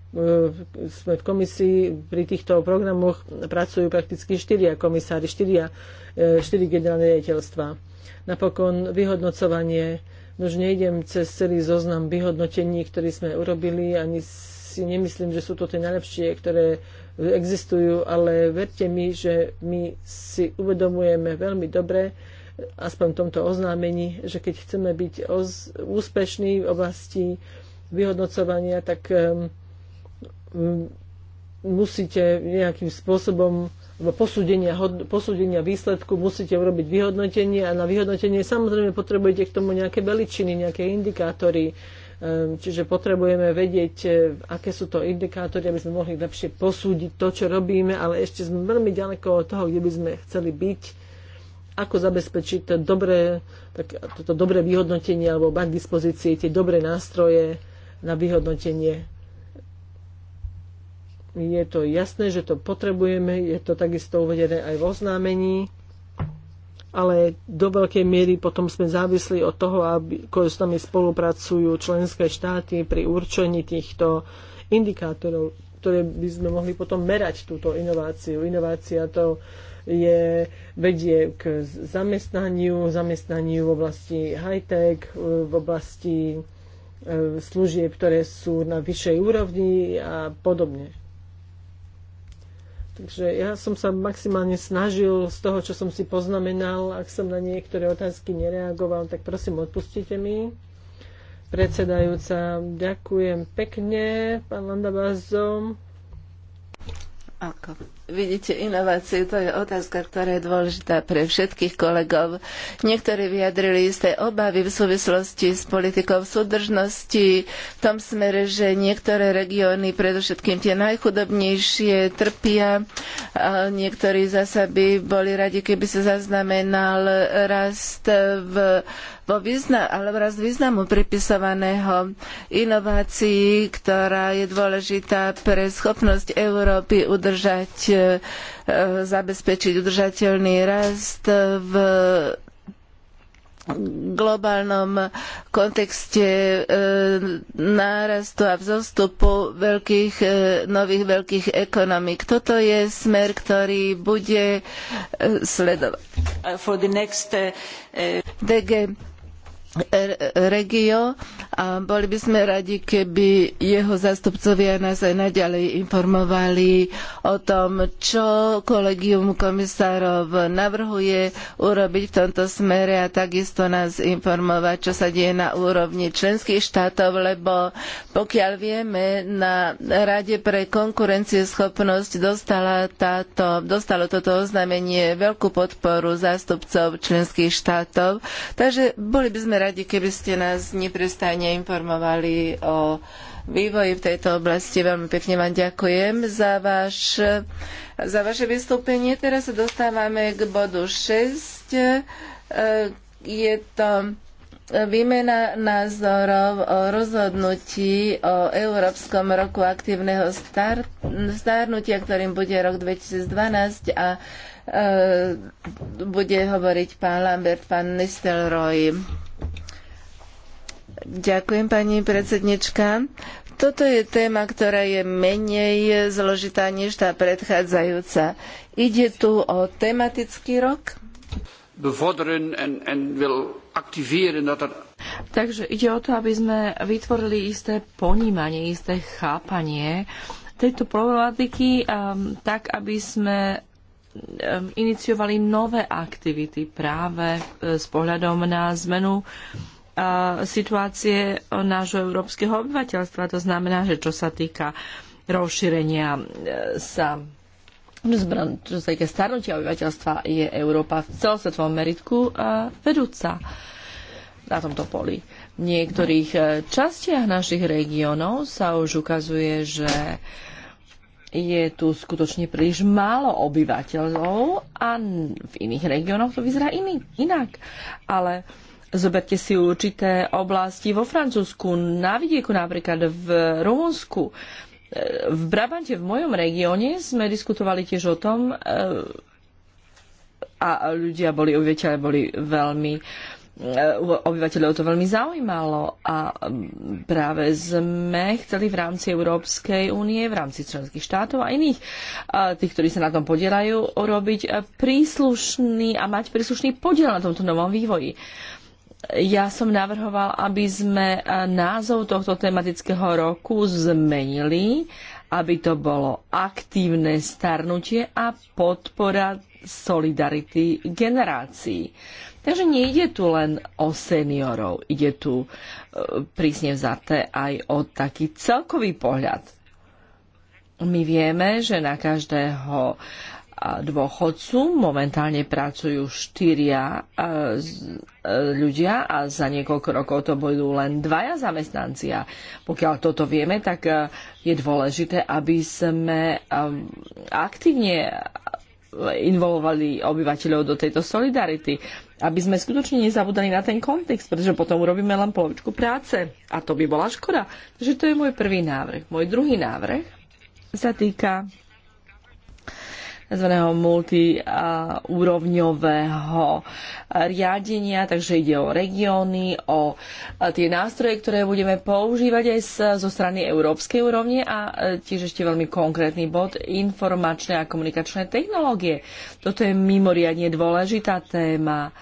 sme v komisii, pri týchto programoch pracujú prakticky štyria komisári, štyria, štyri generálne riaditeľstva. Napokon vyhodnocovanie, no už nejdem cez celý zoznam vyhodnotení, ktorý sme urobili, ani si nemyslím, že sú to tie najlepšie, ktoré existujú, ale verte mi, že my si uvedomujeme veľmi dobre, aspoň v tomto oznámení, že keď chceme byť úspešní v oblasti vyhodnocovania, tak um, musíte nejakým spôsobom posúdenia, posúdenia výsledku musíte urobiť vyhodnotenie a na vyhodnotenie samozrejme potrebujete k tomu nejaké veličiny, nejaké indikátory, Ehm, čiže potrebujeme vedieť, e, aké sú to indikátory, aby sme mohli lepšie posúdiť to, čo robíme, ale ešte sme veľmi ďaleko od toho, kde by sme chceli byť ako zabezpečiť to dobré, tak, toto dobré vyhodnotenie alebo mať k dispozícii tie dobré nástroje na vyhodnotenie. Je to jasné, že to potrebujeme, je to takisto uvedené aj v oznámení ale do veľkej miery potom sme závisli od toho, aby, ako s nami spolupracujú členské štáty pri určení týchto indikátorov, ktoré by sme mohli potom merať túto inováciu. Inovácia to je, vedie k zamestnaniu, zamestnaniu v oblasti high-tech, v oblasti e, služieb, ktoré sú na vyššej úrovni a podobne. Takže ja som sa maximálne snažil z toho, čo som si poznamenal. Ak som na niektoré otázky nereagoval, tak prosím, odpustite mi. Predsedajúca, ďakujem pekne, pán Landabazom. Ako vidíte inovácie, to je otázka, ktorá je dôležitá pre všetkých kolegov. Niektorí vyjadrili isté obavy v súvislosti s politikou súdržnosti v tom smere, že niektoré regióny, predovšetkým tie najchudobnejšie, trpia. A niektorí zasa by boli radi, keby sa zaznamenal rast v vo význam, alebo raz významu pripisovaného inovácií, ktorá je dôležitá pre schopnosť Európy udržať E, zabezpečiť udržateľný rast v globálnom kontexte e, nárastu a vzostupu veľkých, e, nových veľkých ekonomik. Toto je smer, ktorý bude sledovať. Uh, uh, uh, DG regio a boli by sme radi, keby jeho zástupcovia nás aj naďalej informovali o tom, čo kolegium komisárov navrhuje urobiť v tomto smere a takisto nás informovať, čo sa deje na úrovni členských štátov, lebo pokiaľ vieme, na Rade pre konkurencieschopnosť dostala táto, dostalo toto oznámenie veľkú podporu zástupcov členských štátov, takže boli by sme radi, keby ste nás neprestajne informovali o vývoji v tejto oblasti. Veľmi pekne vám ďakujem za, váš, za vaše vystúpenie. Teraz sa dostávame k bodu 6. E, je to výmena názorov o rozhodnutí o Európskom roku aktívneho star- starnutia, ktorým bude rok 2012 a e, bude hovoriť pán Lambert, pán Nistelrooy. Ďakujem, pani predsednička. Toto je téma, ktorá je menej zložitá než tá predchádzajúca. Ide tu o tematický rok? en, en wil dat er... Takže ide o to, aby sme vytvorili isté ponímanie, isté chápanie tejto problematiky um, tak, aby sme um, iniciovali nové aktivity práve e, s pohľadom na zmenu situácie nášho európskeho obyvateľstva. To znamená, že čo sa týka rozšírenia e, sa čo sa týka starnutia obyvateľstva, je Európa v celosvetovom meritku vedúca na tomto poli. V niektorých e, častiach našich regiónov sa už ukazuje, že je tu skutočne príliš málo obyvateľov a v iných regiónoch to vyzerá iný, inak. Ale uh, Zoberte si určité oblasti vo Francúzsku, na vidieku napríklad v Rumunsku. E, v Brabante, v mojom regióne, sme diskutovali tiež o tom e, a ľudia boli, obyvateľe boli veľmi e, obyvateľov to veľmi zaujímalo a práve sme chceli v rámci Európskej únie, v rámci členských štátov a iných, tých, ktorí sa na tom podielajú, robiť príslušný a mať príslušný podiel na tomto novom vývoji ja som navrhoval, aby sme e, názov tohto tematického roku zmenili, aby to bolo aktívne starnutie a podpora solidarity generácií. Takže nejde tu len o seniorov, ide tu e, prísne vzaté aj o taký celkový pohľad. My vieme, že na každého dôchodcu. Momentálne pracujú štyria e, e, ľudia a za niekoľko rokov to budú len dvaja zamestnanci. A pokiaľ toto vieme, tak e, je dôležité, aby sme aktívne involovali obyvateľov do tejto solidarity, aby sme skutočne nezabudali na ten kontext, pretože potom urobíme len polovičku práce a to by bola škoda. Takže to je môj prvý návrh. Môj druhý návrh sa týka tzv. multiúrovňového riadenia, takže ide o regióny, o tie nástroje, ktoré budeme používať aj zo strany európskej úrovne a e, tiež ešte veľmi konkrétny bod, informačné a komunikačné technológie. Toto je mimoriadne dôležitá téma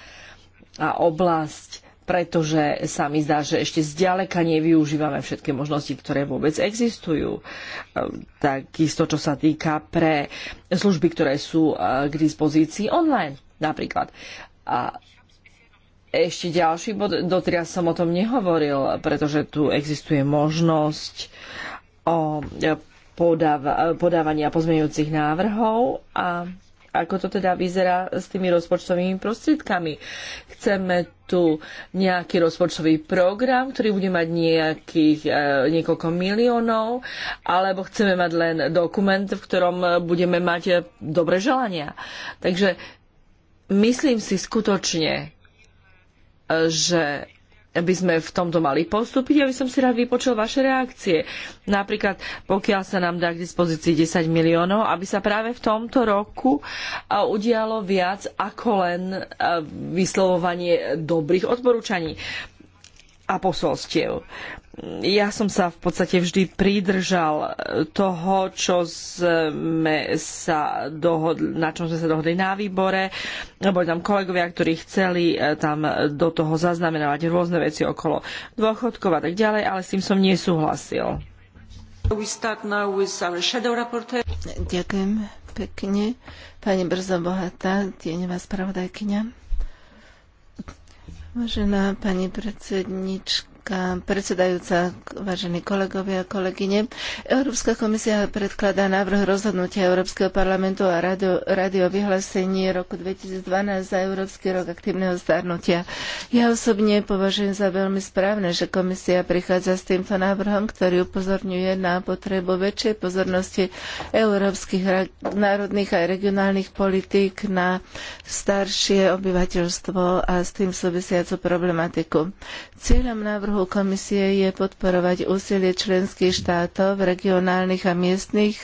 a oblasť pretože sa mi zdá, že ešte zďaleka nevyužívame všetky možnosti, ktoré vôbec existujú. Ehm, takisto, čo sa týka pre služby, ktoré sú eh, k dispozícii online napríklad. A ešte ďalší bod, doteraz som o tom nehovoril, pretože tu existuje možnosť o eh, podáva, eh, podávania pozmeňujúcich návrhov a ako to teda vyzerá s tými rozpočtovými prostriedkami. Chceme tu nejaký rozpočtový program, ktorý bude mať nejakých, e, niekoľko miliónov, alebo chceme mať len dokument, v ktorom budeme mať e, dobre želania. Takže myslím si skutočne, e, že by sme v tomto mali postúpiť. Ja by som si rád vypočul vaše reakcie. Napríklad, pokiaľ sa nám dá k dispozícii 10 miliónov, aby sa práve v tomto roku udialo viac ako len vyslovovanie dobrých odporúčaní a posolstiev. Ja som sa v podstate vždy pridržal e, toho, čo sme sa dohodli, na čom sme sa dohodli na výbore. Boli tam kolegovia, ktorí chceli e, tam do toho zaznamenávať rôzne veci okolo dôchodkov a tak ďalej, ale s tým som nesúhlasil. Ďakujem pekne. Pani Brzo Bohatá, tieňová spravodajkyňa. Vážená pani predsednička, predsedajúca, vážení kolegovia a kolegyne, Európska komisia predkladá návrh rozhodnutia Európskeho parlamentu a radio, o vyhlásení roku 2012 za Európsky rok aktívneho starnutia. Ja osobne považujem za veľmi správne, že komisia prichádza s týmto návrhom, ktorý upozorňuje na potrebu väčšej pozornosti európskych národných a regionálnych politík na staršie obyvateľstvo a s tým súvisiacu problematiku. Cieľom návrhu návrhu komisie je podporovať úsilie členských štátov, regionálnych a miestnych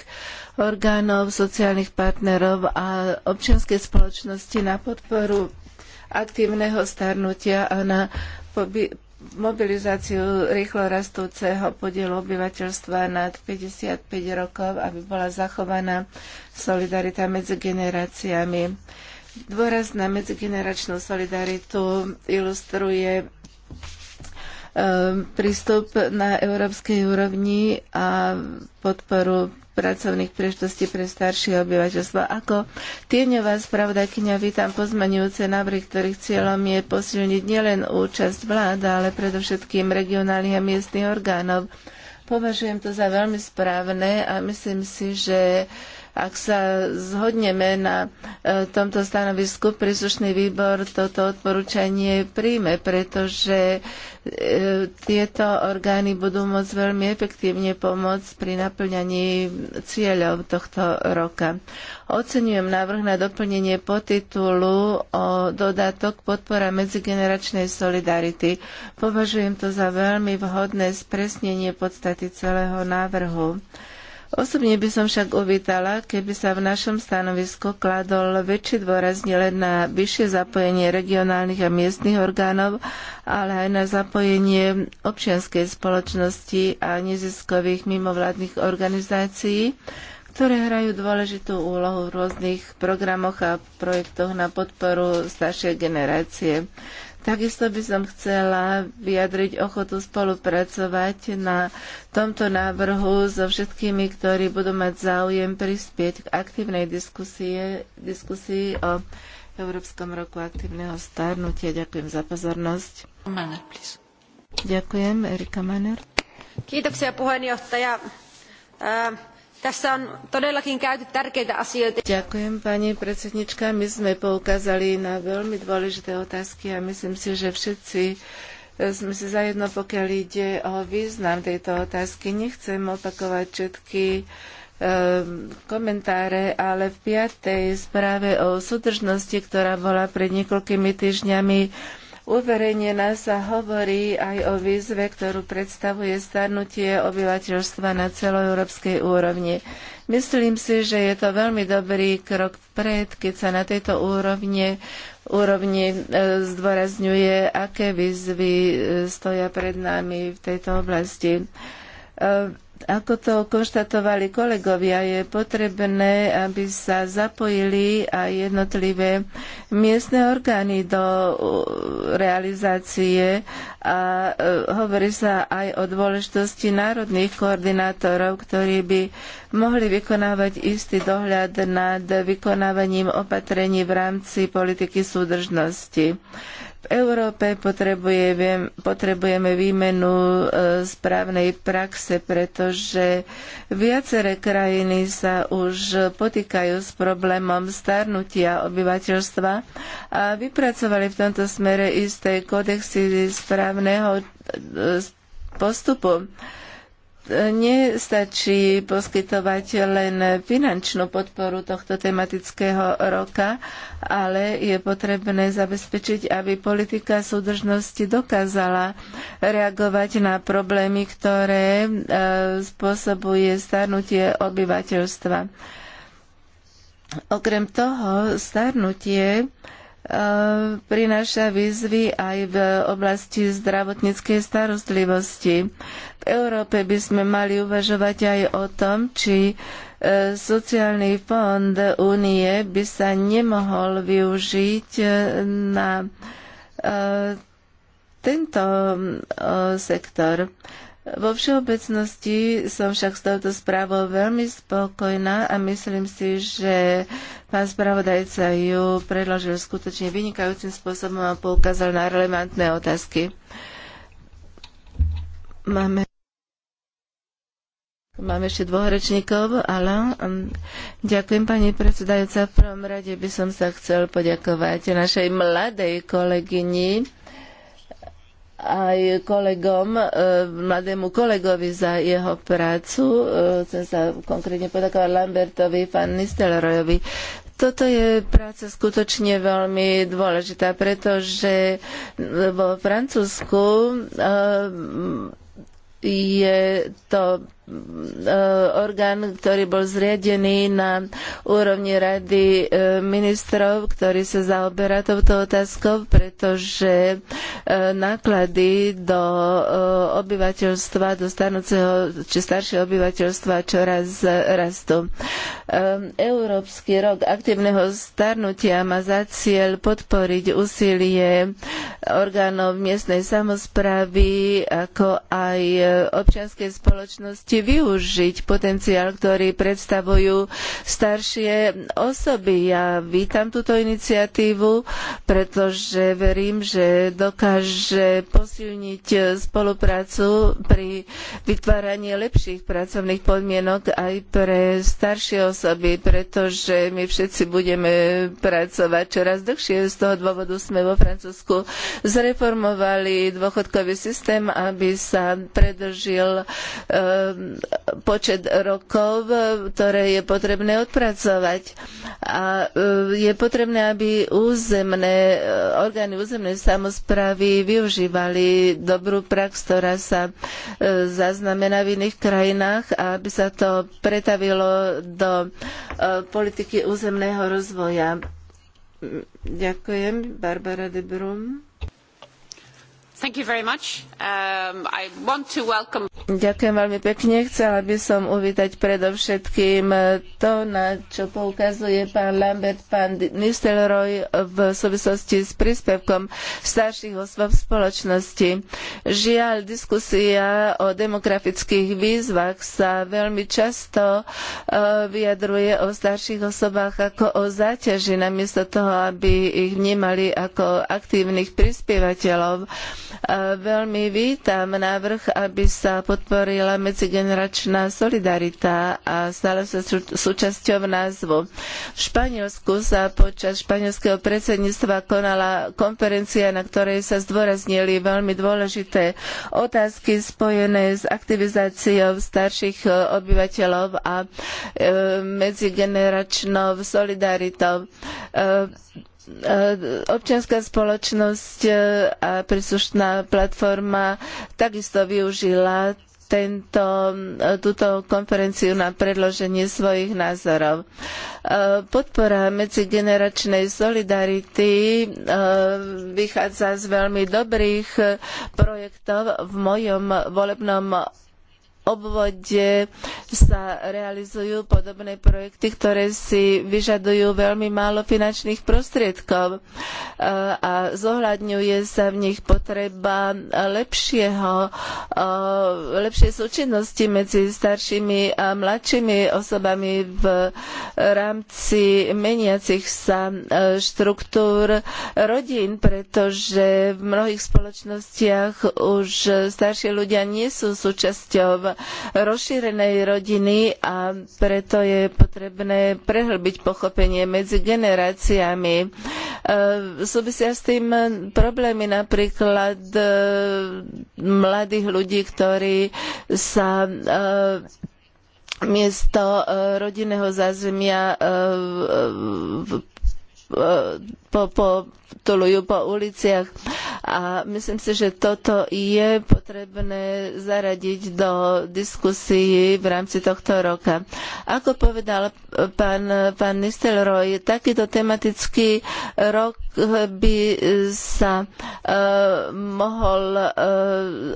orgánov, sociálnych partnerov a občianskej spoločnosti na podporu aktívneho starnutia a na mobilizáciu rýchlo rastúceho podielu obyvateľstva nad 55 rokov, aby bola zachovaná solidarita medzi generáciami. Dôraz na medzigeneračnú solidaritu ilustruje Ehm, prístup na európskej úrovni a podporu pracovných príležitostí pre staršie obyvateľstvo. Ako tieňová spravodajkynia vítam pozmenujúce návrhy, ktorých cieľom je posilniť nielen účasť vláda, ale predovšetkým regionálnych a miestnych orgánov. Považujem to za veľmi správne a myslím si, že ak sa zhodneme na e, tomto stanovisku, príslušný výbor toto odporúčanie príjme, pretože e, tieto orgány budú môcť veľmi efektívne pomôcť pri naplňaní cieľov tohto roka. Oceňujem návrh na doplnenie podtitulu o dodatok podpora medzigeneračnej solidarity. Považujem to za veľmi vhodné spresnenie podstaty celého návrhu. Osobne by som však uvítala, keby sa v našom stanovisku kladol väčší dôraz nielen na vyššie zapojenie regionálnych a miestnych orgánov, ale aj na zapojenie občianskej spoločnosti a neziskových mimovládnych organizácií, ktoré hrajú dôležitú úlohu v rôznych programoch a projektoch na podporu staršej generácie. Takisto by som chcela vyjadriť ochotu spolupracovať na tomto návrhu so všetkými, ktorí budú mať záujem prispieť k aktívnej diskusie, diskusii o Európskom roku aktívneho starnutia. Ďakujem za pozornosť. Manner, Ďakujem, Erika Manner. Kiitoksia puheenjohtaja. Äh, Tässä on todellakin käyty tärkeitä asioita. Ďakujem, pani predsednička. My sme poukázali na veľmi dôležité otázky a myslím si, že všetci eh, sme si zajedno, pokiaľ ide o význam tejto otázky. Nechcem opakovať všetky eh, komentáre, ale v piatej správe o súdržnosti, ktorá bola pred niekoľkými týždňami uverejnená sa hovorí aj o výzve, ktorú predstavuje starnutie obyvateľstva na celoeurópskej úrovni. Myslím si, že je to veľmi dobrý krok vpred, keď sa na tejto úrovni, úrovni e, zdôrazňuje, aké výzvy e, stoja pred nami v tejto oblasti. E, ako to konštatovali kolegovia, je potrebné, aby sa zapojili aj jednotlivé miestne orgány do realizácie a e, hovorí sa aj o dôležitosti národných koordinátorov, ktorí by mohli vykonávať istý dohľad nad vykonávaním opatrení v rámci politiky súdržnosti. V Európe potrebujeme, potrebujeme výmenu e, správnej praxe, pretože viaceré krajiny sa už potýkajú s problémom starnutia obyvateľstva a vypracovali v tomto smere isté kodexy správneho e, postupu nestačí poskytovať len finančnú podporu tohto tematického roka, ale je potrebné zabezpečiť, aby politika súdržnosti dokázala reagovať na problémy, ktoré e, spôsobuje starnutie obyvateľstva. Okrem toho, starnutie E, prináša výzvy aj v oblasti zdravotníckej starostlivosti. V Európe by sme mali uvažovať aj o tom, či e, sociálny fond únie by sa nemohol využiť e, na tento sektor. Vo všeobecnosti som však s touto správou veľmi spokojná a myslím si, že pán spravodajca ju predložil skutočne vynikajúcim spôsobom a poukázal na relevantné otázky. Máme Máme ešte dvoch rečníkov, ale um, ďakujem pani predsedajúca. V prvom rade by som sa chcel poďakovať našej mladej kolegyni, aj kolegom, e, mladému kolegovi za jeho prácu. E, chcem sa konkrétne podakovať Lambertovi, pán Nistelrojovi. Toto je práca skutočne veľmi dôležitá, pretože e, vo Francúzsku je to Eh, orgán, ktorý bol zriadený na úrovni rady eh, ministrov, ktorý sa zaoberá touto otázkou, pretože eh, náklady do obyvateľstva, do starnúceho či staršieho obyvateľstva čoraz rastú. Európsky rok aktívneho starnutia má za cieľ podporiť úsilie orgánov miestnej samozprávy, ako aj občianskej spoločnosti možnosti využiť potenciál, ktorý predstavujú staršie osoby. Ja vítam túto iniciatívu, pretože verím, že dokáže posilniť spoluprácu pri vytváraní lepších pracovných podmienok aj pre staršie osoby, pretože my všetci budeme pracovať čoraz dlhšie. Z toho dôvodu sme vo Francúzsku zreformovali dôchodkový systém, aby sa um, počet rokov, ktoré je potrebné odpracovať. A e, je potrebné, aby územné, e, orgány územnej samozprávy využívali dobrú prax, ktorá sa e, zaznamená v iných krajinách a aby sa to pretavilo do politiky územného rozvoja. Ďakujem, Barbara de Brum. Thank you very much. Um, Ďakujem veľmi pekne. Chcela by som uvítať predovšetkým eh, to, na čo poukazuje pán Lambert, pán Nistelroy v súvislosti s príspevkom starších osôb v spoločnosti. Žiaľ, diskusia o demografických výzvach sa veľmi často eh, vyjadruje o starších osobách ako o záťaži, namiesto toho, aby ich vnímali ako aktívnych prispievateľov. Eh, veľmi vítam návrh, aby sa podporila medzigeneračná solidarita a stala sa súčasťou názvu. V Španielsku sa počas španielského predsedníctva konala konferencia, na ktorej sa zdôraznili veľmi dôležité otázky spojené s aktivizáciou starších e, obyvateľov a e, medzigeneračnou solidaritou e, E, občianská spoločnosť e, a príslušná platforma takisto využila tento, e, túto konferenciu na predloženie svojich názorov. Podpora medzigeneračnej solidarity vychádza z veľmi dobrých projektov v mojom volebnom obvode sa realizujú podobné projekty, ktoré si vyžadujú veľmi málo finančných prostriedkov e, a zohľadňuje sa v nich potreba lepšieho, e, lepšej súčinnosti medzi staršími a mladšími osobami v rámci meniacich sa e, štruktúr rodín, pretože v mnohých spoločnostiach už starší ľudia nie sú súčasťou rozšírenej rodiny a preto je potrebné prehlbiť pochopenie medzi generáciami. E, súvisia s tým problémy napríklad e, mladých ľudí, ktorí sa e, miesto rodinného zázemia po, po cirkulujú po uliciach. A myslím si, že toto je potrebné zaradiť do diskusií v rámci tohto roka. Ako povedal pán, pán Nistelrooy, takýto tematický rok by sa e, mohol e,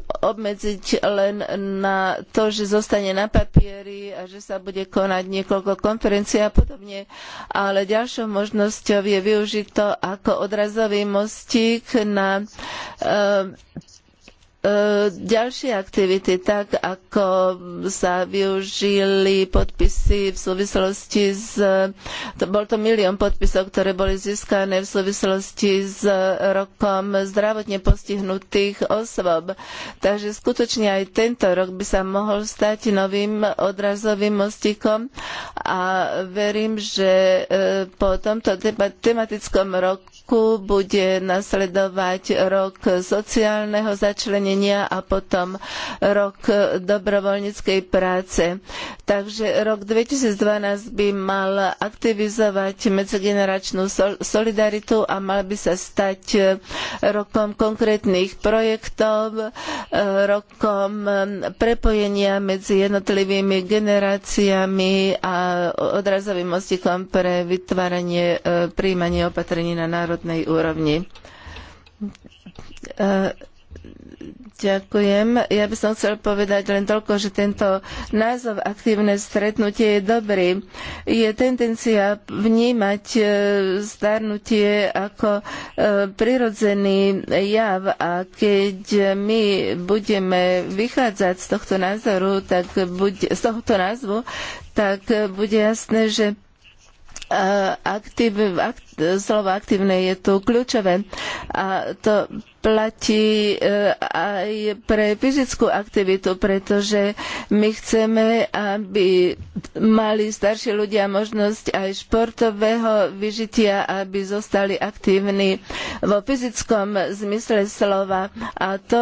obmedziť len na to, že zostane na papieri a že sa bude konať niekoľko konferencií a podobne. Ale ďalšou možnosťou je využiť to ako odraz jazový mostík na e, e, ďalšie aktivity, tak ako sa využili podpisy v súvislosti s... To, bol to milión podpisov, ktoré boli získané v súvislosti s rokom zdravotne postihnutých osôb. Takže skutočne aj tento rok by sa mohol stať novým odrazovým mostikom a verím, že e, po tomto tematickom roku roku bude nasledovať rok sociálneho začlenenia a potom rok dobrovoľníckej práce. Takže rok 2012 by mal aktivizovať medzigeneračnú solidaritu a mal by sa stať e, rokom konkrétnych projektov, e, rokom prepojenia medzi jednotlivými generáciami a odrazovým mostikom pre vytváranie e, príjmanie opatrení na národnej životnej úrovni. E, ďakujem. Ja by som chcel povedať len toľko, že tento názov aktívne stretnutie je dobrý. Je tendencia vnímať e, starnutie ako e, prirodzený jav a keď my budeme vychádzať z tohto názoru, tak buď, z tohto názvu, tak bude jasné, že Eh, aktiv, akt, slovo aktívne je tu kľúčové. A to platí e, aj pre fyzickú aktivitu, pretože my chceme, aby mali starší ľudia možnosť aj športového vyžitia, aby zostali aktívni vo fyzickom zmysle slova. A to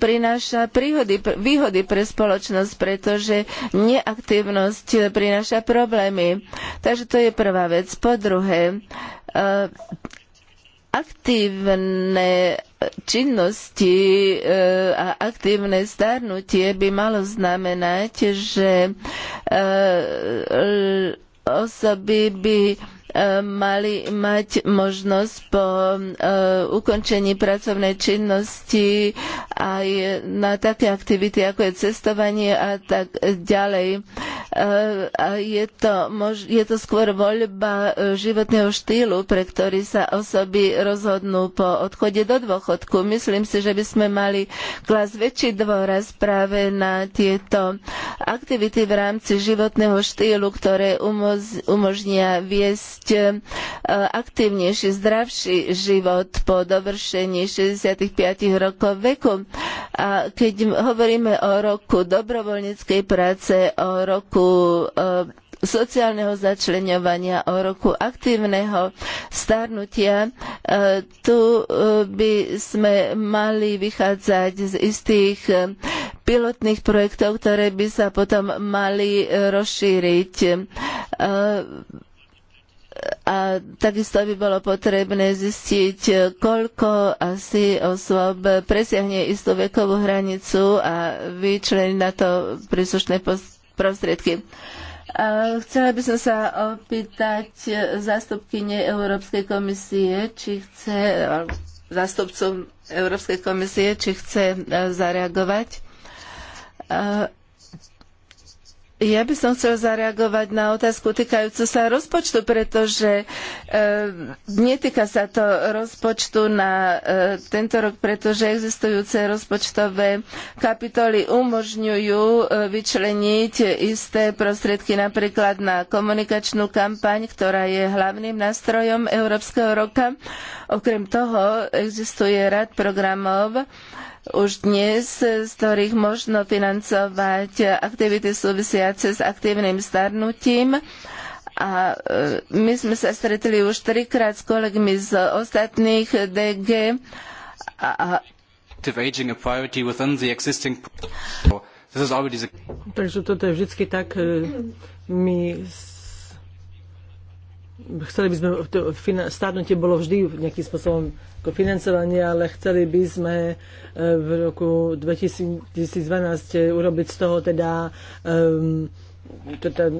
prináša príhody, výhody pre spoločnosť, pretože neaktívnosť prináša problémy. Takže to je prvá vec. Po druhé, e, aktívne činnosti e, a aktívne starnutie by malo znamenať, že e, osoby by e, mali mať možnosť po ukončení pracovnej činnosti aj na také aktivity, ako je cestovanie a tak ďalej a je to, mož, je to skôr voľba e, životného štýlu, pre ktorý sa osoby rozhodnú po odchode do dôchodku. Myslím si, že by sme mali klas väčší dôraz práve na tieto aktivity v rámci životného štýlu, ktoré umožnia viesť e, aktívnejší, zdravší život po dovršení 65 rokov veku. A keď hovoríme o roku dobrovoľníckej práce, o roku E, sociálneho začleňovania, o roku aktívneho starnutia. E, tu e, by sme mali vychádzať z istých pilotných projektov, ktoré by sa potom mali rozšíriť a takisto by bolo potrebné zistiť, koľko asi osôb presiahne istú vekovú hranicu a vyčleniť na to príslušné post- prostriedky. E, chcela by som sa opýtať zástupkyne Európskej komisie, či chce, zastupcom Európskej komisie, či chce e, zareagovať. E, ja by som chcel zareagovať na otázku týkajúcu sa rozpočtu, pretože e, netýka sa to rozpočtu na e, tento rok, pretože existujúce rozpočtové kapitoly umožňujú e, vyčleniť isté prostriedky napríklad na komunikačnú kampaň, ktorá je hlavným nástrojom Európskeho roka. Okrem toho existuje rad programov, už dnes, z ktorých možno financovať aktivity súvisiace s aktívnym starnutím. A e, my sme sa stretli už trikrát s kolegmi z ostatných DG. A, Takže toto je vždy tak, e, my chceli by sme, to starnutie bolo vždy nejakým spôsobom ako financovanie, ale chceli by sme e, v roku 2012 urobiť z toho teda, um, teda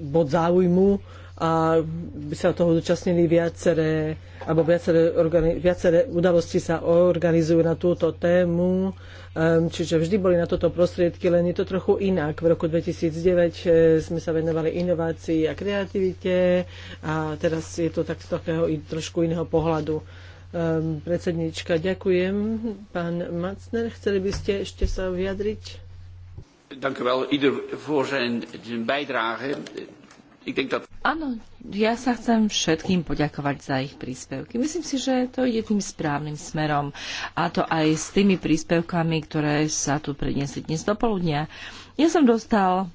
bod záujmu a by sa toho zúčastnili viaceré, alebo viaceré, organi- viaceré udalosti sa organizujú na túto tému, um, čiže vždy boli na toto prostriedky, len je to trochu inak. V roku 2009 eh, sme sa venovali inovácii a kreativite a teraz je to tak z takého i trošku iného pohľadu. Um, predsednička, ďakujem. Pán Macner, chceli by ste ešte sa vyjadriť? Ďakujem u wel, ieder voor zijn bijdrage. Ik denk dat Áno, ja sa chcem všetkým poďakovať za ich príspevky. Myslím si, že to ide tým správnym smerom. A to aj s tými príspevkami, ktoré sa tu predniesli dnes do poludnia. Ja som dostal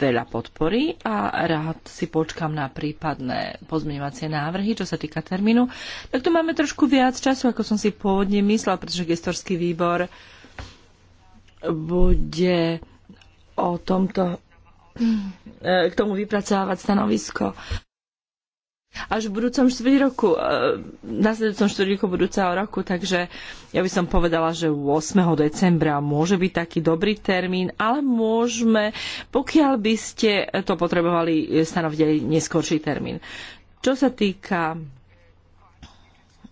veľa podpory a rád si počkam na prípadné pozmeňovacie návrhy, čo sa týka termínu. Tak tu máme trošku viac času, ako som si pôvodne myslel, pretože gestorský výbor bude o tomto E, k tomu vypracovávať stanovisko. Až v budúcom štvrť roku, e, v nasledujúcom štvrť roku budúceho roku, takže ja by som povedala, že 8. decembra môže byť taký dobrý termín, ale môžeme, pokiaľ by ste to potrebovali, stanoviť aj neskorší termín. Čo sa týka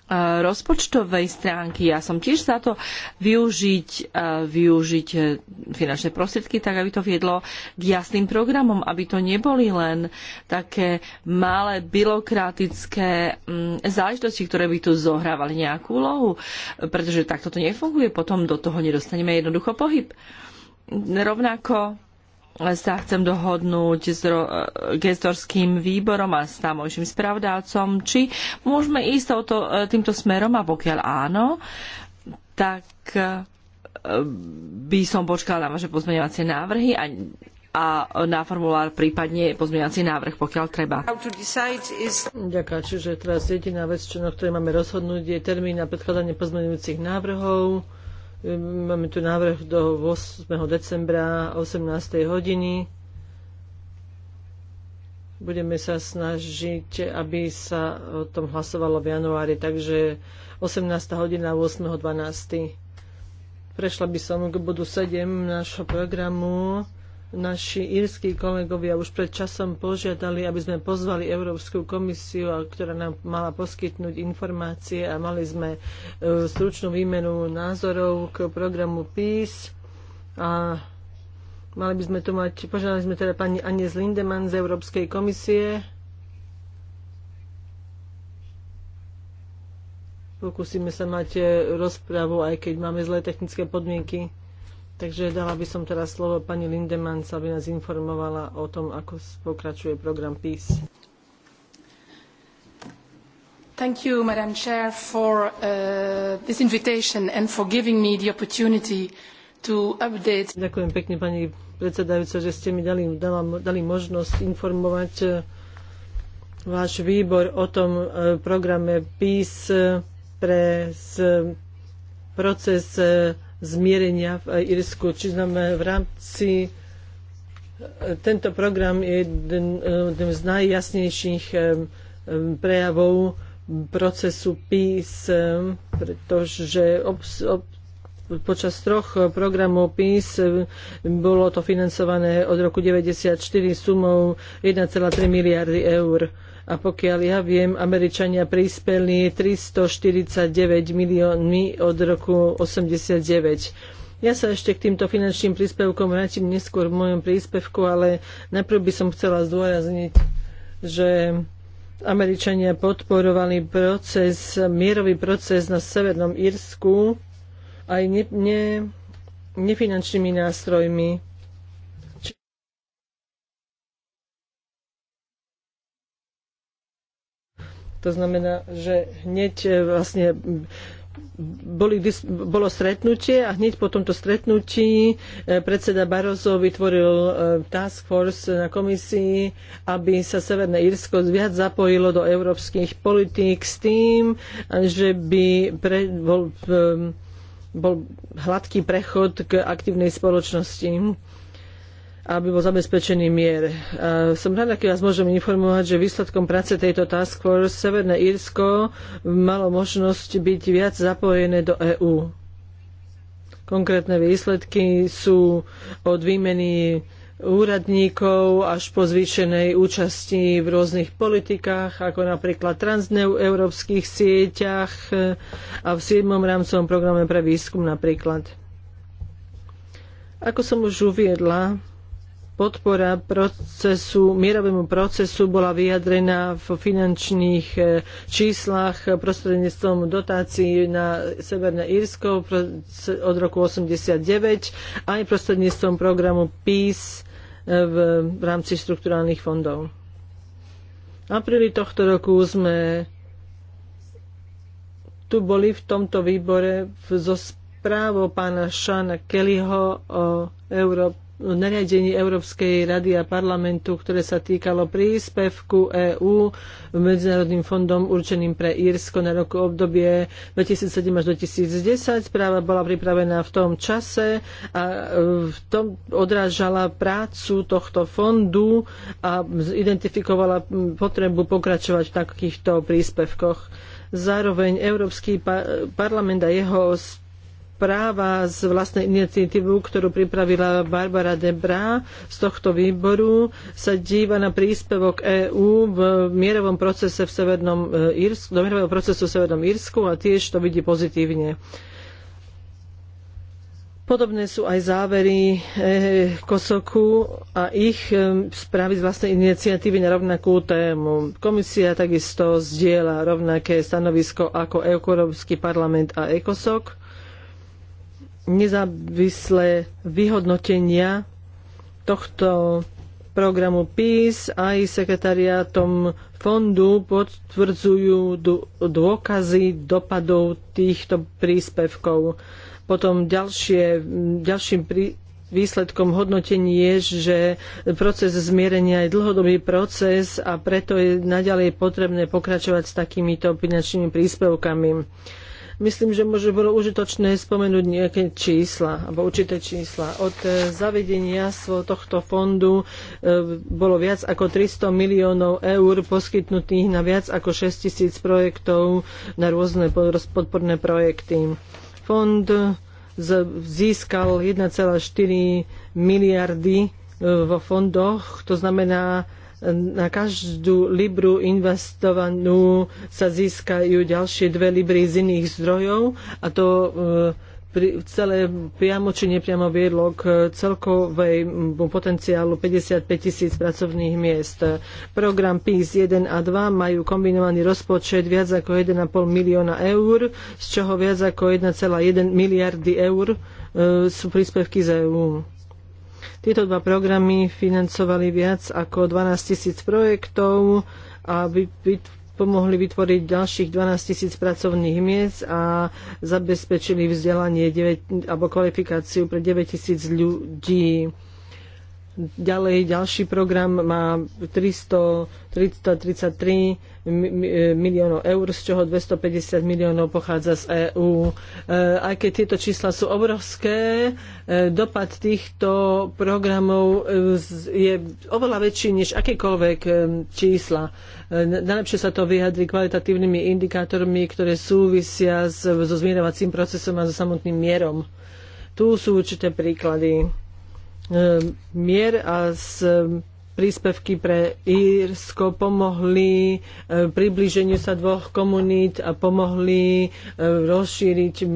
E, rozpočtovej stránky. Ja som tiež za to využiť, e, využiť e, finančné prostriedky tak, aby to viedlo k jasným programom, aby to neboli len také malé byrokratické mm, záležitosti, ktoré by tu zohrávali nejakú úlohu, pretože takto to nefunguje, potom do toho nedostaneme jednoducho pohyb. Rovnako sa chcem dohodnúť s gestorským výborom a s tamojším spravodávcom, či môžeme ísť touto, e, týmto smerom a pokiaľ áno, tak e, by som počkala na vaše pozmeňovacie návrhy a, a na formulár prípadne pozmeňovací návrh, pokiaľ treba. Ďakujem, čiže teraz jediná vec, čo, na ktorej máme rozhodnúť, je termín na predkladanie pozmeňujúcich návrhov Máme tu návrh do 8. decembra 18. hodiny. Budeme sa snažiť, aby sa o tom hlasovalo v januári, takže 18. hodina 8.12. Prešla by som k bodu 7 nášho programu naši írsky kolegovia už pred časom požiadali, aby sme pozvali Európsku komisiu, ktorá nám mala poskytnúť informácie a mali sme e, stručnú výmenu názorov k programu PEACE a mali by sme tu mať, požiadali sme teda pani Anies Lindemann z Európskej komisie. Pokúsime sa mať e, rozpravu, aj keď máme zlé technické podmienky. Takže dala by som teraz slovo pani Lindemans, aby nás informovala o tom, ako pokračuje program PIS. Thank you, Madam Chair, for uh, this invitation and for giving me the opportunity to update. Ďakujem pekne, pani predsedajúca, že ste mi dali, dala, dali možnosť informovať uh, váš výbor o tom uh, programe PIS uh, pre z, proces uh, zmierenia v Irsku. Či znamená v rámci e, tento program je jeden, e, z najjasnejších e, prejavov procesu PIS, pretože ob, počas troch programov PIS bolo to financované od roku 1994 sumou 1,3 miliardy eur. A pokiaľ ja viem, Američania prispeli 349 miliónmi od roku 89. Ja sa ešte k týmto finančným príspevkom vrátim neskôr v mojom príspevku, ale najprv by som chcela zdôrazniť, že Američania podporovali proces, mierový proces na Severnom Írsku aj ne, ne, nefinančnými nástrojmi To znamená, že hneď e, vlastne boli, bolo stretnutie a hneď po tomto stretnutí e, predseda Barroso vytvoril e, task force na komisii, aby sa Severné Írsko viac zapojilo do európskych politík s tým, že by pre, bol, bol hladký prechod k aktívnej spoločnosti aby bol zabezpečený mier. Som rada, keď vás môžem informovať, že výsledkom práce tejto task force Severné Írsko malo možnosť byť viac zapojené do EÚ. Konkrétne výsledky sú od výmeny úradníkov až po zvýšenej účasti v rôznych politikách, ako napríklad transeurópskych sieťach a v 7. rámcovom programe pre výskum napríklad. Ako som už uviedla, podpora procesu, mierovému procesu bola vyjadrená v finančných e, číslach prostredníctvom dotácií na Severné Írsko od roku 89 aj prostredníctvom programu PEACE e, v, v rámci štrukturálnych fondov. V apríli tohto roku sme tu boli v tomto výbore zo správou pána Šana Kellyho o Európe nariadení Európskej rady a parlamentu, ktoré sa týkalo príspevku EÚ Medzinárodným fondom určeným pre Írsko na roku obdobie 2007 až 2010. Správa bola pripravená v tom čase a e, v tom odrážala prácu tohto fondu a identifikovala potrebu pokračovať v takýchto príspevkoch. Zároveň Európsky parlament a jeho Správa z vlastnej iniciatívy, ktorú pripravila Barbara Debra z tohto výboru, sa díva na príspevok EÚ v mierovom procese v Severnom Írsku, e, do mierového procesu v Severnom Írsku a tiež to vidí pozitívne. Podobné sú aj závery e, Kosoku a ich e, správy z vlastnej iniciatívy na rovnakú tému. Komisia takisto zdieľa rovnaké stanovisko ako Európsky parlament a Ekosok nezávislé vyhodnotenia tohto programu PIS aj sekretariátom fondu potvrdzujú dôkazy dopadov týchto príspevkov. Potom ďalšie, ďalším prí, výsledkom hodnotení je, že proces zmierenia je dlhodobý proces a preto je naďalej potrebné pokračovať s takýmito finančnými príspevkami. Myslím, že môže bolo užitočné spomenúť nejaké čísla, alebo určité čísla. Od e, zavedenia tohto fondu e, bolo viac ako 300 miliónov eur poskytnutých na viac ako 6 tisíc projektov na rôzne podporné projekty. Fond e, získal 1,4 miliardy vo fondoch, to znamená na každú libru investovanú sa získajú ďalšie dve libry z iných zdrojov a to e, pri, celé priamo či nepriamo viedlo k celkovému potenciálu 55 tisíc pracovných miest. Program PIS 1 a 2 majú kombinovaný rozpočet viac ako 1,5 milióna eur, z čoho viac ako 1,1 miliardy eur e, sú príspevky z EÚ tieto dva programy financovali viac ako 12 tisíc projektov a pomohli vytvoriť ďalších 12 tisíc pracovných miest a zabezpečili vzdelanie 9, alebo kvalifikáciu pre 9 tisíc ľudí. Ďalej ďalší program má 300, 333 e, miliónov eur, z čoho 250 miliónov pochádza z EÚ. E, aj keď tieto čísla sú obrovské, e, dopad týchto programov je oveľa väčší než akékoľvek čísla. Najlepšie sa to vyjadri kvalitatívnymi indikátormi, ktoré súvisia so zmierovacím procesom a so samotným mierom. Tu sú určité príklady. Ehm, mier a ehm, príspevky pre Írsko pomohli e, približeniu sa dvoch komunít a pomohli e, rozšíriť e,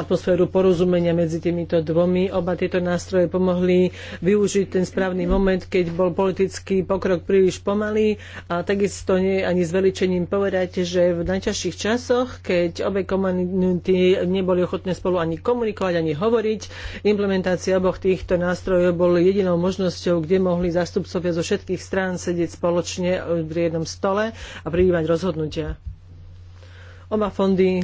atmosféru porozumenia medzi týmito dvomi. Oba tieto nástroje pomohli využiť ten správny moment, keď bol politický pokrok príliš pomalý a takisto nie ani s veličením povedať, že v najťažších časoch, keď obe komunity neboli ochotné spolu ani komunikovať, ani hovoriť, implementácia oboch týchto nástrojov bol jedinou možnosťou, kde mohli zastupcovať zástupcovia zo všetkých strán sedieť spoločne pri jednom stole a prijímať rozhodnutia. Oma fondy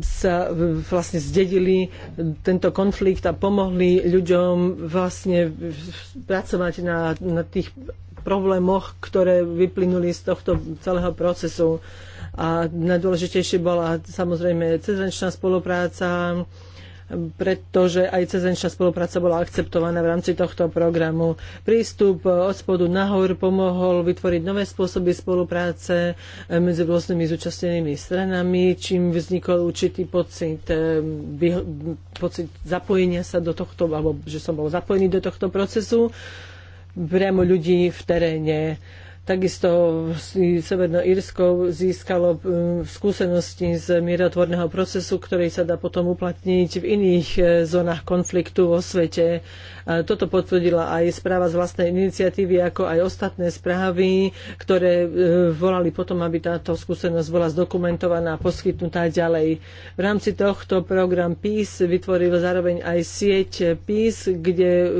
sa vlastne zdedili tento konflikt a pomohli ľuďom vlastne pracovať na, na tých problémoch, ktoré vyplynuli z tohto celého procesu. A najdôležitejšie bola samozrejme cezrančná spolupráca, pretože aj cezenčná spolupráca bola akceptovaná v rámci tohto programu. Prístup od spodu nahor pomohol vytvoriť nové spôsoby spolupráce eh, medzi rôznymi zúčastnenými stranami, čím vznikol určitý pocit, eh, pocit zapojenia sa do tohto, alebo že som bol zapojený do tohto procesu priamo ľudí v teréne. Takisto Severné Írsko získalo hm, skúsenosti z mierotvorného procesu, ktorý sa dá potom uplatniť v iných eh, zónach konfliktu vo svete. Toto potvrdila aj správa z vlastnej iniciatívy, ako aj ostatné správy, ktoré e, volali potom, aby táto skúsenosť bola zdokumentovaná a poskytnutá ďalej. V rámci tohto program PIS vytvoril zároveň aj sieť PIS, kde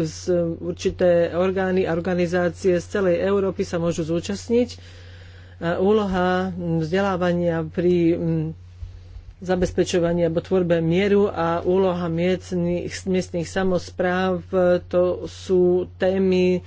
určité orgány a organizácie z celej Európy sa môžu zúčastniť. úloha vzdelávania pri zabezpečovanie alebo tvorbe mieru a úloha miestných, miestných samozpráv. To sú témy e,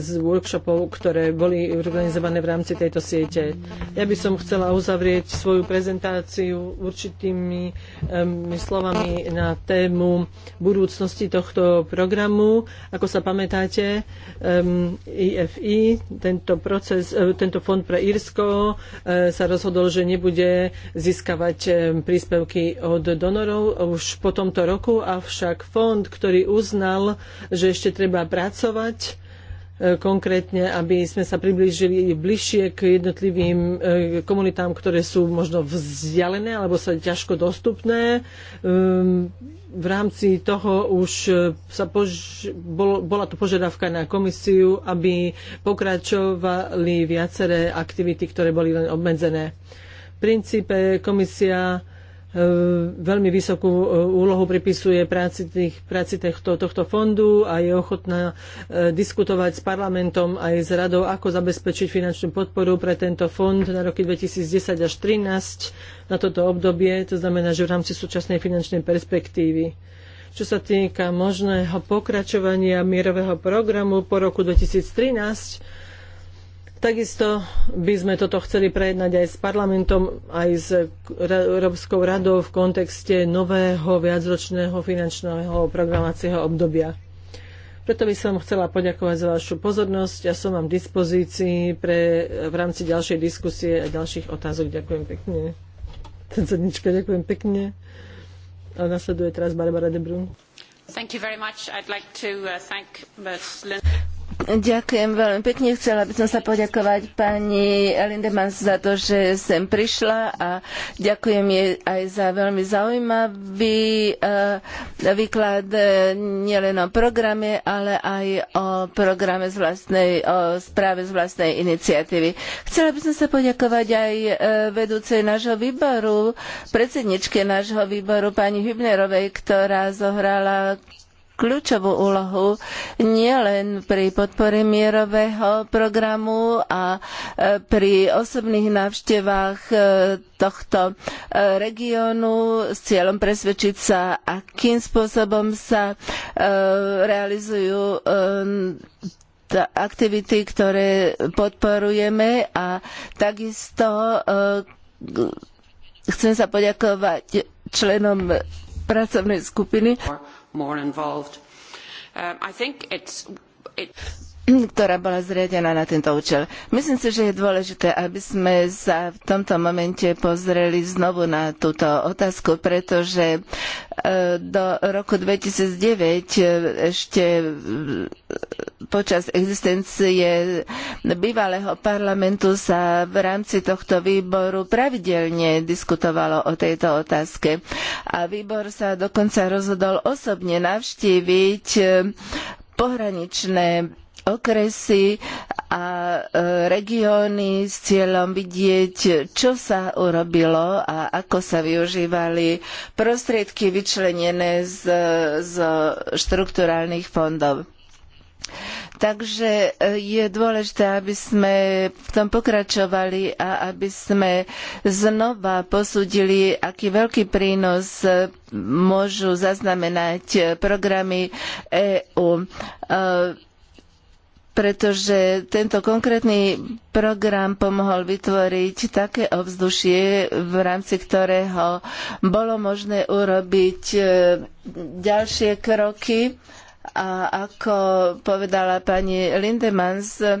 z workshopov, ktoré boli organizované v rámci tejto siete. Ja by som chcela uzavrieť svoju prezentáciu určitými um, slovami na tému budúcnosti tohto programu. Ako sa pamätáte, um, IFI, tento, proces, e, tento fond pre Írsko, uh, e, sa rozhodol, že nebude získavať príspevky od donorov už po tomto roku, avšak fond, ktorý uznal, že ešte treba pracovať, e, konkrétne, aby sme sa priblížili bližšie k jednotlivým e, komunitám, ktoré sú možno vzdialené alebo sa ťažko dostupné. Um, v rámci toho už e, sa pož- bol, bola tu požiadavka na komisiu, aby pokračovali viaceré aktivity, ktoré boli len obmedzené. V princípe komisia E, veľmi vysokú e, úlohu pripisuje práci, tých, práci tohto, tohto fondu a je ochotná e, diskutovať s parlamentom aj s radou, ako zabezpečiť finančnú podporu pre tento fond na roky 2010 až 2013 na toto obdobie, to znamená, že v rámci súčasnej finančnej perspektívy. Čo sa týka možného pokračovania mierového programu po roku 2013, Takisto by sme toto chceli prejednať aj s parlamentom, aj s Európskou radou v kontexte nového viacročného finančného programovacieho obdobia. Preto by som chcela poďakovať za vašu pozornosť a ja som vám v dispozícii pre, v rámci ďalšej diskusie a ďalších otázok. Ďakujem pekne. Cenička, ďakujem pekne. A nasleduje teraz Barbara de Brun. Thank you very much. I'd like to uh, thank Ďakujem veľmi pekne. Chcela by som sa poďakovať pani Lindemans za to, že sem prišla a ďakujem jej aj za veľmi zaujímavý eh, výklad eh, nielen o programe, ale aj o programe z vlastnej, o správe z vlastnej iniciatívy. Chcela by som sa poďakovať aj eh, vedúcej nášho výboru, predsedničke nášho výboru, pani Hübnerovej, ktorá zohrala kľúčovú úlohu nielen pri podpore mierového programu a e, pri osobných návštevách e, tohto e, regiónu s cieľom presvedčiť sa, akým spôsobom sa realizujú aktivity, ktoré podporujeme a takisto chcem sa poďakovať členom pracovnej skupiny more involved. Um, I think it's it ktorá bola zriadená na tento účel. Myslím si, že je dôležité, aby sme sa v tomto momente pozreli znovu na túto otázku, pretože e, do roku 2009 e, ešte e, počas existencie bývalého parlamentu sa v rámci tohto výboru pravidelne diskutovalo o tejto otázke. A výbor sa dokonca rozhodol osobne navštíviť pohraničné okresy a e, regióny s cieľom vidieť, čo sa urobilo a ako sa využívali prostriedky vyčlenené z, z štrukturálnych fondov. Takže e, je dôležité, aby sme v tom pokračovali a aby sme znova posúdili, aký veľký prínos e, môžu zaznamenať programy EÚ pretože tento konkrétny program pomohol vytvoriť také ovzdušie, v rámci ktorého bolo možné urobiť e, ďalšie kroky. A ako povedala pani Lindemans, e,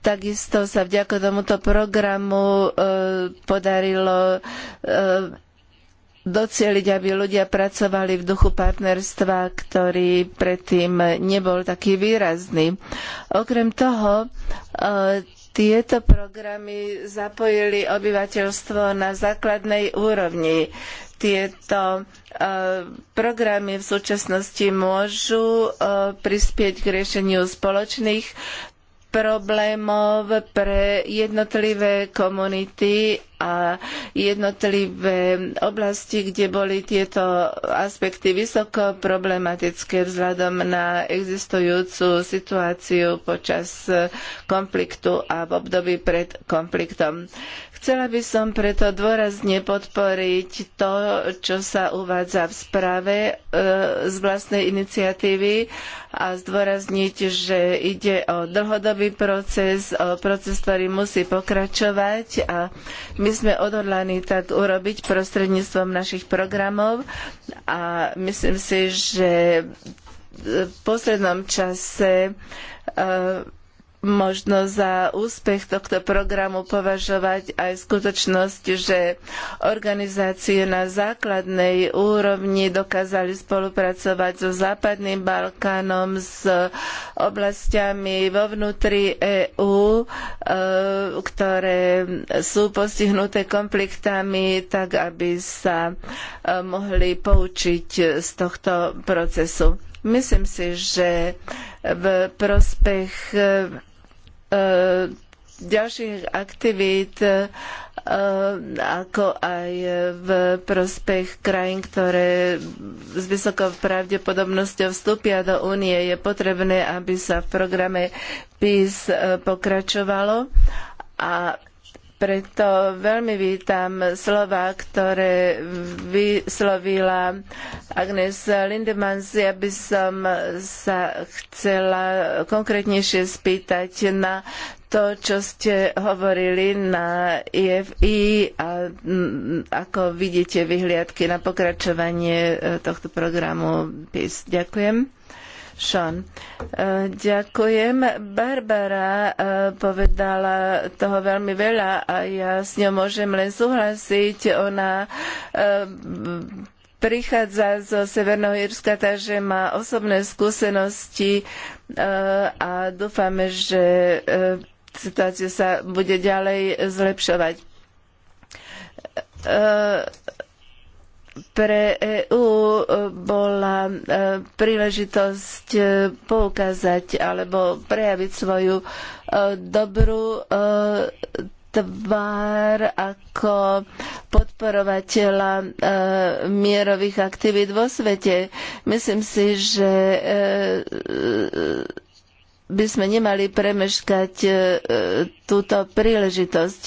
takisto sa vďaka tomuto programu e, podarilo docieliť, aby ľudia pracovali v duchu partnerstva, ktorý predtým nebol taký výrazný. Okrem toho, e, tieto programy zapojili obyvateľstvo na základnej úrovni. Tieto e, programy v súčasnosti môžu e, prispieť k riešeniu spoločných problémov pre jednotlivé komunity a jednotlivé oblasti, kde boli tieto aspekty vysoko problematické vzhľadom na existujúcu situáciu počas konfliktu a v období pred konfliktom. Chcela by som preto dôrazne podporiť to, čo sa uvádza v správe e, z vlastnej iniciatívy a zdôrazniť, že ide o dlhodobý proces, o proces, ktorý musí pokračovať a my sme odhodlaní tak urobiť prostredníctvom našich programov a myslím si, že v poslednom čase e, možno za úspech tohto programu považovať aj skutočnosť, že organizácie na základnej úrovni dokázali spolupracovať so Západným Balkánom, s oblastiami vo vnútri EÚ, e, ktoré sú postihnuté konfliktami, tak aby sa e, mohli poučiť z tohto procesu. Myslím si, že v prospech e, E, ďalších aktivít e, ako aj v prospech krajín, ktoré s vysokou pravdepodobnosťou vstúpia do únie. Je potrebné, aby sa v programe PIS e, pokračovalo a preto veľmi vítam slova, ktoré vyslovila Agnes Lindemans. Ja by som sa chcela konkrétnejšie spýtať na to, čo ste hovorili na IFI e a mm, ako vidíte vyhliadky na pokračovanie e, tohto programu PIS. Ďakujem. Sean. E, ďakujem. Barbara e, povedala toho veľmi veľa a ja s ňou môžem len súhlasiť. Ona e, prichádza zo Severného Írska, takže má osobné skúsenosti a dúfame, že situácia sa bude ďalej zlepšovať pre EÚ e, bola e, príležitosť e, poukázať alebo prejaviť svoju dobrú tvár ako podporovateľa mierových aktivít vo svete. Myslím si, že by sme nemali premeškať túto príležitosť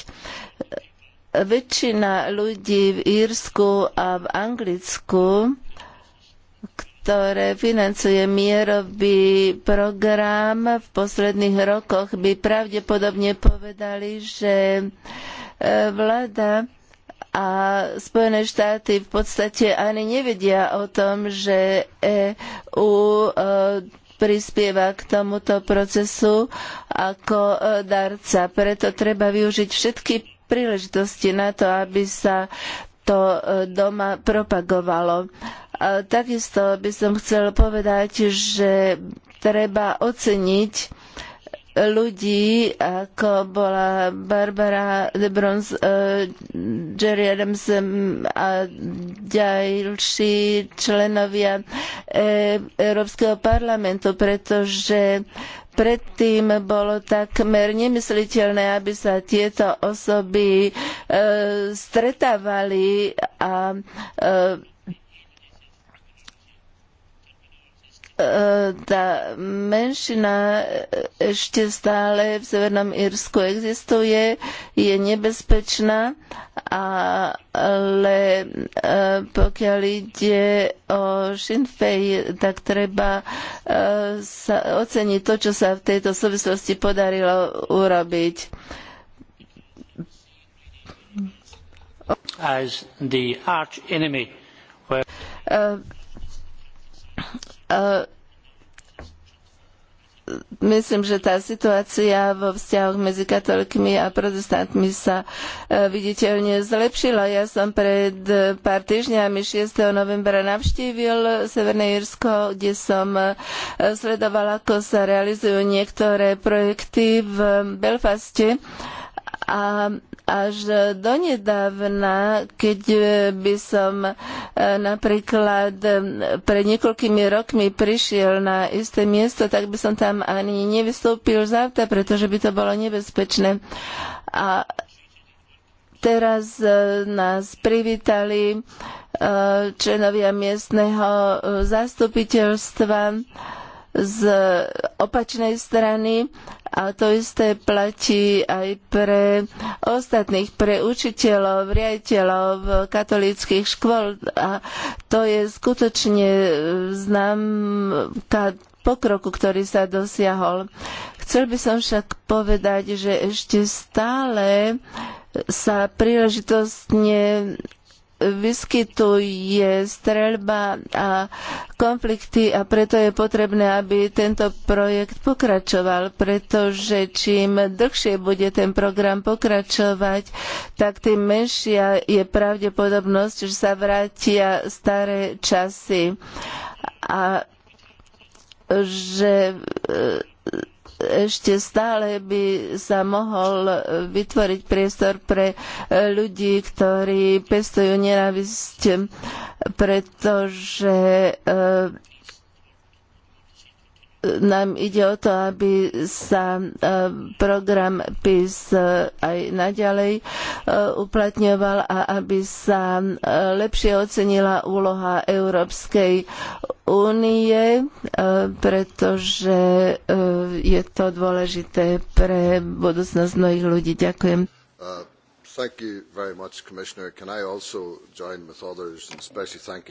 väčšina ľudí v Írsku a v Anglicku, ktoré financuje mierový program v posledných rokoch, by pravdepodobne povedali, že e, vláda a Spojené štáty v podstate ani nevedia o tom, že EU e, prispieva k tomuto procesu ako e, darca. Preto treba využiť všetky príležitosti na to, aby sa to e, doma propagovalo. A takisto by som chcel povedať, že treba oceniť ľudí, ako bola Barbara de Brons, uh, Jerry Adams a ďalší členovia e Európskeho parlamentu, pretože Predtým bolo takmer nemysliteľné, aby sa tieto osoby e, stretávali a e, E, tá menšina e, ešte stále v Severnom Írsku existuje, je nebezpečná, ale e, pokiaľ ide o Sinn Féin, tak treba sa oceniť to, čo sa v tejto súvislosti podarilo urobiť. As the arch enemy, where... E, myslím, že tá situácia vo vzťahoch medzi katolíkmi a protestantmi sa e, viditeľne zlepšila. Ja som pred e, pár týždňami 6. novembra navštívil Severné Írsko, kde som sledovala, ako sa realizujú niektoré projekty v Belfaste a až donedávna, keď by som e, napríklad e, pred niekoľkými rokmi prišiel na isté miesto, tak by som tam ani nevystúpil z auta, pretože by to bolo nebezpečné. A teraz e, nás privítali členovia miestneho zastupiteľstva z opačnej strany a to isté platí aj pre ostatných, pre učiteľov, riaditeľov katolíckých škôl a to je skutočne e, známka pokroku, ktorý sa dosiahol. Chcel by som však povedať, že ešte stále sa príležitostne vyskytuje streľba a konflikty a preto je potrebné, aby tento projekt pokračoval, pretože čím dlhšie bude ten program pokračovať, tak tým menšia je pravdepodobnosť, že sa vrátia staré časy a že e, ešte stále by sa mohol vytvoriť priestor pre ľudí, ktorí pestujú nenávisť, pretože nám ide o to, aby sa e, program PIS e, aj naďalej e, uplatňoval a aby sa lepšie ocenila úloha Európskej únie, pretože je to dôležité pre budúcnosť mnohých ľudí. Ďakujem. Much,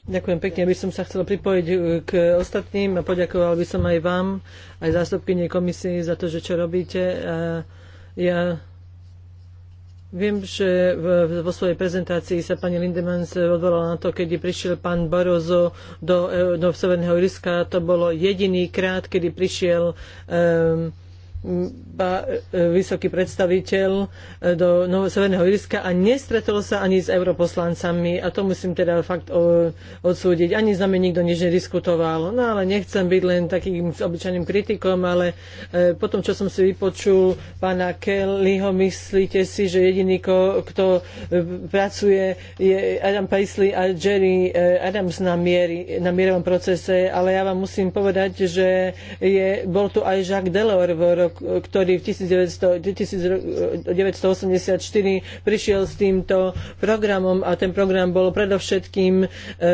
Ďakujem pekne, by som sa chcel pripojiť uh, k ostatným a poďakoval by som aj vám, aj zástupkyni komisii za to, že čo robíte. A ja Viem, že vo svojej prezentácii sa pani Lindemans odvolala na to, keď prišiel pán Barozo do, e, do Severného Irska. To bolo jediný krát, kedy prišiel um, E, vysoký predstaviteľ e, do Severného Iriska a nestretol sa ani s europoslancami a to musím teda fakt odsúdiť. Ani s nami nikto nič nediskutoval. No ale nechcem byť len takým obyčajným kritikom, ale e, po tom, čo som si vypočul pána Kellyho, myslíte si, že jediný, kto pracuje, je Adam Paisley a Jerry Adams na, miery, na mierovom procese, ale ja vám musím povedať, že je, bol tu aj Jacques Delors v roku ktorý v 1984 prišiel s týmto programom a ten program bol predovšetkým e,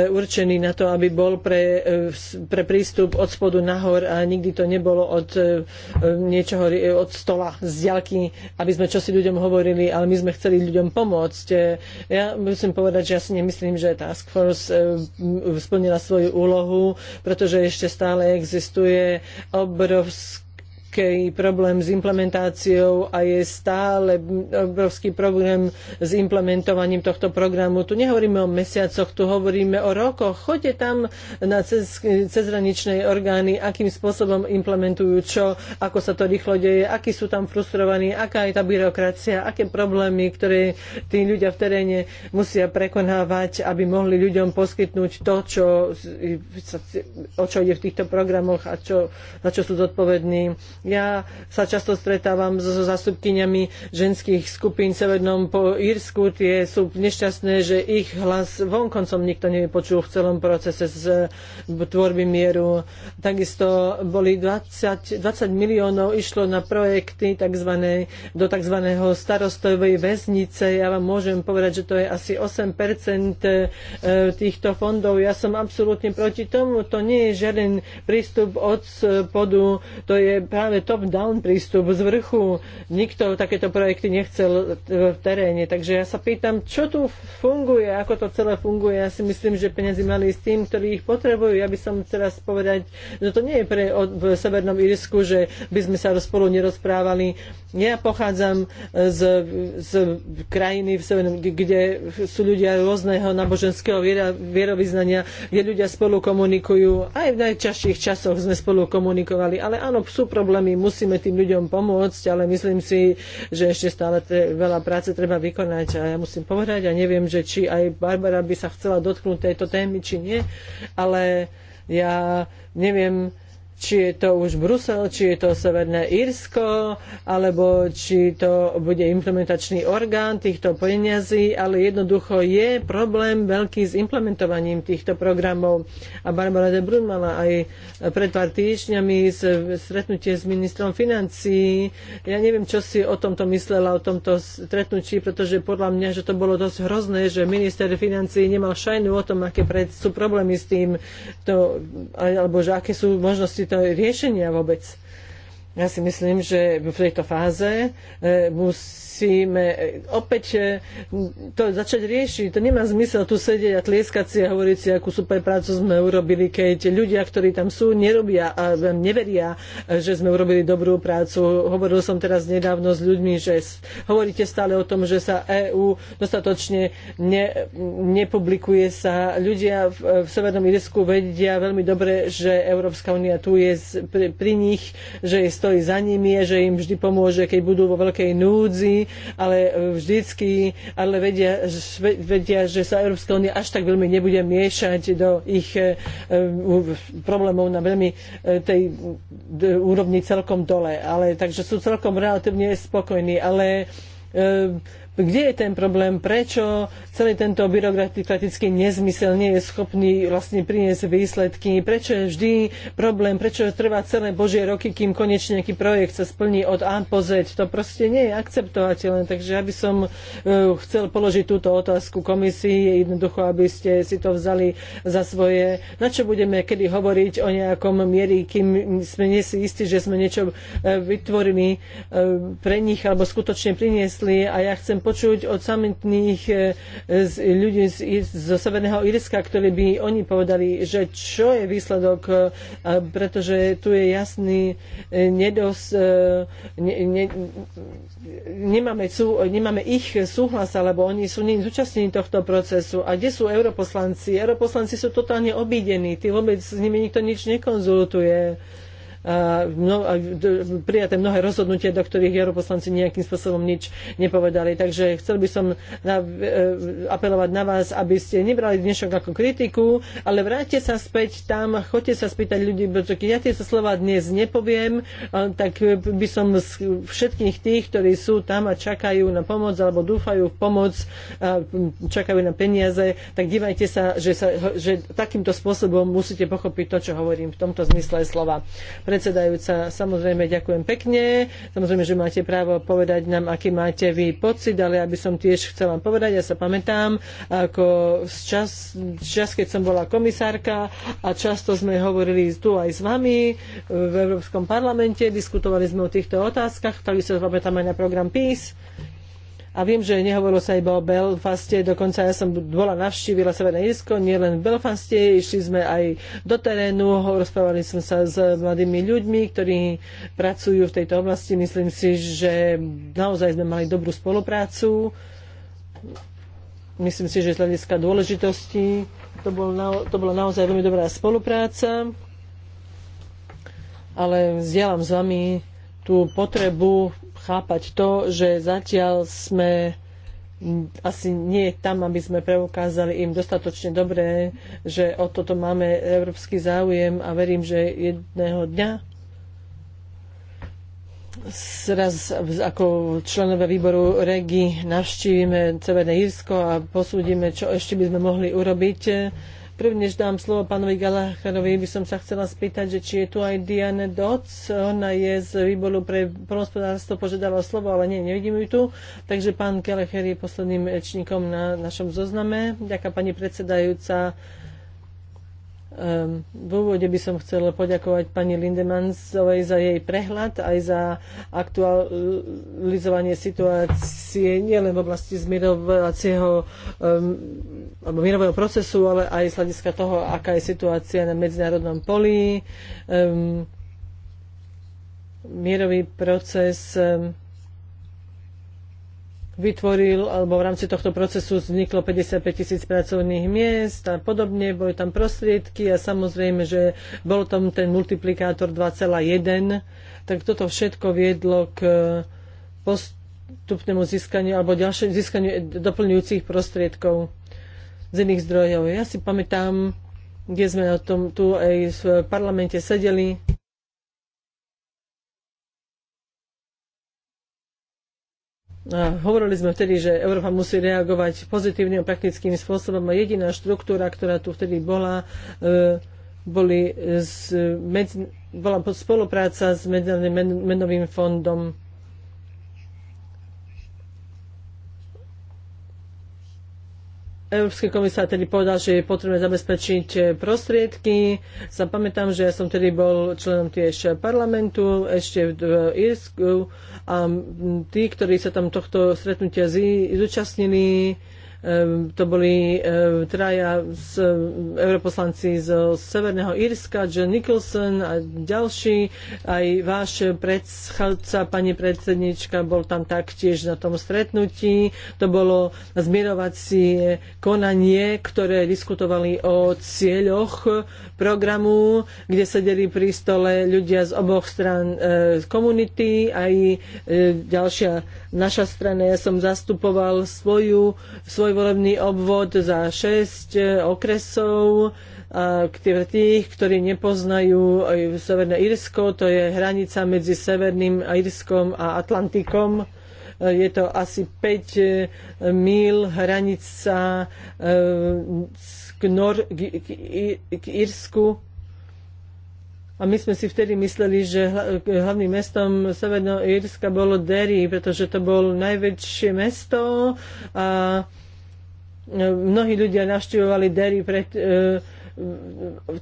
určený na to, aby bol pre, e, pre prístup od spodu nahor a nikdy to nebolo od e, niečoho od stola z diaľky, aby sme čosi ľuďom hovorili, ale my sme chceli ľuďom pomôcť. Ja musím povedať, že ja si nemyslím, že Task Force splnila svoju úlohu, pretože ešte stále existuje obrovský obrovský problém s implementáciou a je stále obrovský problém s implementovaním tohto programu. Tu nehovoríme o mesiacoch, tu hovoríme o rokoch. Choďte tam na cez, cezhraničné orgány, akým spôsobom implementujú čo, ako sa to rýchlo deje, akí sú tam frustrovaní, aká je tá byrokracia, aké problémy, ktoré tí ľudia v teréne musia prekonávať, aby mohli ľuďom poskytnúť to, čo, o čo ide v týchto programoch a čo, čo sú zodpovední. Ja sa často stretávam so, so zastupkyňami ženských skupín v Severnom po Írsku. Tie sú nešťastné, že ich hlas vonkoncom nikto nevypočul v celom procese z tvorby mieru. Takisto boli 20, 20 miliónov išlo na projekty tzv. do tzv. starostovej väznice. Ja vám môžem povedať, že to je asi 8 e, týchto fondov. Ja som absolútne proti tomu. To nie je žiaden prístup od spodu. To je práve práve top-down prístup z vrchu. Nikto takéto projekty nechcel v teréne. Takže ja sa pýtam, čo tu funguje, ako to celé funguje. Ja si myslím, že peniazy mali s tým, ktorí ich potrebujú. Ja by som teraz povedať, že to nie je pre od, v Severnom Irsku, že by sme sa spolu nerozprávali. Ja pochádzam z, z krajiny, v Severnom, kde sú ľudia rôzneho náboženského viera, vierovýznania, kde ľudia spolu komunikujú. Aj v najčastejších časoch sme spolu komunikovali. Ale áno, sú problémy problémy, musíme tým ľuďom pomôcť, ale myslím si, že ešte stále veľa práce treba vykonať a ja musím povedať a neviem, že či aj Barbara by sa chcela dotknúť tejto témy, či nie, ale ja neviem, či je to už Brusel, či je to Severné Írsko, alebo či to bude implementačný orgán týchto peniazí, ale jednoducho je problém veľký s implementovaním týchto programov. A Barbara de Brun mala aj pred pár týždňami stretnutie s ministrom financií. Ja neviem, čo si o tomto myslela, o tomto stretnutí, pretože podľa mňa, že to bolo dosť hrozné, že minister financií nemal šajnu o tom, aké sú problémy s tým, to, alebo že aké sú možnosti takéto riešenia vôbec. Ja si myslím, že v tejto fáze eh, musí musíme e, opäť e, to začať riešiť. To nemá zmysel tu sedieť a tlieskať si a hovoriť si, akú super prácu sme urobili, keď ľudia, ktorí tam sú, nerobia a neveria, e, že sme urobili dobrú prácu. Hovoril som teraz nedávno s ľuďmi, že hovoríte stále o tom, že sa EÚ dostatočne ne, nepublikuje sa. Ľudia v, v Severnom Irsku vedia veľmi dobre, že Európska únia tu je pri, pri nich, že stojí za nimi, že im vždy pomôže, keď budú vo veľkej núdzi, ale e, vždycky ale vedia, vedia, že sa Európska únia až tak veľmi nebude miešať do ich e, e, problémov na veľmi tej úrovni celkom dole. Ale, takže sú celkom relatívne spokojní. Ale kde je ten problém, prečo celý tento byrokratický nezmysel nie je schopný vlastne priniesť výsledky, prečo je vždy problém, prečo trvá celé božie roky, kým konečne nejaký projekt sa splní od A po Z. To proste nie je akceptovateľné, takže ja by som e, chcel položiť túto otázku komisii, jednoducho, aby ste si to vzali za svoje. Na čo budeme kedy hovoriť o nejakom miery, kým sme nie si istí, že sme niečo e, vytvorili e, pre nich alebo skutočne priniesli a ja chcem počuť od samotných e, ľudí z, zo Severného Irska, ktorí by oni povedali, že čo je výsledok, e, pretože tu je jasný e, nedos... Ne, ne, nemáme, sú, nemáme ich súhlas, alebo oni sú zúčastnení tohto procesu. A kde sú europoslanci? Europoslanci sú totálne obídení, tí vôbec s nimi nikto nič nekonzultuje. No, prijaté mnohé rozhodnutia, do ktorých europoslanci nejakým spôsobom nič nepovedali. Takže chcel by som na, e, apelovať na vás, aby ste nebrali dnešok ako kritiku, ale vráťte sa späť tam, choďte sa spýtať ľudí, pretože keď ja tie slova dnes nepoviem, tak by som všetkých tých, ktorí sú tam a čakajú na pomoc alebo dúfajú v pomoc, čakajú na peniaze, tak dívajte sa, že, sa, že takýmto spôsobom musíte pochopiť to, čo hovorím v tomto zmysle slova. Predsedajúca, samozrejme ďakujem pekne. Samozrejme, že máte právo povedať nám, aký máte vy pocit, ale aby som tiež chcela povedať, ja sa pamätám, ako čas, čas keď som bola komisárka a často sme hovorili tu aj s vami v Európskom parlamente, diskutovali sme o týchto otázkach, ktorý sa pamätám aj na program PIS, a viem, že nehovorilo sa iba o Belfaste, dokonca ja som bola navštívila Severné Irsko, len v Belfaste, išli sme aj do terénu, rozprávali sme sa s mladými ľuďmi, ktorí pracujú v tejto oblasti. Myslím si, že naozaj sme mali dobrú spoluprácu. Myslím si, že z hľadiska dôležitosti to, bol na, to bola naozaj veľmi dobrá spolupráca. Ale vzdielam s vami tú potrebu chápať to, že zatiaľ sme asi nie tam, aby sme preukázali im dostatočne dobré, že o toto máme európsky záujem a verím, že jedného dňa raz ako členové výboru REGI navštívime Severné Jirsko a posúdime, čo ešte by sme mohli urobiť Prvne, než dám slovo pánovi Galachanovi, by som sa chcela spýtať, že či je tu aj Diane Doc. Ona je z výboru pre prospodárstvo, požiadala slovo, ale nie, nevidím ju tu. Takže pán Galacher je posledným rečníkom na našom zozname. Ďaká pani predsedajúca. Um, v úvode by som chcela poďakovať pani Lindemansovej za jej prehľad, aj za aktualizovanie situácie nielen v oblasti zmierovacieho um, alebo mierového procesu, ale aj z hľadiska toho, aká je situácia na medzinárodnom poli. Um, mierový proces um, vytvoril, alebo v rámci tohto procesu vzniklo 55 tisíc pracovných miest a podobne, boli tam prostriedky a samozrejme, že bol tam ten multiplikátor 2,1, tak toto všetko viedlo k eh, postupnému získaniu alebo ďalšie získaniu eh, doplňujúcich prostriedkov z iných zdrojov. Ja si pamätám, kde sme o tom tu aj v parlamente sedeli, Hovorili sme vtedy, že Európa musí reagovať pozitívnym a praktickým spôsobom a jediná štruktúra, ktorá tu vtedy bola, e, boli z, medzi, bola spolupráca s Medzinárodným menovým fondom Európsky komisár tedy povedal, že je potrebné zabezpečiť prostriedky. Sa pamätám, že ja som tedy bol členom tiež parlamentu ešte v Írsku a tí, ktorí sa tam tohto stretnutia zúčastnili, to boli traja z, europoslanci zo Severného Írska, John Nicholson a ďalší. Aj váš predchádzca, pani predsednička, bol tam taktiež na tom stretnutí. To bolo zmierovacie konanie, ktoré diskutovali o cieľoch programu, kde sedeli pri stole ľudia z oboch stran e, komunity, aj e, ďalšia naša strana. Ja som zastupoval svoju, svoju svoj volebný obvod za 6 eh, okresov. A tých, ktorí nepoznajú eh, Severné Írsko, to je hranica medzi Severným Írskom a Atlantikom. Eh, je to asi 5 mil hranica k, Nor- k, k Írsku. A my sme si vtedy mysleli, že hlavným mestom Severného Írska bolo Derry, pretože to bolo najväčšie mesto a mnohí ľudia navštevovali Derry pred, e,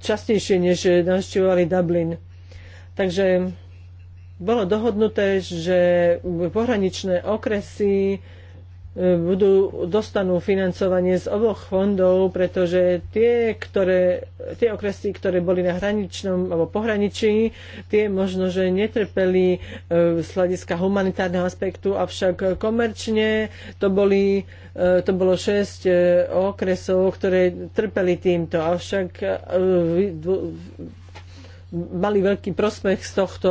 častejšie, než navštevovali Dublin. Takže bolo dohodnuté, že pohraničné okresy E, budú, dostanú financovanie z oboch fondov, pretože tie, ktoré, tie okresy, ktoré boli na hraničnom alebo pohraničí, tie možno, že netrpeli e, z hľadiska humanitárneho aspektu, avšak komerčne to, boli, e, to bolo 6 okresov, ktoré trpeli týmto. Avšak mali veľký prospech z tohto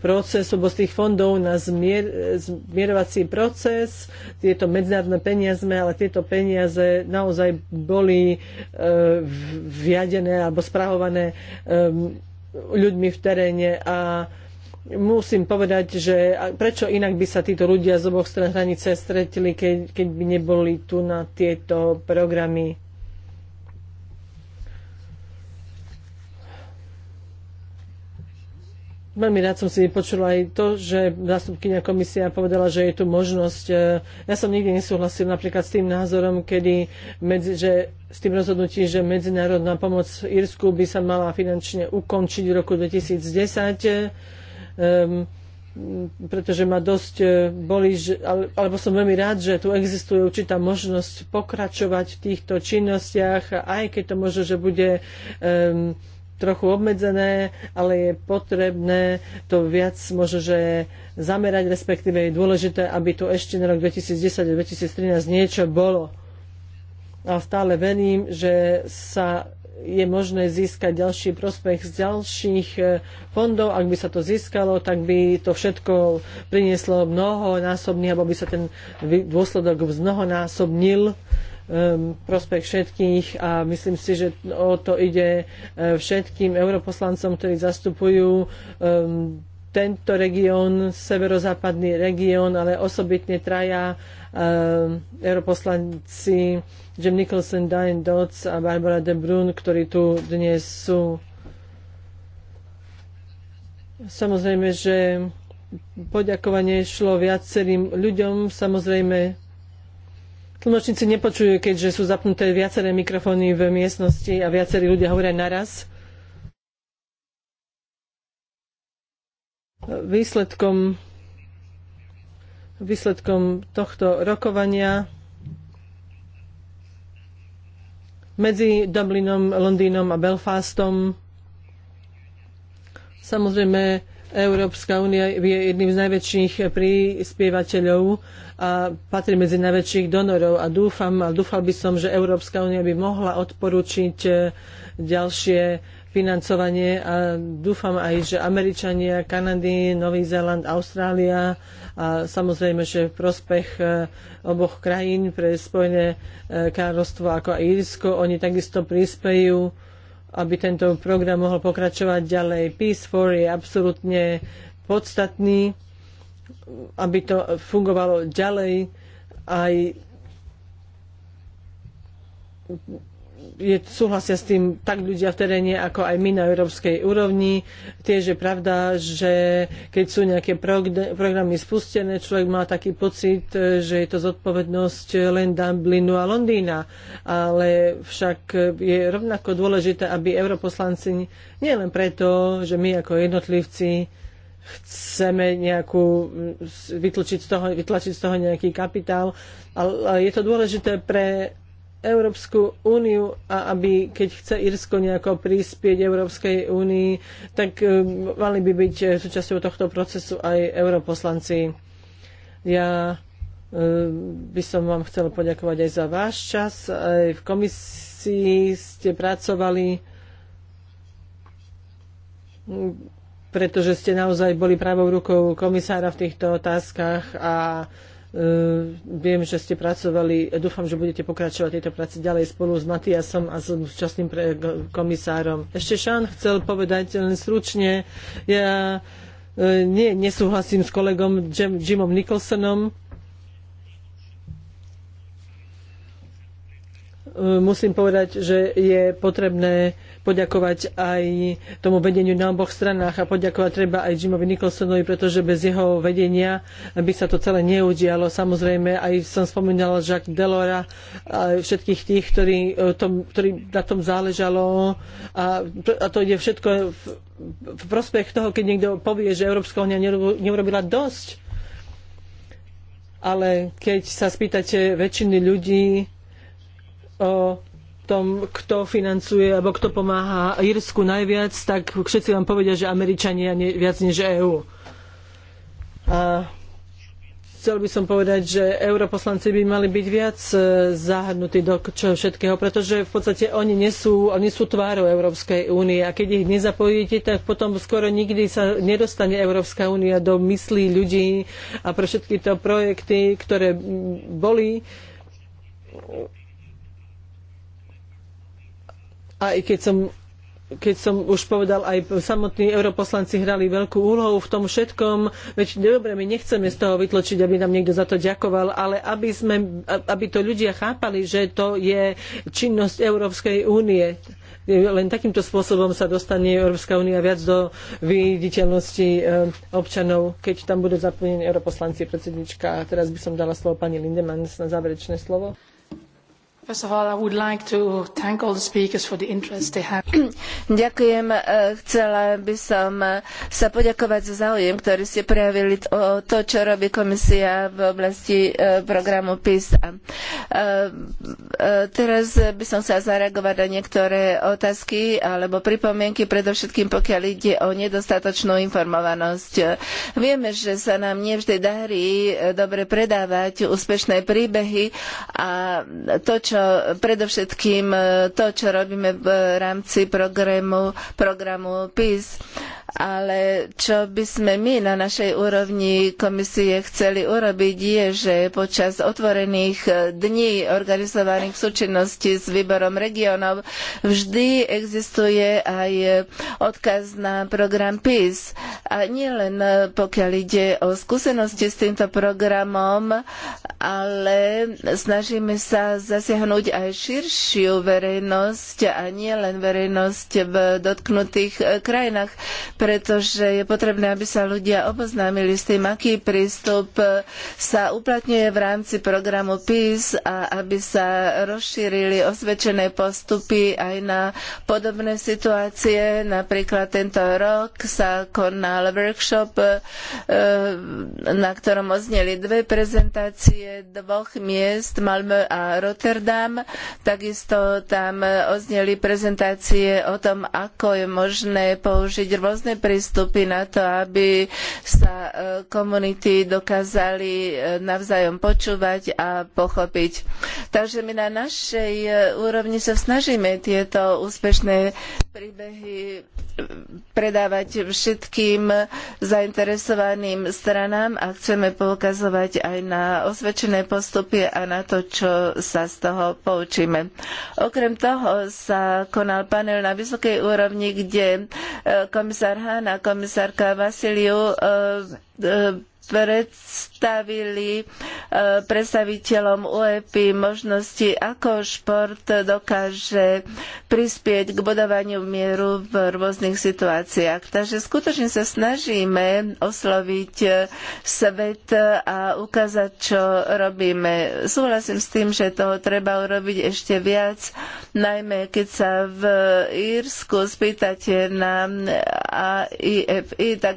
procesu, bo z tých fondov na zmier, zmierovací proces. Tieto medzinárodné peniaze, ale tieto peniaze naozaj boli e, viadené alebo spravované e, ľuďmi v teréne a musím povedať, že prečo inak by sa títo ľudia z oboch stran hranice stretili, keď, keď by neboli tu na tieto programy Veľmi rád som si vypočula aj to, že zástupkynia komisia povedala, že je tu možnosť. E, ja som nikdy nesúhlasil napríklad s tým názorom, kedy medzi, že s tým rozhodnutím, že medzinárodná pomoc Írsku by sa mala finančne ukončiť v roku 2010. Um, e, pretože ma dosť e, boli, že, ale, alebo som veľmi rád, že tu existuje určitá možnosť pokračovať v týchto činnostiach, aj keď to možno, že bude um, trochu obmedzené, ale je potrebné to viac možno, že zamerať, respektíve je dôležité, aby tu ešte na rok 2010 a 2013 niečo bolo. A stále verím, že sa je možné získať ďalší prospech z ďalších e, fondov. Ak by sa to získalo, tak by to všetko prinieslo mnohonásobný, alebo by sa ten dôsledok mnohonásobnil prospech všetkých a myslím si, že o to ide eh, všetkým europoslancom, ktorí zastupujú tento región, severozápadný región, ale osobitne traja eh, europoslanci Jim Nicholson, Diane Dodds a Barbara de Brun, ktorí tu dnes sú. Samozrejme, že poďakovanie šlo viacerým ľuďom. Samozrejme, Tlmočníci nepočujú, keďže sú zapnuté viaceré mikrofóny v miestnosti a viacerí ľudia hovoria naraz. Výsledkom, výsledkom tohto rokovania medzi Dublinom, Londýnom a Belfastom samozrejme Európska únia je jedným z najväčších prispievateľov a patrí medzi najväčších donorov a dúfam, a dúfal by som, že Európska únia by mohla odporučiť e, ďalšie financovanie a dúfam aj, že Američania, Kanady, Nový Zéland, Austrália a samozrejme, že v prospech e, oboch krajín pre Spojené e, kráľovstvo ako aj Írsko, oni takisto prispejú aby tento program mohol pokračovať ďalej. Peace for je absolútne podstatný, aby to fungovalo ďalej aj je, súhlasia s tým tak ľudia v teréne, ako aj my na európskej úrovni. Tiež je pravda, že keď sú nejaké programy spustené, človek má taký pocit, že je to zodpovednosť len Dublinu a Londýna. Ale však je rovnako dôležité, aby europoslanci nielen preto, že my ako jednotlivci chceme nejakú, vytlačiť z toho, vytlačiť z toho nejaký kapitál, ale je to dôležité pre Európsku úniu a aby keď chce Irsko nejako prispieť Európskej únii, tak e, mali by byť e, súčasťou tohto procesu aj europoslanci. Ja e, by som vám chcel poďakovať aj za váš čas. Aj v komisii ste pracovali, pretože ste naozaj boli pravou rukou komisára v týchto otázkach a E, viem, že ste pracovali, dúfam, že budete pokračovať tejto práci ďalej spolu s Matiasom a s časným komisárom. Ešte Šán chcel povedať len stručne, ja e, nie, nesúhlasím s kolegom Jim, Jimom Nicholsonom, E, musím povedať, že je potrebné poďakovať aj tomu vedeniu na oboch stranách a poďakovať treba aj Jimovi Nicholsonovi, pretože bez jeho vedenia by sa to celé neudialo. Samozrejme, aj som spomínala Jacques Delora a všetkých tých, ktorí, e, tom, ktorí na tom záležalo a, a to ide všetko v, v prospech toho, keď niekto povie, že Európska únia neurobila dosť. Ale keď sa spýtate väčšiny ľudí, o tom, kto financuje alebo kto pomáha Írsku najviac, tak všetci vám povedia, že Američania ne, viac než EÚ. A chcel by som povedať, že europoslanci by mali byť viac e, zahrnutí do čo všetkého, pretože v podstate oni nesú, oni sú tvárou Európskej únie a keď ich nezapojíte, tak potom skoro nikdy sa nedostane Európska únia do myslí ľudí a pre všetky to projekty, ktoré boli aj keď som keď som už povedal, aj samotní europoslanci hrali veľkú úlohu v tom všetkom. Veď dobre, my nechceme z toho vytločiť, aby nám niekto za to ďakoval, ale aby, sme, aby to ľudia chápali, že to je činnosť Európskej únie. Len takýmto spôsobom sa dostane Európska únia viac do viditeľnosti eh, občanov, keď tam budú zapojení europoslanci predsednička. A teraz by som dala slovo pani Lindemans na záverečné slovo. Ďakujem. Chcela by som eh, sa poďakovať za záujem, ktorý ste prejavili o to, čo robí komisia v oblasti eh, programu PISA. Eh, teraz by som sa zareagovať na niektoré otázky alebo pripomienky, predovšetkým pokiaľ ide o nedostatočnú informovanosť. Vieme, že sa nám nevždy darí dobre predávať úspešné príbehy a to, čo čo, predovšetkým e, to, čo robíme v rámci programu, programu PIS. Ale čo by sme my na našej úrovni komisie chceli urobiť je, že počas otvorených eh, dní organizovaných v súčinnosti s výborom regionov vždy existuje aj eh, odkaz na program PIS. A nielen eh, pokiaľ ide o skúsenosti s týmto programom, ale snažíme sa zasiahnuť aj širšiu verejnosť a nielen verejnosť v dotknutých krajinách pretože je potrebné, aby sa ľudia oboznámili s tým, aký prístup sa uplatňuje v rámci programu PIS a aby sa rozšírili osvedčené postupy aj na podobné situácie. Napríklad tento rok sa konal workshop, eh, na ktorom ozneli dve prezentácie dvoch miest, Malmö a Rotterdam. Takisto tam ozneli prezentácie o tom, ako je možné použiť rôzne rôzne prístupy na to, aby sa e, komunity dokázali e, navzájom počúvať a pochopiť. Takže my na našej e, úrovni sa snažíme tieto úspešné príbehy predávať všetkým zainteresovaným stranám a chceme poukazovať aj na osvedčené postupy a na to, čo sa z toho poučíme. Okrem toho sa konal panel na vysokej úrovni, kde komisár komisár Hán a komisárka Vasiliu eh, eh, predstavili e, predstaviteľom UEPI možnosti, ako šport dokáže prispieť k budovaniu mieru v rôznych situáciách. Takže skutočne sa snažíme osloviť e, svet a ukázať, čo robíme. Súhlasím s tým, že toho treba urobiť ešte viac, najmä keď sa v Írsku spýtate na AIFI, tak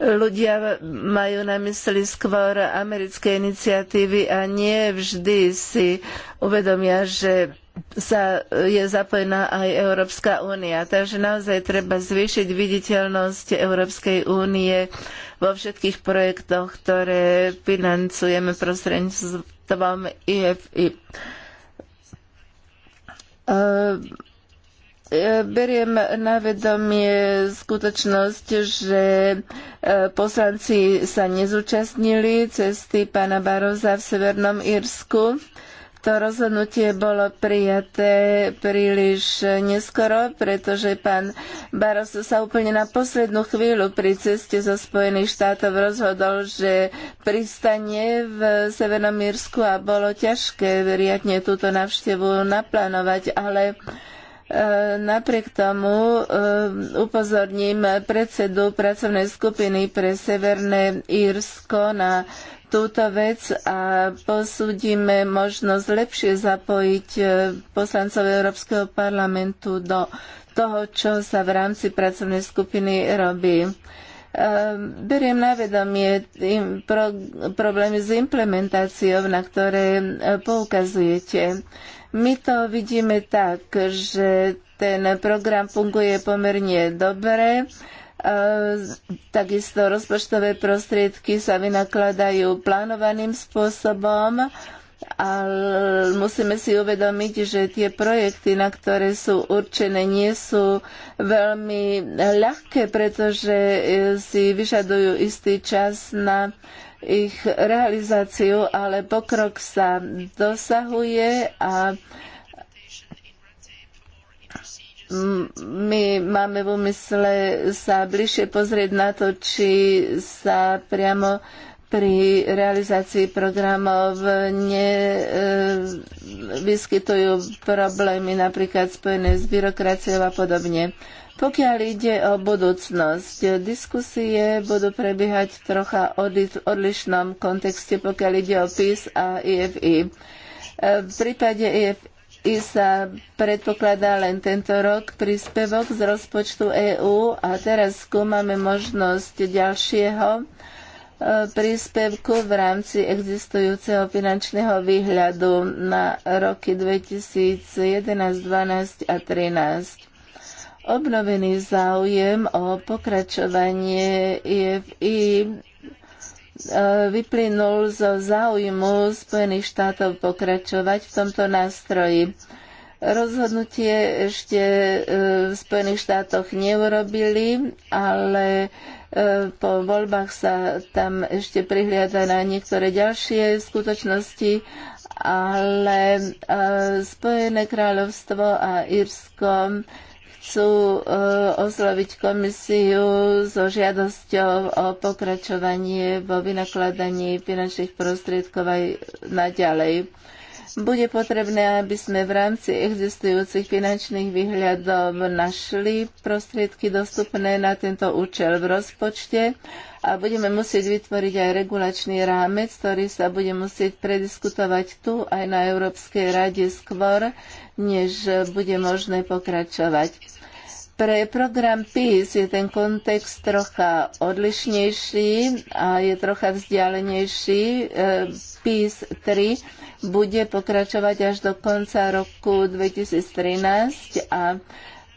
Ľudia majú na mysli skôr americké iniciatívy a nie vždy si uvedomia, že sa je zapojená aj Európska únia. Takže naozaj treba zvýšiť viditeľnosť Európskej únie vo všetkých projektoch, ktoré financujeme prostredníctvom IFI. Uh, E, beriem na vedomie skutočnosť, že e, poslanci sa nezúčastnili cesty pána Baroza v Severnom Írsku. To rozhodnutie bolo prijaté príliš neskoro, pretože pán Baros sa úplne na poslednú chvíľu pri ceste zo Spojených štátov rozhodol, že pristane v Severnom Írsku a bolo ťažké riadne túto návštevu naplánovať, ale E, napriek tomu e, upozorním predsedu pracovnej skupiny pre Severné Írsko na túto vec a posúdime možnosť lepšie zapojiť e, poslancov Európskeho parlamentu do toho, čo sa v rámci pracovnej skupiny robí. Beriem na vedomie problémy s implementáciou, na ktoré poukazujete. My to vidíme tak, že ten program funguje pomerne dobre. Takisto rozpočtové prostriedky sa vynakladajú plánovaným spôsobom ale musíme si uvedomiť, že tie projekty, na ktoré sú určené, nie sú veľmi ľahké, pretože e, si vyžadujú istý čas na ich realizáciu, ale pokrok sa dosahuje a my máme v úmysle sa bližšie pozrieť na to, či sa priamo pri realizácii programov nevyskytujú e, problémy napríklad spojené s byrokraciou a podobne. Pokiaľ ide o budúcnosť, diskusie budú prebiehať v trocha odlišnom kontexte, pokiaľ ide o PIS a IFI. E e, v prípade IFI e sa predpokladá len tento rok príspevok z rozpočtu EÚ a teraz skúmame možnosť ďalšieho príspevku v rámci existujúceho finančného výhľadu na roky 2011, 2012 a 2013 obnovený záujem o pokračovanie IFI e, vyplynul zo záujmu Spojených štátov pokračovať v tomto nástroji. Rozhodnutie ešte e, v Spojených štátoch neurobili, ale e, po voľbách sa tam ešte prihliada na niektoré ďalšie skutočnosti, ale Spojené kráľovstvo a Írsko chcú e, osloviť komisiu so žiadosťou o pokračovanie vo vynakladaní finančných prostriedkov aj naďalej. Bude potrebné, aby sme v rámci existujúcich finančných výhľadov našli prostriedky dostupné na tento účel v rozpočte a budeme musieť vytvoriť aj regulačný rámec, ktorý sa bude musieť prediskutovať tu aj na Európskej rade skôr, než bude možné pokračovať. Pre program PIS je ten kontext trocha odlišnejší a je trocha vzdialenejší. E, PIS 3 bude pokračovať až do konca roku 2013 a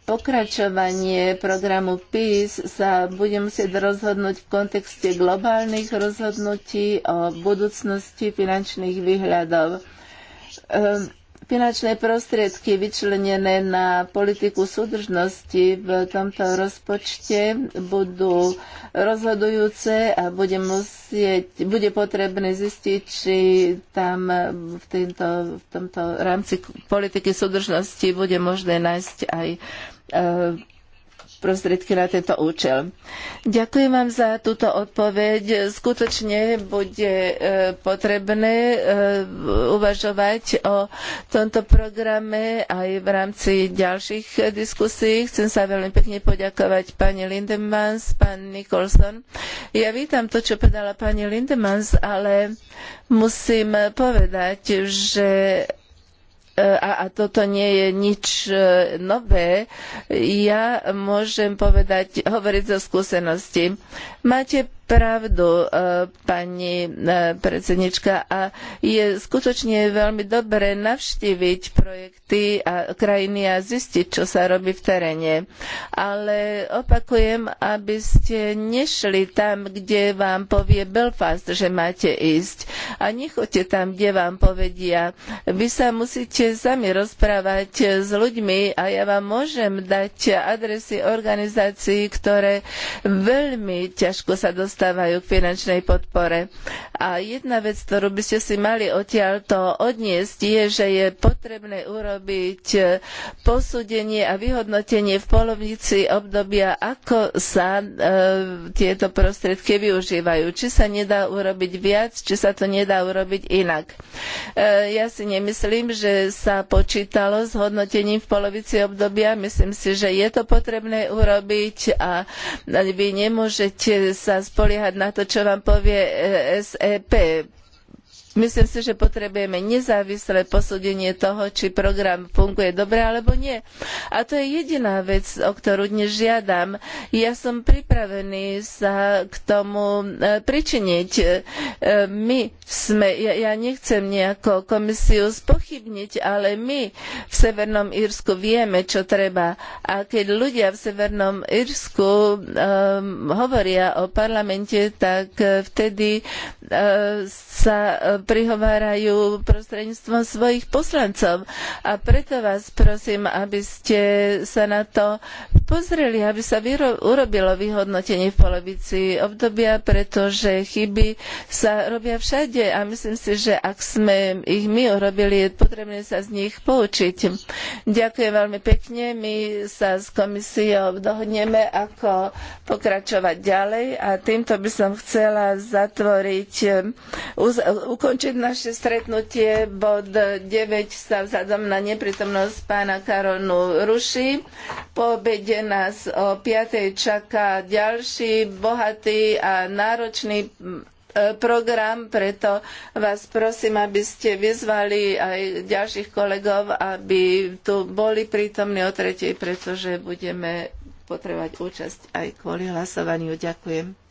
pokračovanie programu PIS sa bude musieť rozhodnúť v kontexte globálnych rozhodnutí o budúcnosti finančných výhľadov e, Finančné prostriedky vyčlenené na politiku súdržnosti v tomto rozpočte budú rozhodujúce a bude, musieť, bude potrebné zistiť, či tam v, týmto, v tomto rámci politiky súdržnosti bude možné nájsť aj e, prostriedky na tento účel. Ďakujem vám za túto odpoveď. Skutočne bude e, potrebné e, uvažovať o tomto programe aj v rámci ďalších diskusí. Chcem sa veľmi pekne poďakovať pani Lindemans, pán Nicholson. Ja vítam to, čo povedala pani Lindemans, ale musím povedať, že a, a toto nie je nič e, nové, ja môžem povedať, hovoriť zo skúsenosti. Máte pravdu, e, pani e, predsednička, a je skutočne veľmi dobré navštíviť projekty a krajiny a zistiť, čo sa robí v teréne. Ale opakujem, aby ste nešli tam, kde vám povie Belfast, že máte ísť. A nechoďte tam, kde vám povedia. Vy sa musíte sami rozprávať s ľuďmi a ja vám môžem dať adresy organizácií, ktoré veľmi ťažko sa dostávajú dostávajú k finančnej podpore. A jedna vec, ktorú by ste si mali odtiaľto odniesť, je, že je potrebné urobiť e, posúdenie a vyhodnotenie v polovnici obdobia, ako sa e, tieto prostriedky využívajú. Či sa nedá urobiť viac, či sa to nedá urobiť inak. E, ja si nemyslím, že sa počítalo s hodnotením v polovici obdobia. Myslím si, že je to potrebné urobiť a vy nemôžete sa spoliehať na to, čo vám povie eh, SEP Myslím si, že potrebujeme nezávislé posúdenie toho, či program funguje dobre alebo nie. A to je jediná vec, o ktorú dnes žiadam. Ja som pripravený sa k tomu e, pričiniť. E, my sme, ja, ja nechcem nejako komisiu spochybniť, ale my v Severnom Írsku vieme, čo treba. A keď ľudia v Severnom Írsku um, hovoria o parlamente, tak vtedy sa e, prihovárajú prostredníctvom svojich poslancov. A preto vás prosím, aby ste sa na to pozreli, aby sa urobilo vyhodnotenie v polovici obdobia, pretože chyby sa robia všade a myslím si, že ak sme ich my urobili, je potrebné sa z nich poučiť. Ďakujem veľmi pekne. My sa s komisiou dohodneme, ako pokračovať ďalej a týmto by som chcela zatvoriť Ehm, ukončiť naše stretnutie. Bod 9 sa vzhľadom na neprítomnosť pána Karonu ruší. Po obede nás o 5. čaká ďalší bohatý a náročný e, program, preto vás prosím, aby ste vyzvali aj ďalších kolegov, aby tu boli prítomní o tretej, pretože budeme potrebovať účasť aj kvôli hlasovaniu. Ďakujem.